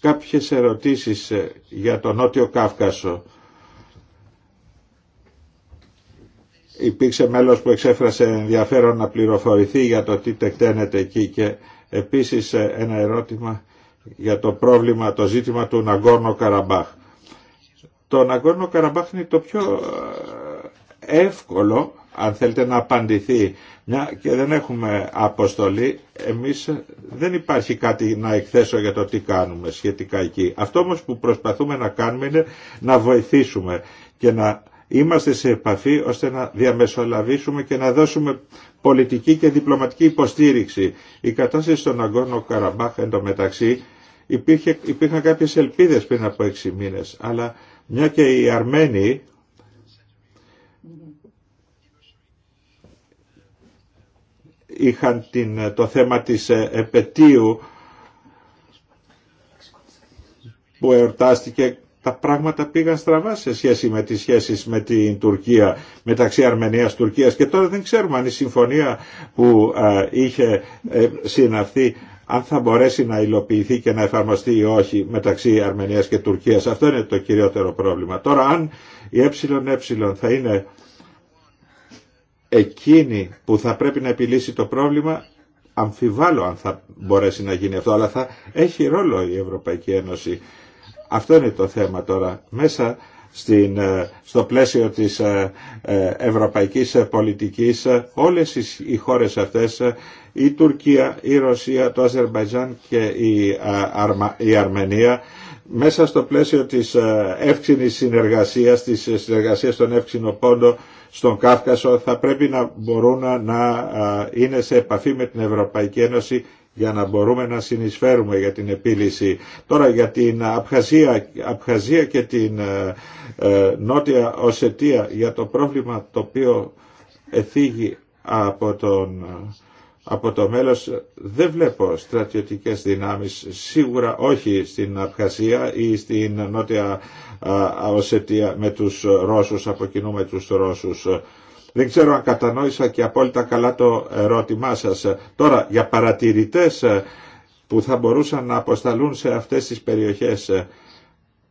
C: κάποιες ερωτήσεις ε, για τον Νότιο Κάυκασο υπήρξε μέλος που εξέφρασε ενδιαφέρον να πληροφορηθεί για το τι τεκταίνεται εκεί και επίσης ε, ένα ερώτημα για το πρόβλημα, το ζήτημα του Ναγκόρνο Καραμπάχ. Το Ναγκόρνο Καραμπάχ είναι το πιο ε, εύκολο αν θέλετε να απαντηθεί μια και δεν έχουμε αποστολή εμείς δεν υπάρχει κάτι να εκθέσω για το τι κάνουμε σχετικά εκεί αυτό όμως που προσπαθούμε να κάνουμε είναι να βοηθήσουμε και να είμαστε σε επαφή ώστε να διαμεσολαβήσουμε και να δώσουμε πολιτική και διπλωματική υποστήριξη. Η κατάσταση στον Αγκόνο Καραμπάχ εντωμεταξύ υπήρχε, υπήρχαν κάποιες ελπίδες πριν από έξι μήνες, αλλά μια και οι Αρμένοι είχαν την, το θέμα της ε, επαιτίου που εορτάστηκε τα πράγματα πήγαν στραβά σε σχέση με τις σχέσεις με την Τουρκία, μεταξύ Αρμενίας Τουρκίας και τώρα δεν ξέρουμε αν η συμφωνία που είχε ε, συναυθεί αν θα μπορέσει να υλοποιηθεί και να εφαρμοστεί ή όχι μεταξύ Αρμενίας και Τουρκίας. Αυτό είναι το κυριότερο πρόβλημα. Τώρα αν η ΕΕ θα είναι εκείνη που θα πρέπει να επιλύσει το πρόβλημα αμφιβάλλω αν θα μπορέσει να γίνει αυτό, αλλά θα έχει ρόλο η Ευρωπαϊκή Ένωση αυτό είναι το θέμα τώρα. Μέσα στην, ε, στο πλαίσιο της ε, ε, ευρωπαϊκής πολιτικής όλες οι χώρες αυτές η Τουρκία, η Ρωσία, το Αζερμπαϊτζάν και η, Αρμενία μέσα στο πλαίσιο της εύξηνης συνεργασίας, της συνεργασίας στον εύξηνο πόντο στον Κάφκασο θα πρέπει να μπορούν να είναι σε επαφή με την Ευρωπαϊκή Ένωση για να μπορούμε να συνεισφέρουμε για την επίλυση. Τώρα για την Απχαζία, Απχαζία και την ε, ε, Νότια Οσετία για το πρόβλημα το οποίο εθίγει από τον ε, από το μέλος δεν βλέπω στρατιωτικές δυνάμεις, σίγουρα όχι στην Απχαζία ή στην Νότια Οσετία με τους Ρώσους, από κοινού με τους Ρώσους. Δεν ξέρω αν κατανόησα και απόλυτα καλά το ερώτημά σας. Τώρα, για παρατηρητές ε, που θα μπορούσαν να αποσταλούν σε αυτές τις περιοχές, ε,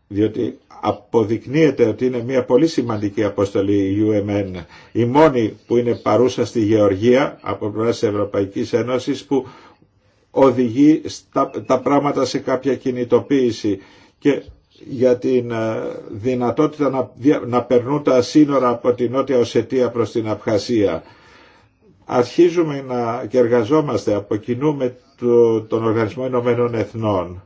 C: διότι αποδεικνύεται ότι είναι μια πολύ σημαντική αποστολή η UMN, η μόνη που είναι παρούσα στη Γεωργία από πλευράς Ευρωπαϊκής Ένωση που οδηγεί τα πράγματα σε κάποια κινητοποίηση και για την ε, δυνατότητα να, να περνούν τα σύνορα από την Νότια Οσετία προς την Απχασία. Αρχίζουμε να και εργαζόμαστε από κοινού με το, τον Οργανισμό Ηνωμένων Εθνών.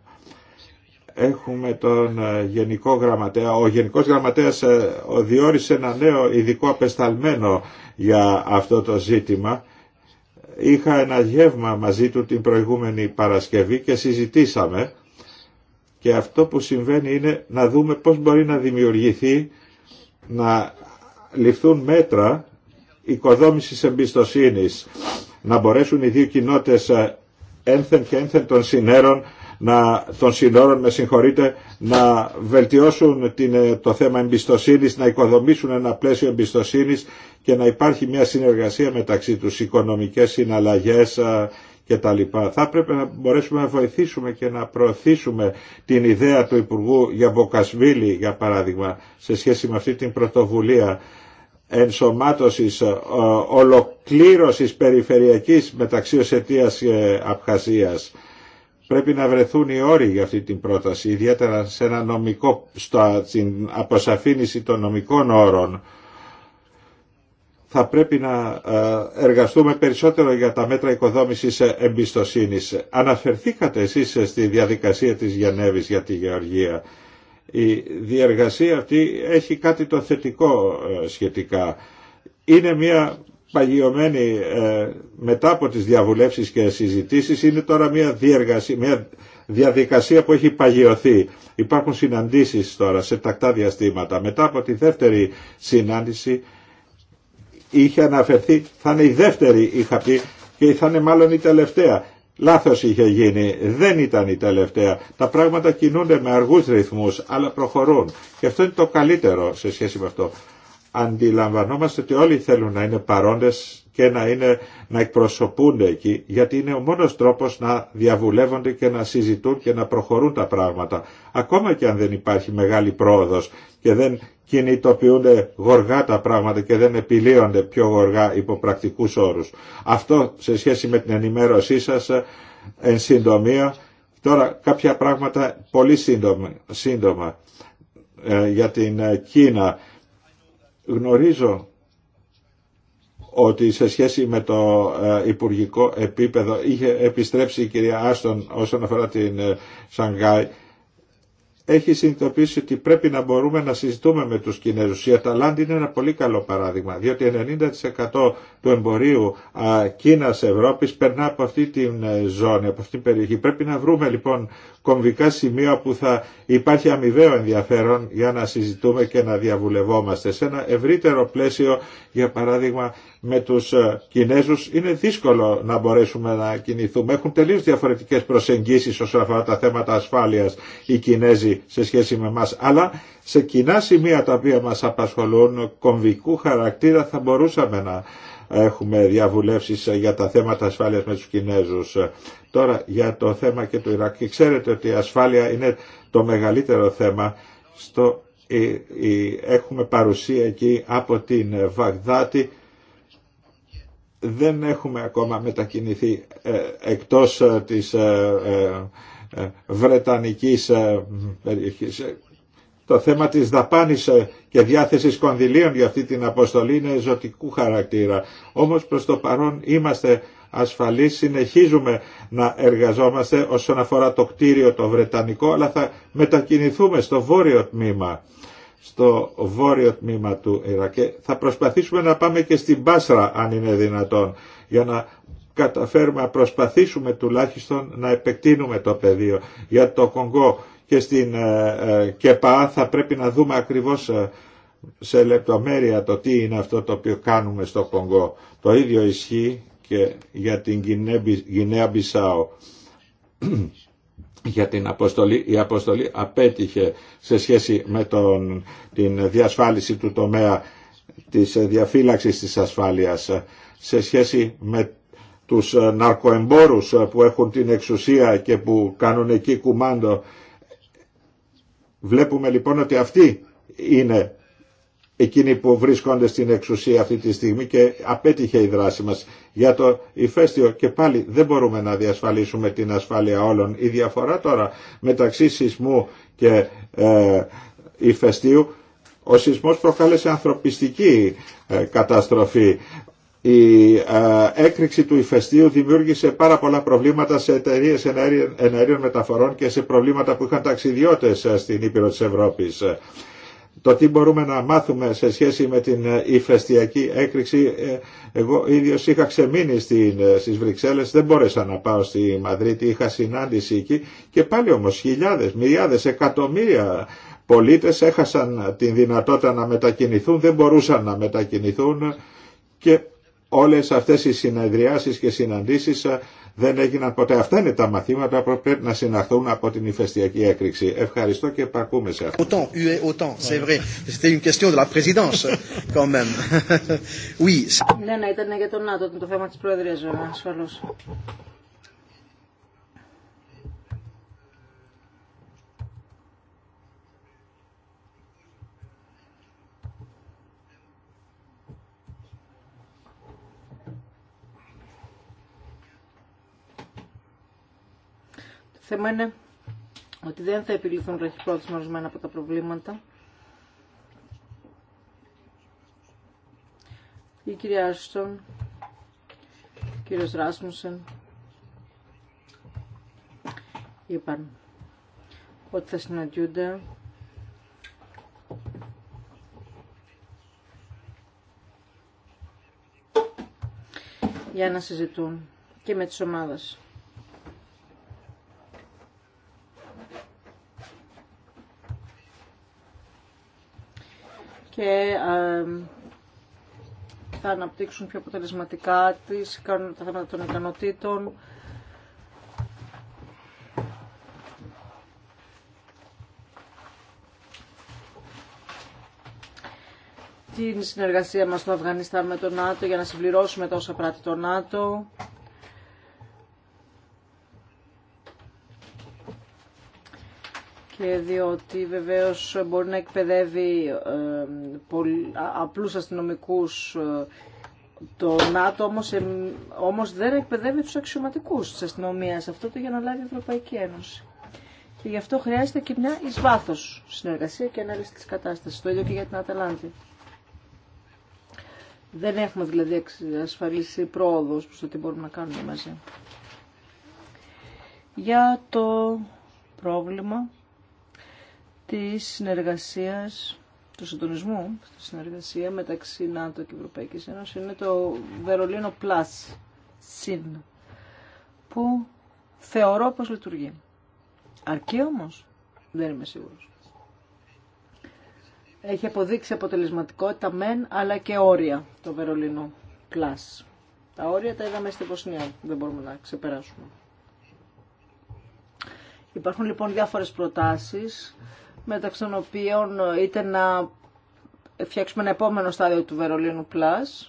C: Έχουμε τον ε, Γενικό Γραμματέα. Ο Γενικός Γραμματέας ε, διόρισε ένα νέο ειδικό απεσταλμένο για αυτό το ζήτημα. Είχα ένα γεύμα μαζί του την προηγούμενη Παρασκευή και συζητήσαμε και αυτό που συμβαίνει είναι να δούμε πώς μπορεί να δημιουργηθεί, να ληφθούν μέτρα οικοδόμησης εμπιστοσύνης, να μπορέσουν οι δύο κοινότητες ε, ένθεν και ένθεν των συνέρων να, των συνόρων με συγχωρείτε, να βελτιώσουν την, ε, το θέμα εμπιστοσύνης, να οικοδομήσουν ένα πλαίσιο εμπιστοσύνης και να υπάρχει μια συνεργασία μεταξύ τους, οικονομικές συναλλαγές, ε, λοιπά. Θα πρέπει να μπορέσουμε να βοηθήσουμε και να προωθήσουμε την ιδέα του Υπουργού για Μποκασβίλη, για παράδειγμα, σε σχέση με αυτή την πρωτοβουλία ενσωμάτωσης, ε, ολοκλήρωσης περιφερειακής μεταξύ Οσετίας και Απχασίας. Πρέπει να βρεθούν οι όροι για αυτή την πρόταση, ιδιαίτερα σε ένα νομικό, στην αποσαφήνιση των νομικών όρων θα πρέπει να ε, εργαστούμε περισσότερο για τα μέτρα οικοδόμησης ε, εμπιστοσύνης. Αναφερθήκατε εσείς ε, στη διαδικασία της Γενέβης για τη Γεωργία. Η διεργασία αυτή έχει κάτι το θετικό σχετικά. Είναι μια παγιωμένη μετά από τις διαβουλεύσεις και συζητήσεις, είναι τώρα μια μια διαδικασία που έχει παγιωθεί. Υπάρχουν συναντήσεις τώρα σε τακτά διαστήματα. Μετά από τη δεύτερη συνάντηση είχε αναφερθεί, θα είναι η δεύτερη είχα πει και θα είναι μάλλον η τελευταία. Λάθος είχε γίνει, δεν ήταν η τελευταία. Τα πράγματα κινούνται με αργούς ρυθμούς, αλλά προχωρούν. Και αυτό είναι το καλύτερο σε σχέση με αυτό. Αντιλαμβανόμαστε ότι όλοι θέλουν να είναι παρόντες και να, είναι, να εκπροσωπούνται εκεί, γιατί είναι ο μόνος τρόπος να διαβουλεύονται και να συζητούν και να προχωρούν τα πράγματα. Ακόμα και αν δεν υπάρχει μεγάλη πρόοδος και δεν κινητοποιούνται γοργά τα πράγματα και δεν επιλύονται πιο γοργά υπό πρακτικούς όρους. Αυτό σε σχέση με την ενημέρωσή σας, ε, εν συντομία, τώρα κάποια πράγματα πολύ σύντομα, σύντομα ε, για την ε, Κίνα. Γνωρίζω ότι σε σχέση με το ε, υπουργικό επίπεδο είχε επιστρέψει η κυρία Άστον όσον αφορά την ε, Σανγκάη έχει συνειδητοποιήσει ότι πρέπει να μπορούμε να συζητούμε με τους Κινέζους. Η Αταλάντη είναι ένα πολύ καλό παράδειγμα, διότι 90% του εμπορίου Κίνας-Ευρώπης περνά από αυτή την ε, ζώνη, από αυτή την περιοχή. Πρέπει να βρούμε λοιπόν κομβικά σημεία που θα υπάρχει αμοιβαίο ενδιαφέρον για να συζητούμε και να διαβουλευόμαστε σε ένα ευρύτερο πλαίσιο, για παράδειγμα, με τους ε, Κινέζους είναι δύσκολο να μπορέσουμε να κινηθούμε. Έχουν τελείως διαφορετικές προσεγγίσεις όσον αφορά τα θέματα ασφάλειας οι Κινέζοι σε σχέση με εμάς. Αλλά σε κοινά σημεία τα οποία μας απασχολούν κομβικού χαρακτήρα θα μπορούσαμε να έχουμε διαβουλεύσεις για τα θέματα ασφάλειας με τους Κινέζους. Τώρα για το θέμα και του Ιράκ. ξέρετε ότι η ασφάλεια είναι το μεγαλύτερο θέμα στο ε, ε, Έχουμε παρουσία εκεί από την Βαγδάτη δεν έχουμε ακόμα μετακινηθεί ε, εκτός ε, της ε, Βρετανικής περιοχής. Το θέμα της δαπάνης και διάθεσης κονδυλίων για αυτή την αποστολή είναι ζωτικού χαρακτήρα. Όμως προς το παρόν είμαστε ασφαλείς, συνεχίζουμε να εργαζόμαστε όσον αφορά το κτίριο το βρετανικό, αλλά θα μετακινηθούμε στο βόρειο τμήμα στο βόρειο τμήμα του Ιρακ. Θα προσπαθήσουμε να πάμε και στην Πάσρα αν είναι δυνατόν για να καταφέρουμε να προσπαθήσουμε τουλάχιστον να επεκτείνουμε το πεδίο. Για το Κονγκό και στην ε, ε, ΚΕΠΑ θα πρέπει να δούμε ακριβώς ε, σε λεπτομέρεια το τι είναι αυτό το οποίο κάνουμε στο Κονγκό. Το ίδιο ισχύει και για την Γινέα Μπισάου για την αποστολή. Η αποστολή απέτυχε σε σχέση με τον, την διασφάλιση του τομέα της διαφύλαξης της ασφάλειας σε σχέση με τους ναρκοεμπόρους που έχουν την εξουσία και που κάνουν εκεί κουμάντο. Βλέπουμε λοιπόν ότι αυτοί είναι εκείνοι που βρίσκονται στην εξουσία αυτή τη στιγμή και απέτυχε η δράση μας. Για το ηφαίστειο και πάλι δεν μπορούμε να διασφαλίσουμε την ασφάλεια όλων. Η διαφορά τώρα μεταξύ σεισμού και ε, ηφαιστείου, ο σεισμός προκάλεσε ανθρωπιστική ε, καταστροφή. Η ε, έκρηξη του ηφαιστείου δημιούργησε πάρα πολλά προβλήματα σε εταιρείε εναέριων μεταφορών και σε προβλήματα που είχαν ταξιδιώτες ε, στην Ήπειρο της Ευρώπης το τι μπορούμε να μάθουμε σε σχέση με την ε, ηφαιστειακή έκρηξη. Ε, εγώ ίδιος είχα ξεμείνει ε, στις Βρυξέλλες, δεν μπόρεσα να πάω στη Μαδρίτη, είχα συνάντηση εκεί και πάλι όμως χιλιάδες, μιλιάδες, εκατομμύρια πολίτες έχασαν την δυνατότητα να μετακινηθούν, δεν μπορούσαν να μετακινηθούν και όλες αυτές οι συνεδριάσεις και συναντήσεις δεν έγιναν ποτέ. Αυτά είναι τα μαθήματα που πρέπει να συναχθούν από την ηφαιστιακή έκρηξη. Ευχαριστώ και επακούμε σε αυτό. Autant, UE, autant, c'est vrai. C'était une question de la présidence, quand même. oui.
A: Ναι, ναι, ήταν για τον ΝΑΤΟ, το θέμα της Προεδρίας, βέβαια, ασφαλώς. θέμα είναι ότι δεν θα επιληθούν βραχυπρόθεσμα ορισμένα από τα προβλήματα. Η κυρία Άστον, ο κύριος Ράσμουσεν, είπαν ότι θα συναντιούνται για να συζητούν και με τις ομάδες. και θα αναπτύξουν πιο αποτελεσματικά τις, τα θέματα των ικανοτήτων, την συνεργασία μας στο Αφγανιστάν με τον ΝΑΤΟ για να συμπληρώσουμε τα όσα πράττει το ΝΑΤΟ. διότι βεβαίως μπορεί να εκπαιδεύει απλούς αστυνομικούς ε, το ΝΑΤΟ όμως, όμως δεν εκπαιδεύει τους αξιωματικούς της αστυνομίας. Αυτό το για να λάβει η Ευρωπαϊκή Ένωση. Και γι' αυτό χρειάζεται και μια εις βάθος συνεργασία και ανάλυση της κατάστασης. Το ίδιο και για την Αταλάντη. Δεν έχουμε δηλαδή ασφαλίσει πρόοδος προς το τι μπορούμε να κάνουμε μαζί. Για το πρόβλημα της συνεργασίας, του συντονισμού στη συνεργασία μεταξύ ΝΑΤΟ και Ευρωπαϊκής Ένωσης είναι το Βερολίνο Plus, συν, που θεωρώ πως λειτουργεί. Αρκεί όμως, δεν είμαι σίγουρος. Έχει αποδείξει αποτελεσματικότητα μεν, αλλά και όρια το Βερολίνο Plus. Τα όρια τα είδαμε στη Βοσνία, δεν μπορούμε να ξεπεράσουμε. Υπάρχουν λοιπόν διάφορες προτάσεις μεταξύ των οποίων ήταν να φτιάξουμε ένα επόμενο στάδιο του Βερολίνου Plus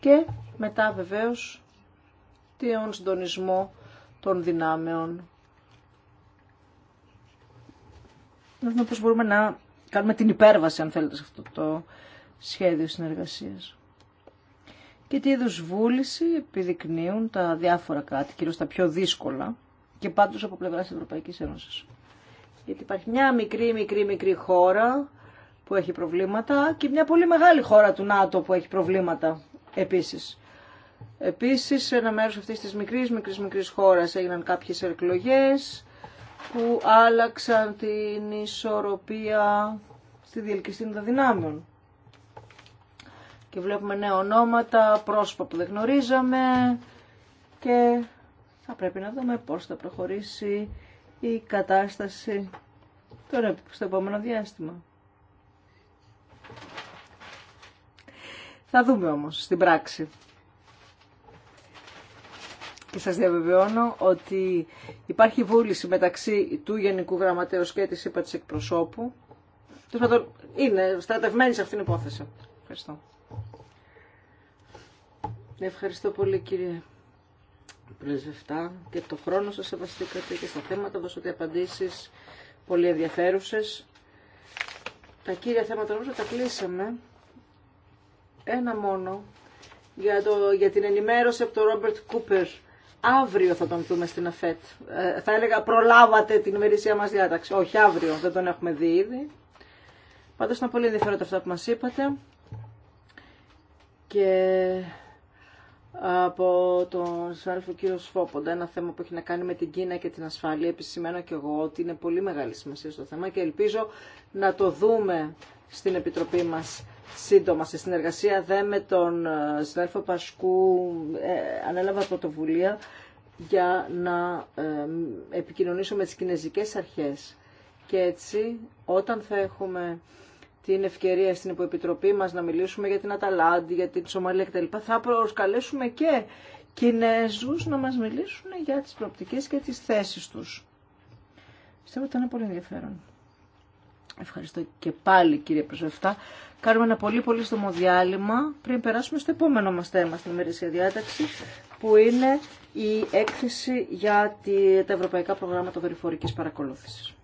A: και μετά βεβαίως τον συντονισμό των δυνάμεων. Να δούμε πώς μπορούμε να κάνουμε την υπέρβαση, αν θέλετε, σε αυτό το σχέδιο συνεργασίας. Και τι είδους βούληση επιδεικνύουν τα διάφορα κράτη, κυρίως τα πιο δύσκολα, και πάντως από πλευράς Ευρωπαϊκής Ένωσης. Γιατί υπάρχει μια μικρή, μικρή, μικρή χώρα που έχει προβλήματα και μια πολύ μεγάλη χώρα του ΝΑΤΟ που έχει προβλήματα επίσης. Επίσης, σε ένα μέρος αυτής της μικρής, μικρής, μικρής χώρας έγιναν κάποιες εκλογές που άλλαξαν την ισορροπία στη διελκυστή των δυνάμεων. Και βλέπουμε νέα ονόματα, πρόσωπα που δεν γνωρίζαμε και θα πρέπει να δούμε πώς θα προχωρήσει η κατάσταση τώρα στο επόμενο διάστημα. Θα δούμε όμως στην πράξη. Και σας διαβεβαιώνω ότι υπάρχει βούληση μεταξύ του Γενικού Γραμματέως και της ΥΠΑ της Είναι στρατευμένη σε αυτήν την υπόθεση. Ευχαριστώ. Ευχαριστώ πολύ κύριε πρεσβευτά και το χρόνο σας σεβαστήκατε και στα θέματα δώσατε απαντήσεις πολύ ενδιαφέρουσες. Τα κύρια θέματα νομίζω τα κλείσαμε. Ένα μόνο για, το, για την ενημέρωση από τον Ρόμπερτ Κούπερ. Αύριο θα τον δούμε στην ΑΦΕΤ. Ε, θα έλεγα προλάβατε την ημερησία μας διάταξη. Όχι αύριο, δεν τον έχουμε δει ήδη. Πάντως ήταν πολύ ενδιαφέροντα αυτά που μας είπατε. Και από τον συνάδελφο κύριο Σφόποντα, ένα θέμα που έχει να κάνει με την Κίνα και την ασφάλεια. Επισημένω και εγώ ότι είναι πολύ μεγάλη σημασία στο θέμα και ελπίζω να το δούμε στην Επιτροπή μας σύντομα. Σε συνεργασία δε με τον ε, συνάδελφο Πασκού ε, ανέλαβα πρωτοβουλία για να ε, επικοινωνήσω με τις κινέζικες αρχές. Και έτσι όταν θα έχουμε την ευκαιρία στην υποεπιτροπή μα να μιλήσουμε για την Αταλάντη, για την Σομαλία κτλ. Θα προσκαλέσουμε και Κινέζους να μα μιλήσουν για τι προοπτικές και τι θέσει του. Πιστεύω ότι ήταν πολύ ενδιαφέρον. Ευχαριστώ και πάλι κύριε Προσβευτά. Κάνουμε ένα πολύ πολύ στομό διάλειμμα πριν περάσουμε στο επόμενο μας θέμα στην ημερήσια διάταξη που είναι η έκθεση για τα ευρωπαϊκά προγράμματα δορυφορικής παρακολούθησης.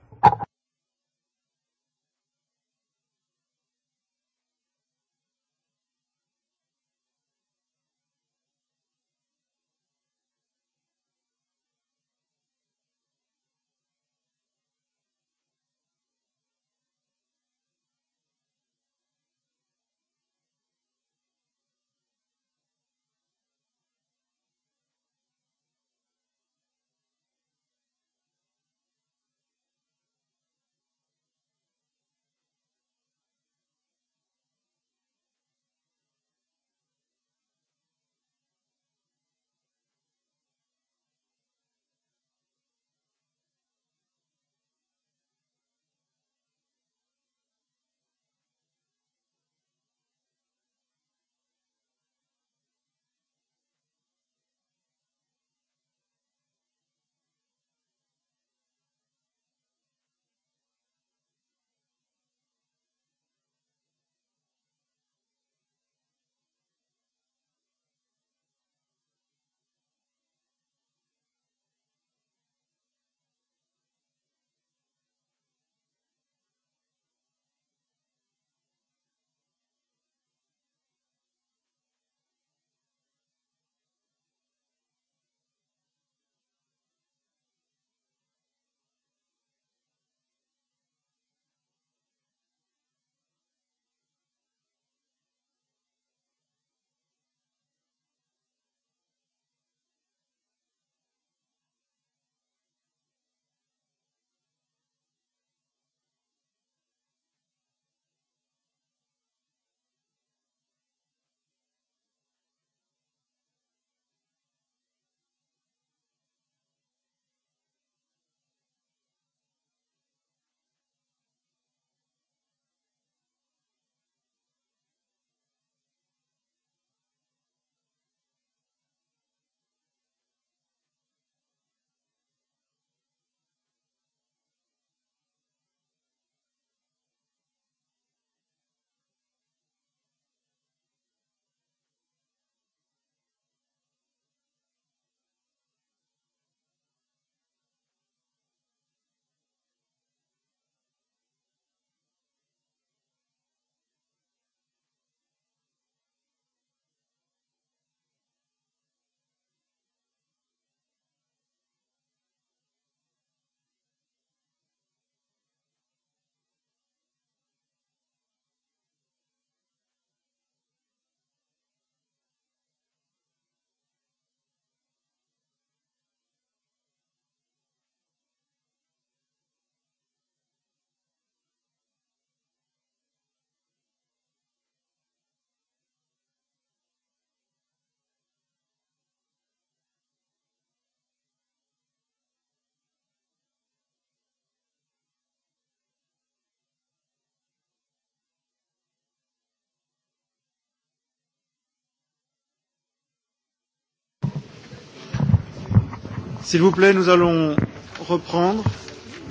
C: S'il vous plaît, nous allons reprendre.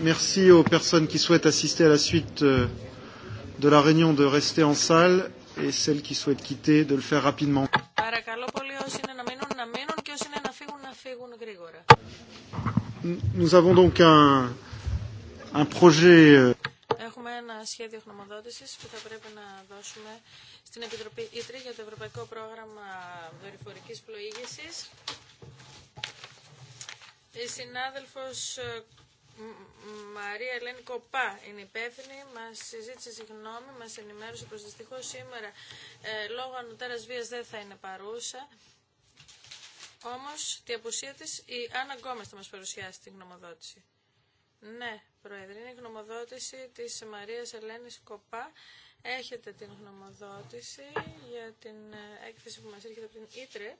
C: Merci aux personnes qui souhaitent assister à la suite de la réunion de rester en salle et celles qui souhaitent quitter de le faire rapidement. Nous avons donc un, un projet
B: Έχουμε ένα σχέδιο που θα πρέπει να δώσουμε στην Επιτροπή για το Ευρωπαϊκό Πρόγραμμα Δορυφορική Πλοήγηση. Η συνάδελφος ε, Μαρία Ελένη Κοπά είναι υπεύθυνη, μας συζήτησε συγγνώμη, μα ενημέρωσε πω δυστυχώ σήμερα ε, λόγω ανωτέρα βίας δεν θα είναι παρούσα. Όμως, τη απουσία τη η Άννα Γκόμε θα μας παρουσιάσει την γνωμοδότηση. Ναι, Πρόεδρε, είναι η γνωμοδότηση της Μαρίας Ελένη Κοπά. Έχετε την γνωμοδότηση για την ε, έκθεση που μα έρχεται από την Ήτρε.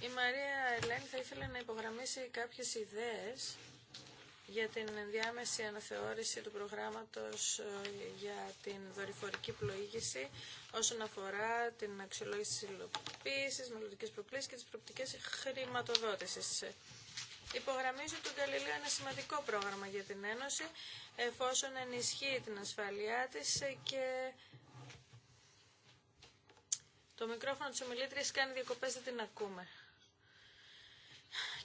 B: Η Μαρία Ελένη θα ήθελε να υπογραμμίσει κάποιες ιδέες για την ενδιάμεση αναθεώρηση του προγράμματος ε, για την δορυφορική πλοήγηση όσον αφορά την αξιολόγηση της υλοποίησης, μελλοντικές προκλήσεις και τις προπτικές χρηματοδότησης. Υπογραμμίζω ότι το ένα είναι σημαντικό πρόγραμμα για την Ένωση εφόσον ενισχύει την ασφαλειά της και το μικρόφωνο της ομιλήτριας κάνει διακοπές, δεν την ακούμε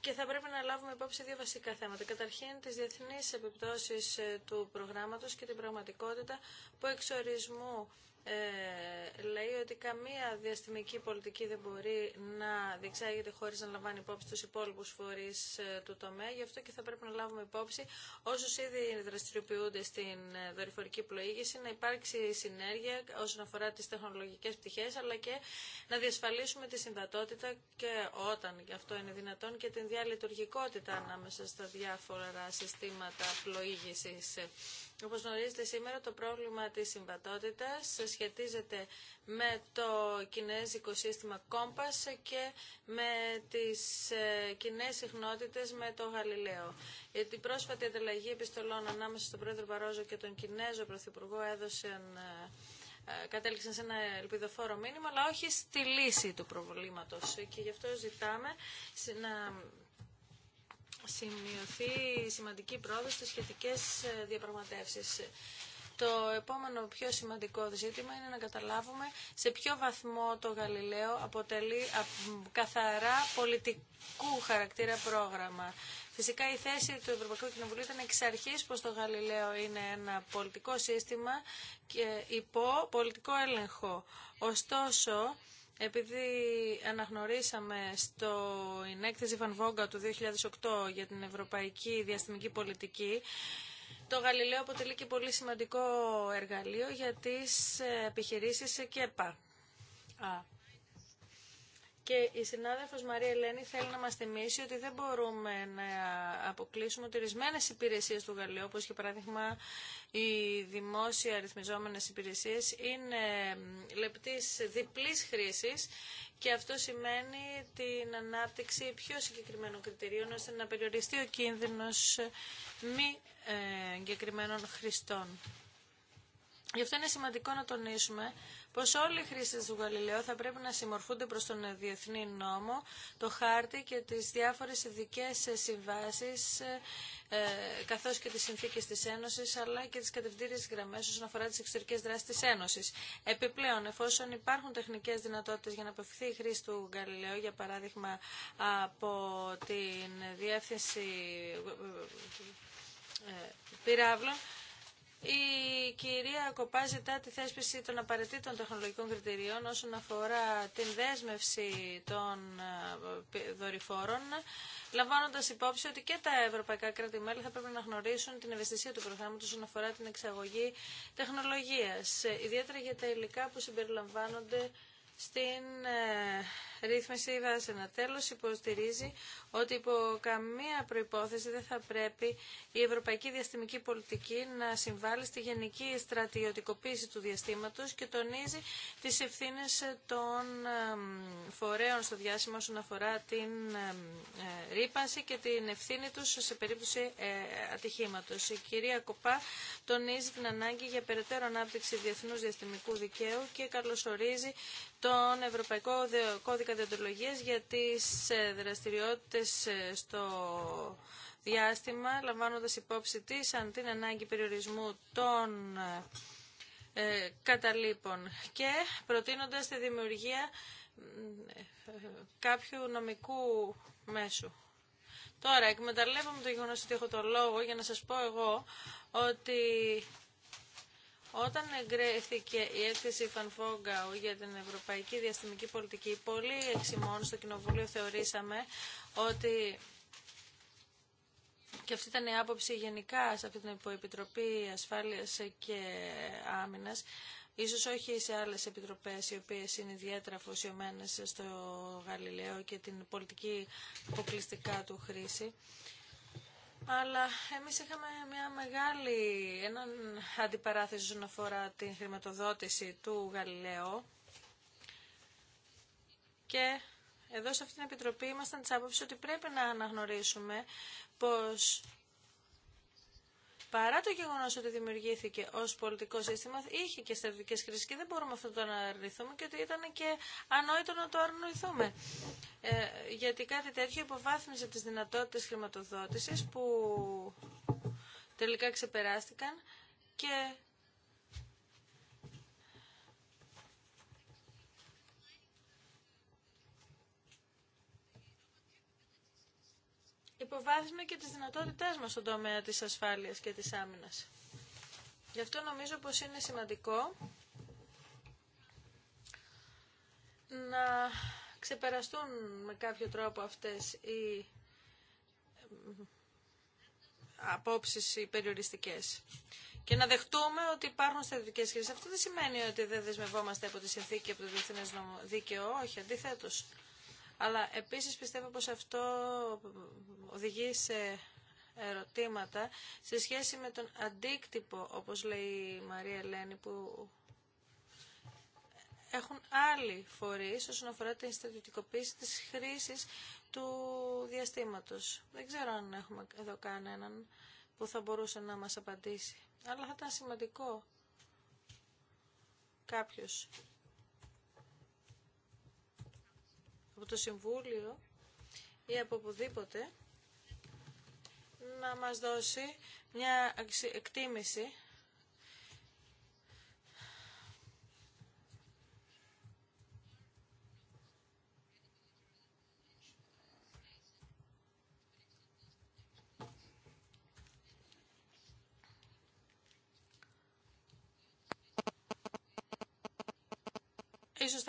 B: και θα πρέπει να λάβουμε υπόψη δύο βασικά θέματα. Καταρχήν, τι διεθνεί επιπτώσει ε, του προγράμματος και την πραγματικότητα που εξορισμού ε, λέει ότι καμία διαστημική πολιτική δεν μπορεί να διεξάγεται χωρίς να λαμβάνει υπόψη τους υπόλοιπους φορείς ε, του τομέα. Γι' αυτό και θα πρέπει να λάβουμε υπόψη όσους ήδη δραστηριοποιούνται στην ε, δορυφορική πλοήγηση, να υπάρξει συνέργεια όσον αφορά τις τεχνολογικές πτυχές, αλλά και να διασφαλίσουμε τη συμβατότητα και όταν γι' αυτό είναι δυνατόν και την διαλειτουργικότητα ανάμεσα στα διάφορα συστήματα πλοήγησης. Όπω γνωρίζετε σήμερα το πρόβλημα της συμβατότητας σχετίζεται με το κινέζικο σύστημα Compass και με τις ε, κοινέ συχνότητε με το Γαλιλαίο. Η πρόσφατη ανταλλαγή επιστολών ανάμεσα στον πρόεδρο Παρόζο και τον Κινέζο Πρωθυπουργό έδωσαν ε, ε, κατέληξαν σε ένα ελπιδοφόρο μήνυμα, αλλά όχι στη λύση του προβλήματος. Και γι' αυτό ζητάμε να σημειωθεί σημαντική πρόοδος στις σχετικές ε, διαπραγματεύσεις. Το επόμενο πιο σημαντικό ζήτημα είναι να καταλάβουμε σε ποιο βαθμό το Γαλιλαίο αποτελεί καθαρά πολιτικού χαρακτήρα πρόγραμμα. Φυσικά η θέση του Ευρωπαϊκού Κοινοβουλίου ήταν εξ αρχή πω το Γαλιλαίο είναι ένα πολιτικό σύστημα και υπό πολιτικό έλεγχο. Ωστόσο, επειδή αναγνωρίσαμε στην έκθεση Βόγκα του 2008 για την ευρωπαϊκή διαστημική πολιτική, το Γαλιλαίο αποτελεί και πολύ σημαντικό εργαλείο για τις επιχειρήσεις σε ΚΕΠΑ. Και η συνάδελφος Μαρία Ελένη θέλει να μα θυμίσει ότι δεν μπορούμε να αποκλείσουμε ότι ορισμένε υπηρεσίες του Γαλλίου, όπω για παράδειγμα οι δημόσια αριθμιζόμενε υπηρεσίες, είναι λεπτής διπλής χρήση, και αυτό σημαίνει την ανάπτυξη πιο συγκεκριμένων κριτηρίων ώστε να περιοριστεί ο κίνδυνο ε, μη ε, εγκεκριμένων χρηστών. Γι' αυτό είναι σημαντικό να τονίσουμε πως όλοι οι χρήστε του Γαλιλαίου θα πρέπει να συμμορφούνται προς τον διεθνή νόμο, το χάρτη και τις διάφορες ειδικέ συμβάσει, ε, καθώς και τις συνθήκες της Ένωσης αλλά και τις κατευθύνσεις γραμμέ όσον αφορά τις εξωτερικές δράσεις της Ένωσης. Επιπλέον, εφόσον υπάρχουν τεχνικές δυνατότητε για να αποφευθεί η χρήση του Γαλιλαίου, για παράδειγμα από την διεύθυνση ε, πυράβλων, η κυρία Κοπά ζητά τη θέσπιση των απαραίτητων τεχνολογικών κριτηρίων όσον αφορά την δέσμευση των ε, δορυφόρων, λαμβάνοντα υπόψη ότι και τα ευρωπαϊκά κράτη-μέλη θα πρέπει να γνωρίσουν την ευαισθησία του προγράμματο όσον αφορά την εξαγωγή τεχνολογία, ιδιαίτερα για τα υλικά που συμπεριλαμβάνονται στην ε, ρύθμιση ένα Τέλος, υποστηρίζει ότι υπό καμία προϋπόθεση δεν θα πρέπει η ευρωπαϊκή διαστημική πολιτική να συμβάλλει στη γενική στρατιωτικοποίηση του διαστήματος και τονίζει τις ευθύνες των φορέων στο διάσημο όσον αφορά την ε, ρήπανση και την ευθύνη τους σε περίπτωση ε, ατυχήματος. Η κυρία Κοπά τονίζει την ανάγκη για περαιτέρω ανάπτυξη διεθνούς διαστημικού δικαίου και καλωσορίζει τον Ευρωπαϊκό Κώδικα για τις ε, δραστηριότητες ε, στο διάστημα, λαμβάνοντας υπόψη της αν την ανάγκη περιορισμού των ε, καταλήπων και προτείνοντας τη δημιουργία ε, κάποιου νομικού μέσου. Τώρα, εκμεταλλεύομαι το γεγονός ότι έχω το λόγο για να σας πω εγώ ότι όταν εγκρέθηκε η έκθεση Φανφόγκαου για την Ευρωπαϊκή Διαστημική Πολιτική, πολύ εξημών στο Κοινοβούλιο θεωρήσαμε ότι και αυτή ήταν η άποψη γενικά σε αυτή την Επιτροπή Ασφάλειας και Άμυνας, ίσως όχι σε άλλες επιτροπές οι οποίες είναι ιδιαίτερα αφοσιωμένες στο Γαλιλαίο και την πολιτική αποκλειστικά του χρήση αλλά εμείς είχαμε μια μεγάλη, έναν αντιπαράθεση όσον αφορά την χρηματοδότηση του Γαλιλαίου και εδώ σε αυτή την Επιτροπή ήμασταν της άποψης ότι πρέπει να αναγνωρίσουμε πως παρά το γεγονό ότι δημιουργήθηκε ω πολιτικό σύστημα, είχε και στρατιωτικέ κρίσει και δεν μπορούμε αυτό το να αρνηθούμε και ότι ήταν και ανόητο να το αρνηθούμε. Ε, γιατί κάτι τέτοιο υποβάθμιζε τι δυνατότητε χρηματοδότηση που τελικά ξεπεράστηκαν και υποβάθμιση και τι δυνατότητές μας στον τομέα της ασφάλειας και της άμυνας. Γι' αυτό νομίζω πως είναι σημαντικό να ξεπεραστούν με κάποιο τρόπο αυτές οι ε, απόψεις οι περιοριστικές. Και να δεχτούμε ότι υπάρχουν στρατιωτικέ σχέσει. Αυτό δεν σημαίνει ότι δεν δεσμευόμαστε από τη συνθήκη και από το διεθνέ δίκαιο. Όχι, αντιθέτω. Αλλά επίσης πιστεύω πως αυτό οδηγεί σε ερωτήματα σε σχέση με τον αντίκτυπο, όπως λέει η Μαρία Ελένη, που έχουν άλλοι φορείς όσον αφορά την στρατιωτικοποίηση της χρήσης του διαστήματος. Δεν ξέρω αν έχουμε εδώ κανέναν που θα μπορούσε να μας απαντήσει. Αλλά θα ήταν σημαντικό κάποιος από το Συμβούλιο ή από οπουδήποτε να μας δώσει μια εκτίμηση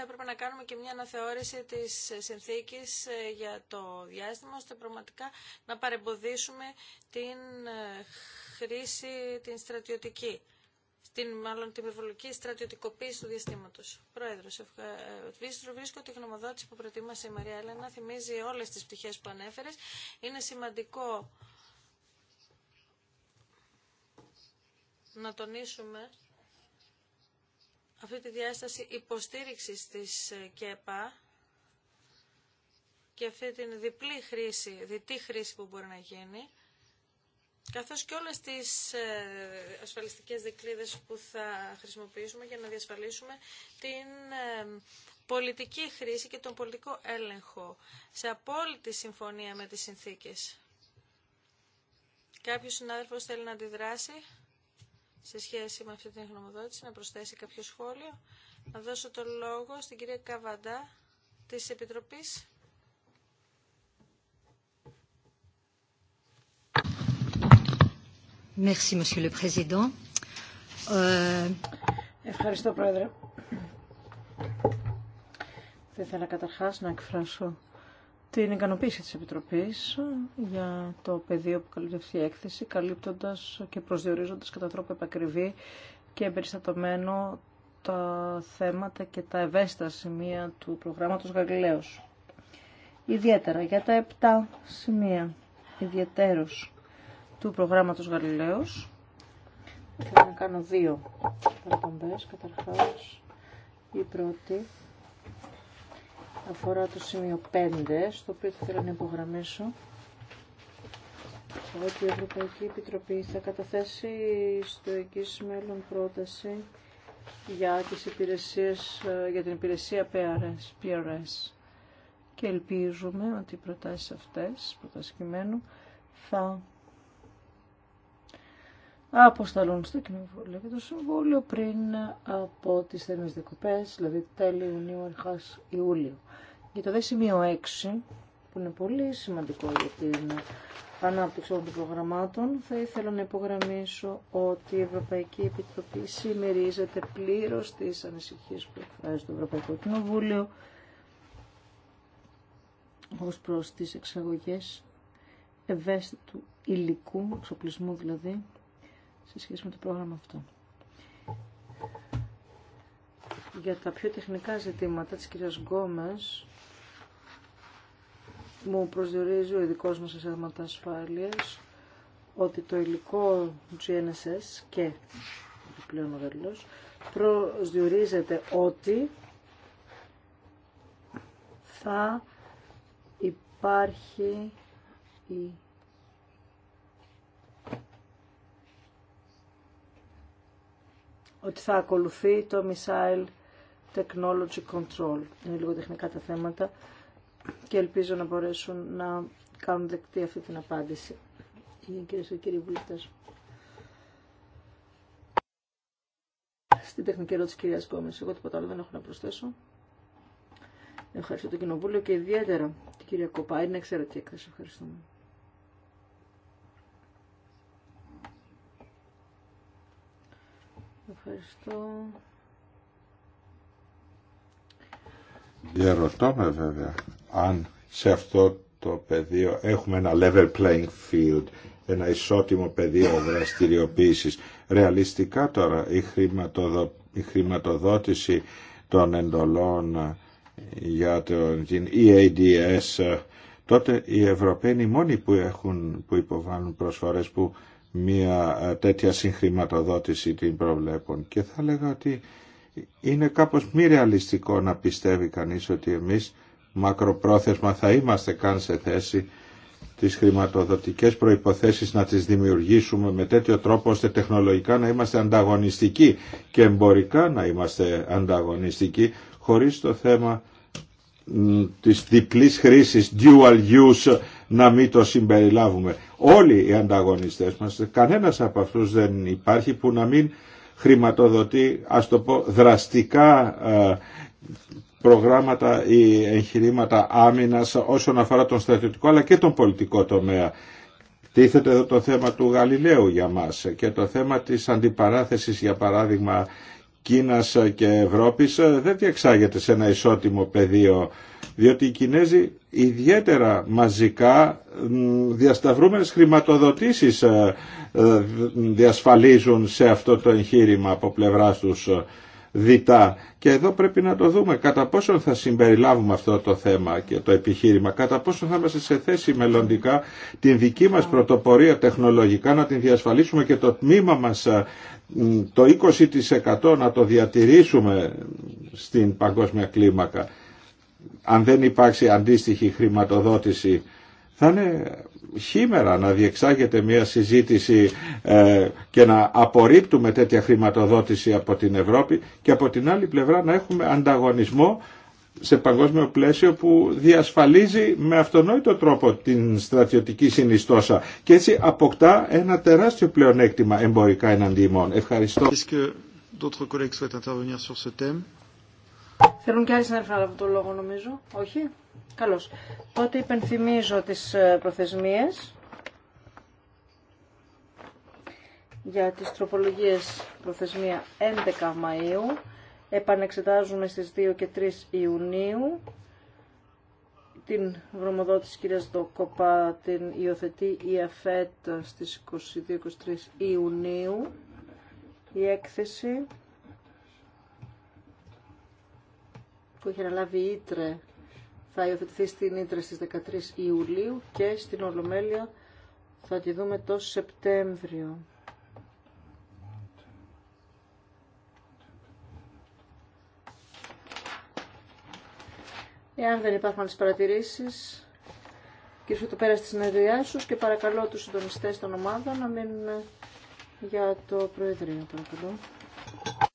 B: θα έπρεπε να κάνουμε και μια αναθεώρηση της συνθήκης ε, για το διάστημα, ώστε πραγματικά να παρεμποδίσουμε την ε, χρήση την στρατιωτική. Στην, μάλλον την υπερβολική στρατιωτικοποίηση του διαστήματο. Πρόεδρο, ευχαριστώ. Ε, βρίσκω τη γνωμοδότηση που προετοίμασε η Μαρία Έλενα. Θυμίζει όλε τι πτυχέ που ανέφερε. Είναι σημαντικό να τονίσουμε αυτή τη διάσταση υποστήριξης της ε, ΚΕΠΑ και αυτή την διπλή χρήση, διτή χρήση που μπορεί να γίνει, καθώς και όλες τις ε, ασφαλιστικές δικλείδες που θα χρησιμοποιήσουμε για να διασφαλίσουμε την ε, πολιτική χρήση και τον πολιτικό έλεγχο σε απόλυτη συμφωνία με τις συνθήκες. Κάποιος συνάδελφος θέλει να αντιδράσει σε σχέση με αυτή την γνωμοδότηση να προσθέσει κάποιο σχόλιο. Να δώσω το λόγο στην κυρία Καβαντά της Επιτροπής.
A: Merci, Monsieur le Président. Euh, Ευχαριστώ, Πρόεδρε. Θα ήθελα καταρχάς να εκφράσω την ικανοποίηση της Επιτροπής για το πεδίο που καλύπτει αυτή η έκθεση, καλύπτοντας και προσδιορίζοντας κατά τρόπο επακριβή και εμπεριστατωμένο τα θέματα και τα ευαίσθητα σημεία του προγράμματος Γαλιλαίος.
B: Ιδιαίτερα για τα 7 σημεία
A: ιδιαίτερος του προγράμματος Γαλιλαίος. Θέλω να κάνω δύο παραπομπές. Καταρχάς, η πρώτη αφορά το σημείο 5, στο οποίο θα ήθελα να υπογραμμίσω ότι η Ευρωπαϊκή Επιτροπή θα καταθέσει στο εγγύς μέλλον πρόταση για, τις υπηρεσίες, για την υπηρεσία PRS, Και ελπίζουμε ότι οι προτάσεις αυτές, προτάσεις κειμένου, θα αποσταλούν στο Κοινοβούλιο και το Συμβούλιο πριν από τι θερμέ διακοπέ, δηλαδή τέλη Ιουνίου, αρχά Ιούλιο. Για το δε σημείο 6, που είναι πολύ σημαντικό για την ανάπτυξη όλων των προγραμμάτων, θα ήθελα να υπογραμμίσω ότι η Ευρωπαϊκή Επιτροπή συμμερίζεται πλήρω τι ανησυχίε που εκφράζει το Ευρωπαϊκό Κοινοβούλιο ως προς τις εξαγωγές ευαίσθητου υλικού, εξοπλισμού δηλαδή, σε σχέση με το πρόγραμμα αυτό. Για τα πιο τεχνικά ζητήματα της κυρίας Γκόμες μου προσδιορίζει ο ειδικό μας σε ότι το υλικό GNSS και το ο Γαλλός προσδιορίζεται ότι θα υπάρχει η ότι θα ακολουθεί το Missile Technology Control. Είναι λίγο τεχνικά τα θέματα και ελπίζω να μπορέσουν να κάνουν δεκτή αυτή την απάντηση. Κυρίες και κύριοι βουλευτές. Στην τεχνική ερώτηση κυρία Γκόμες, εγώ τίποτα άλλο δεν έχω να προσθέσω. Ευχαριστώ το Κοινοβούλιο και ιδιαίτερα την κυρία Κοπά. Είναι εξαιρετική έκθεση. Ευχαριστούμε.
B: Ευχαριστώ.
C: Διαρωτώ με βέβαια αν σε αυτό το πεδίο έχουμε ένα level playing field, ένα ισότιμο πεδίο δραστηριοποίηση. Ρεαλιστικά τώρα η, χρηματοδο... η χρηματοδότηση των εντολών για τον... την EADS τότε οι Ευρωπαίοι μόνοι που, έχουν, που υποβάλλουν προσφορές που μια ε, τέτοια συγχρηματοδότηση την προβλέπουν. Και θα λέγαω ότι είναι κάπως μη ρεαλιστικό να πιστεύει κανείς ότι εμείς μακροπρόθεσμα θα είμαστε καν σε θέση τις χρηματοδοτικές προϋποθέσεις να τις δημιουργήσουμε με τέτοιο τρόπο ώστε τεχνολογικά να είμαστε ανταγωνιστικοί και εμπορικά να είμαστε ανταγωνιστικοί χωρίς το θέμα της διπλής χρήσης dual use να μην το συμπεριλάβουμε. Όλοι οι ανταγωνιστές μας, κανένας από αυτούς δεν υπάρχει που να μην χρηματοδοτεί, ας το πω, δραστικά ε, προγράμματα ή εγχειρήματα άμυνας όσον αφορά τον στρατιωτικό αλλά και τον πολιτικό τομέα. Τίθεται εδώ το θέμα του Γαλιλαίου για μας και το θέμα της αντιπαράθεσης για παράδειγμα Κίνας και Ευρώπης ε, δεν διεξάγεται σε ένα ισότιμο πεδίο διότι οι Κινέζοι ιδιαίτερα μαζικά διασταυρούμενες χρηματοδοτήσεις ε, ε, διασφαλίζουν σε αυτό το εγχείρημα από πλευρά τους διτά. Και εδώ πρέπει να το δούμε κατά πόσο θα συμπεριλάβουμε αυτό το θέμα και το επιχείρημα, κατά πόσο θα είμαστε σε θέση μελλοντικά την δική μας πρωτοπορία τεχνολογικά να την διασφαλίσουμε και το τμήμα μας το 20% να το διατηρήσουμε στην παγκόσμια κλίμακα αν δεν υπάρξει αντίστοιχη χρηματοδότηση θα είναι χήμερα να διεξάγεται μια συζήτηση ε, και να απορρίπτουμε τέτοια χρηματοδότηση από την Ευρώπη και από την άλλη πλευρά να έχουμε ανταγωνισμό σε παγκόσμιο πλαίσιο που διασφαλίζει με αυτονόητο τρόπο την στρατιωτική συνιστόσα και έτσι αποκτά ένα τεράστιο πλεονέκτημα εμπορικά εναντί Ευχαριστώ.
A: Θέλουν και άλλοι συνάδελφοι να λάβουν το λόγο νομίζω. Όχι. Καλώς. Τότε υπενθυμίζω τις ε, προθεσμίες για τις τροπολογίες προθεσμία 11 Μαΐου επανεξετάζουμε στις 2 και 3 Ιουνίου την βρομοδότηση της κυρίας Δοκοπά την υιοθετεί η ΑΦΕΤ στις 22-23 Ιουνίου η έκθεση που έχει αναλάβει η Ήτρε θα υιοθετηθεί στην Ήτρε στις 13 Ιουλίου και στην Ολομέλεια θα τη δούμε το Σεπτέμβριο. Εάν δεν υπάρχουν τις παρατηρήσεις, κυρίσω το πέρα στη συνεδριά σου και παρακαλώ τους συντονιστέ των ομάδων να μείνουν για το Προεδρείο. Παρακαλώ.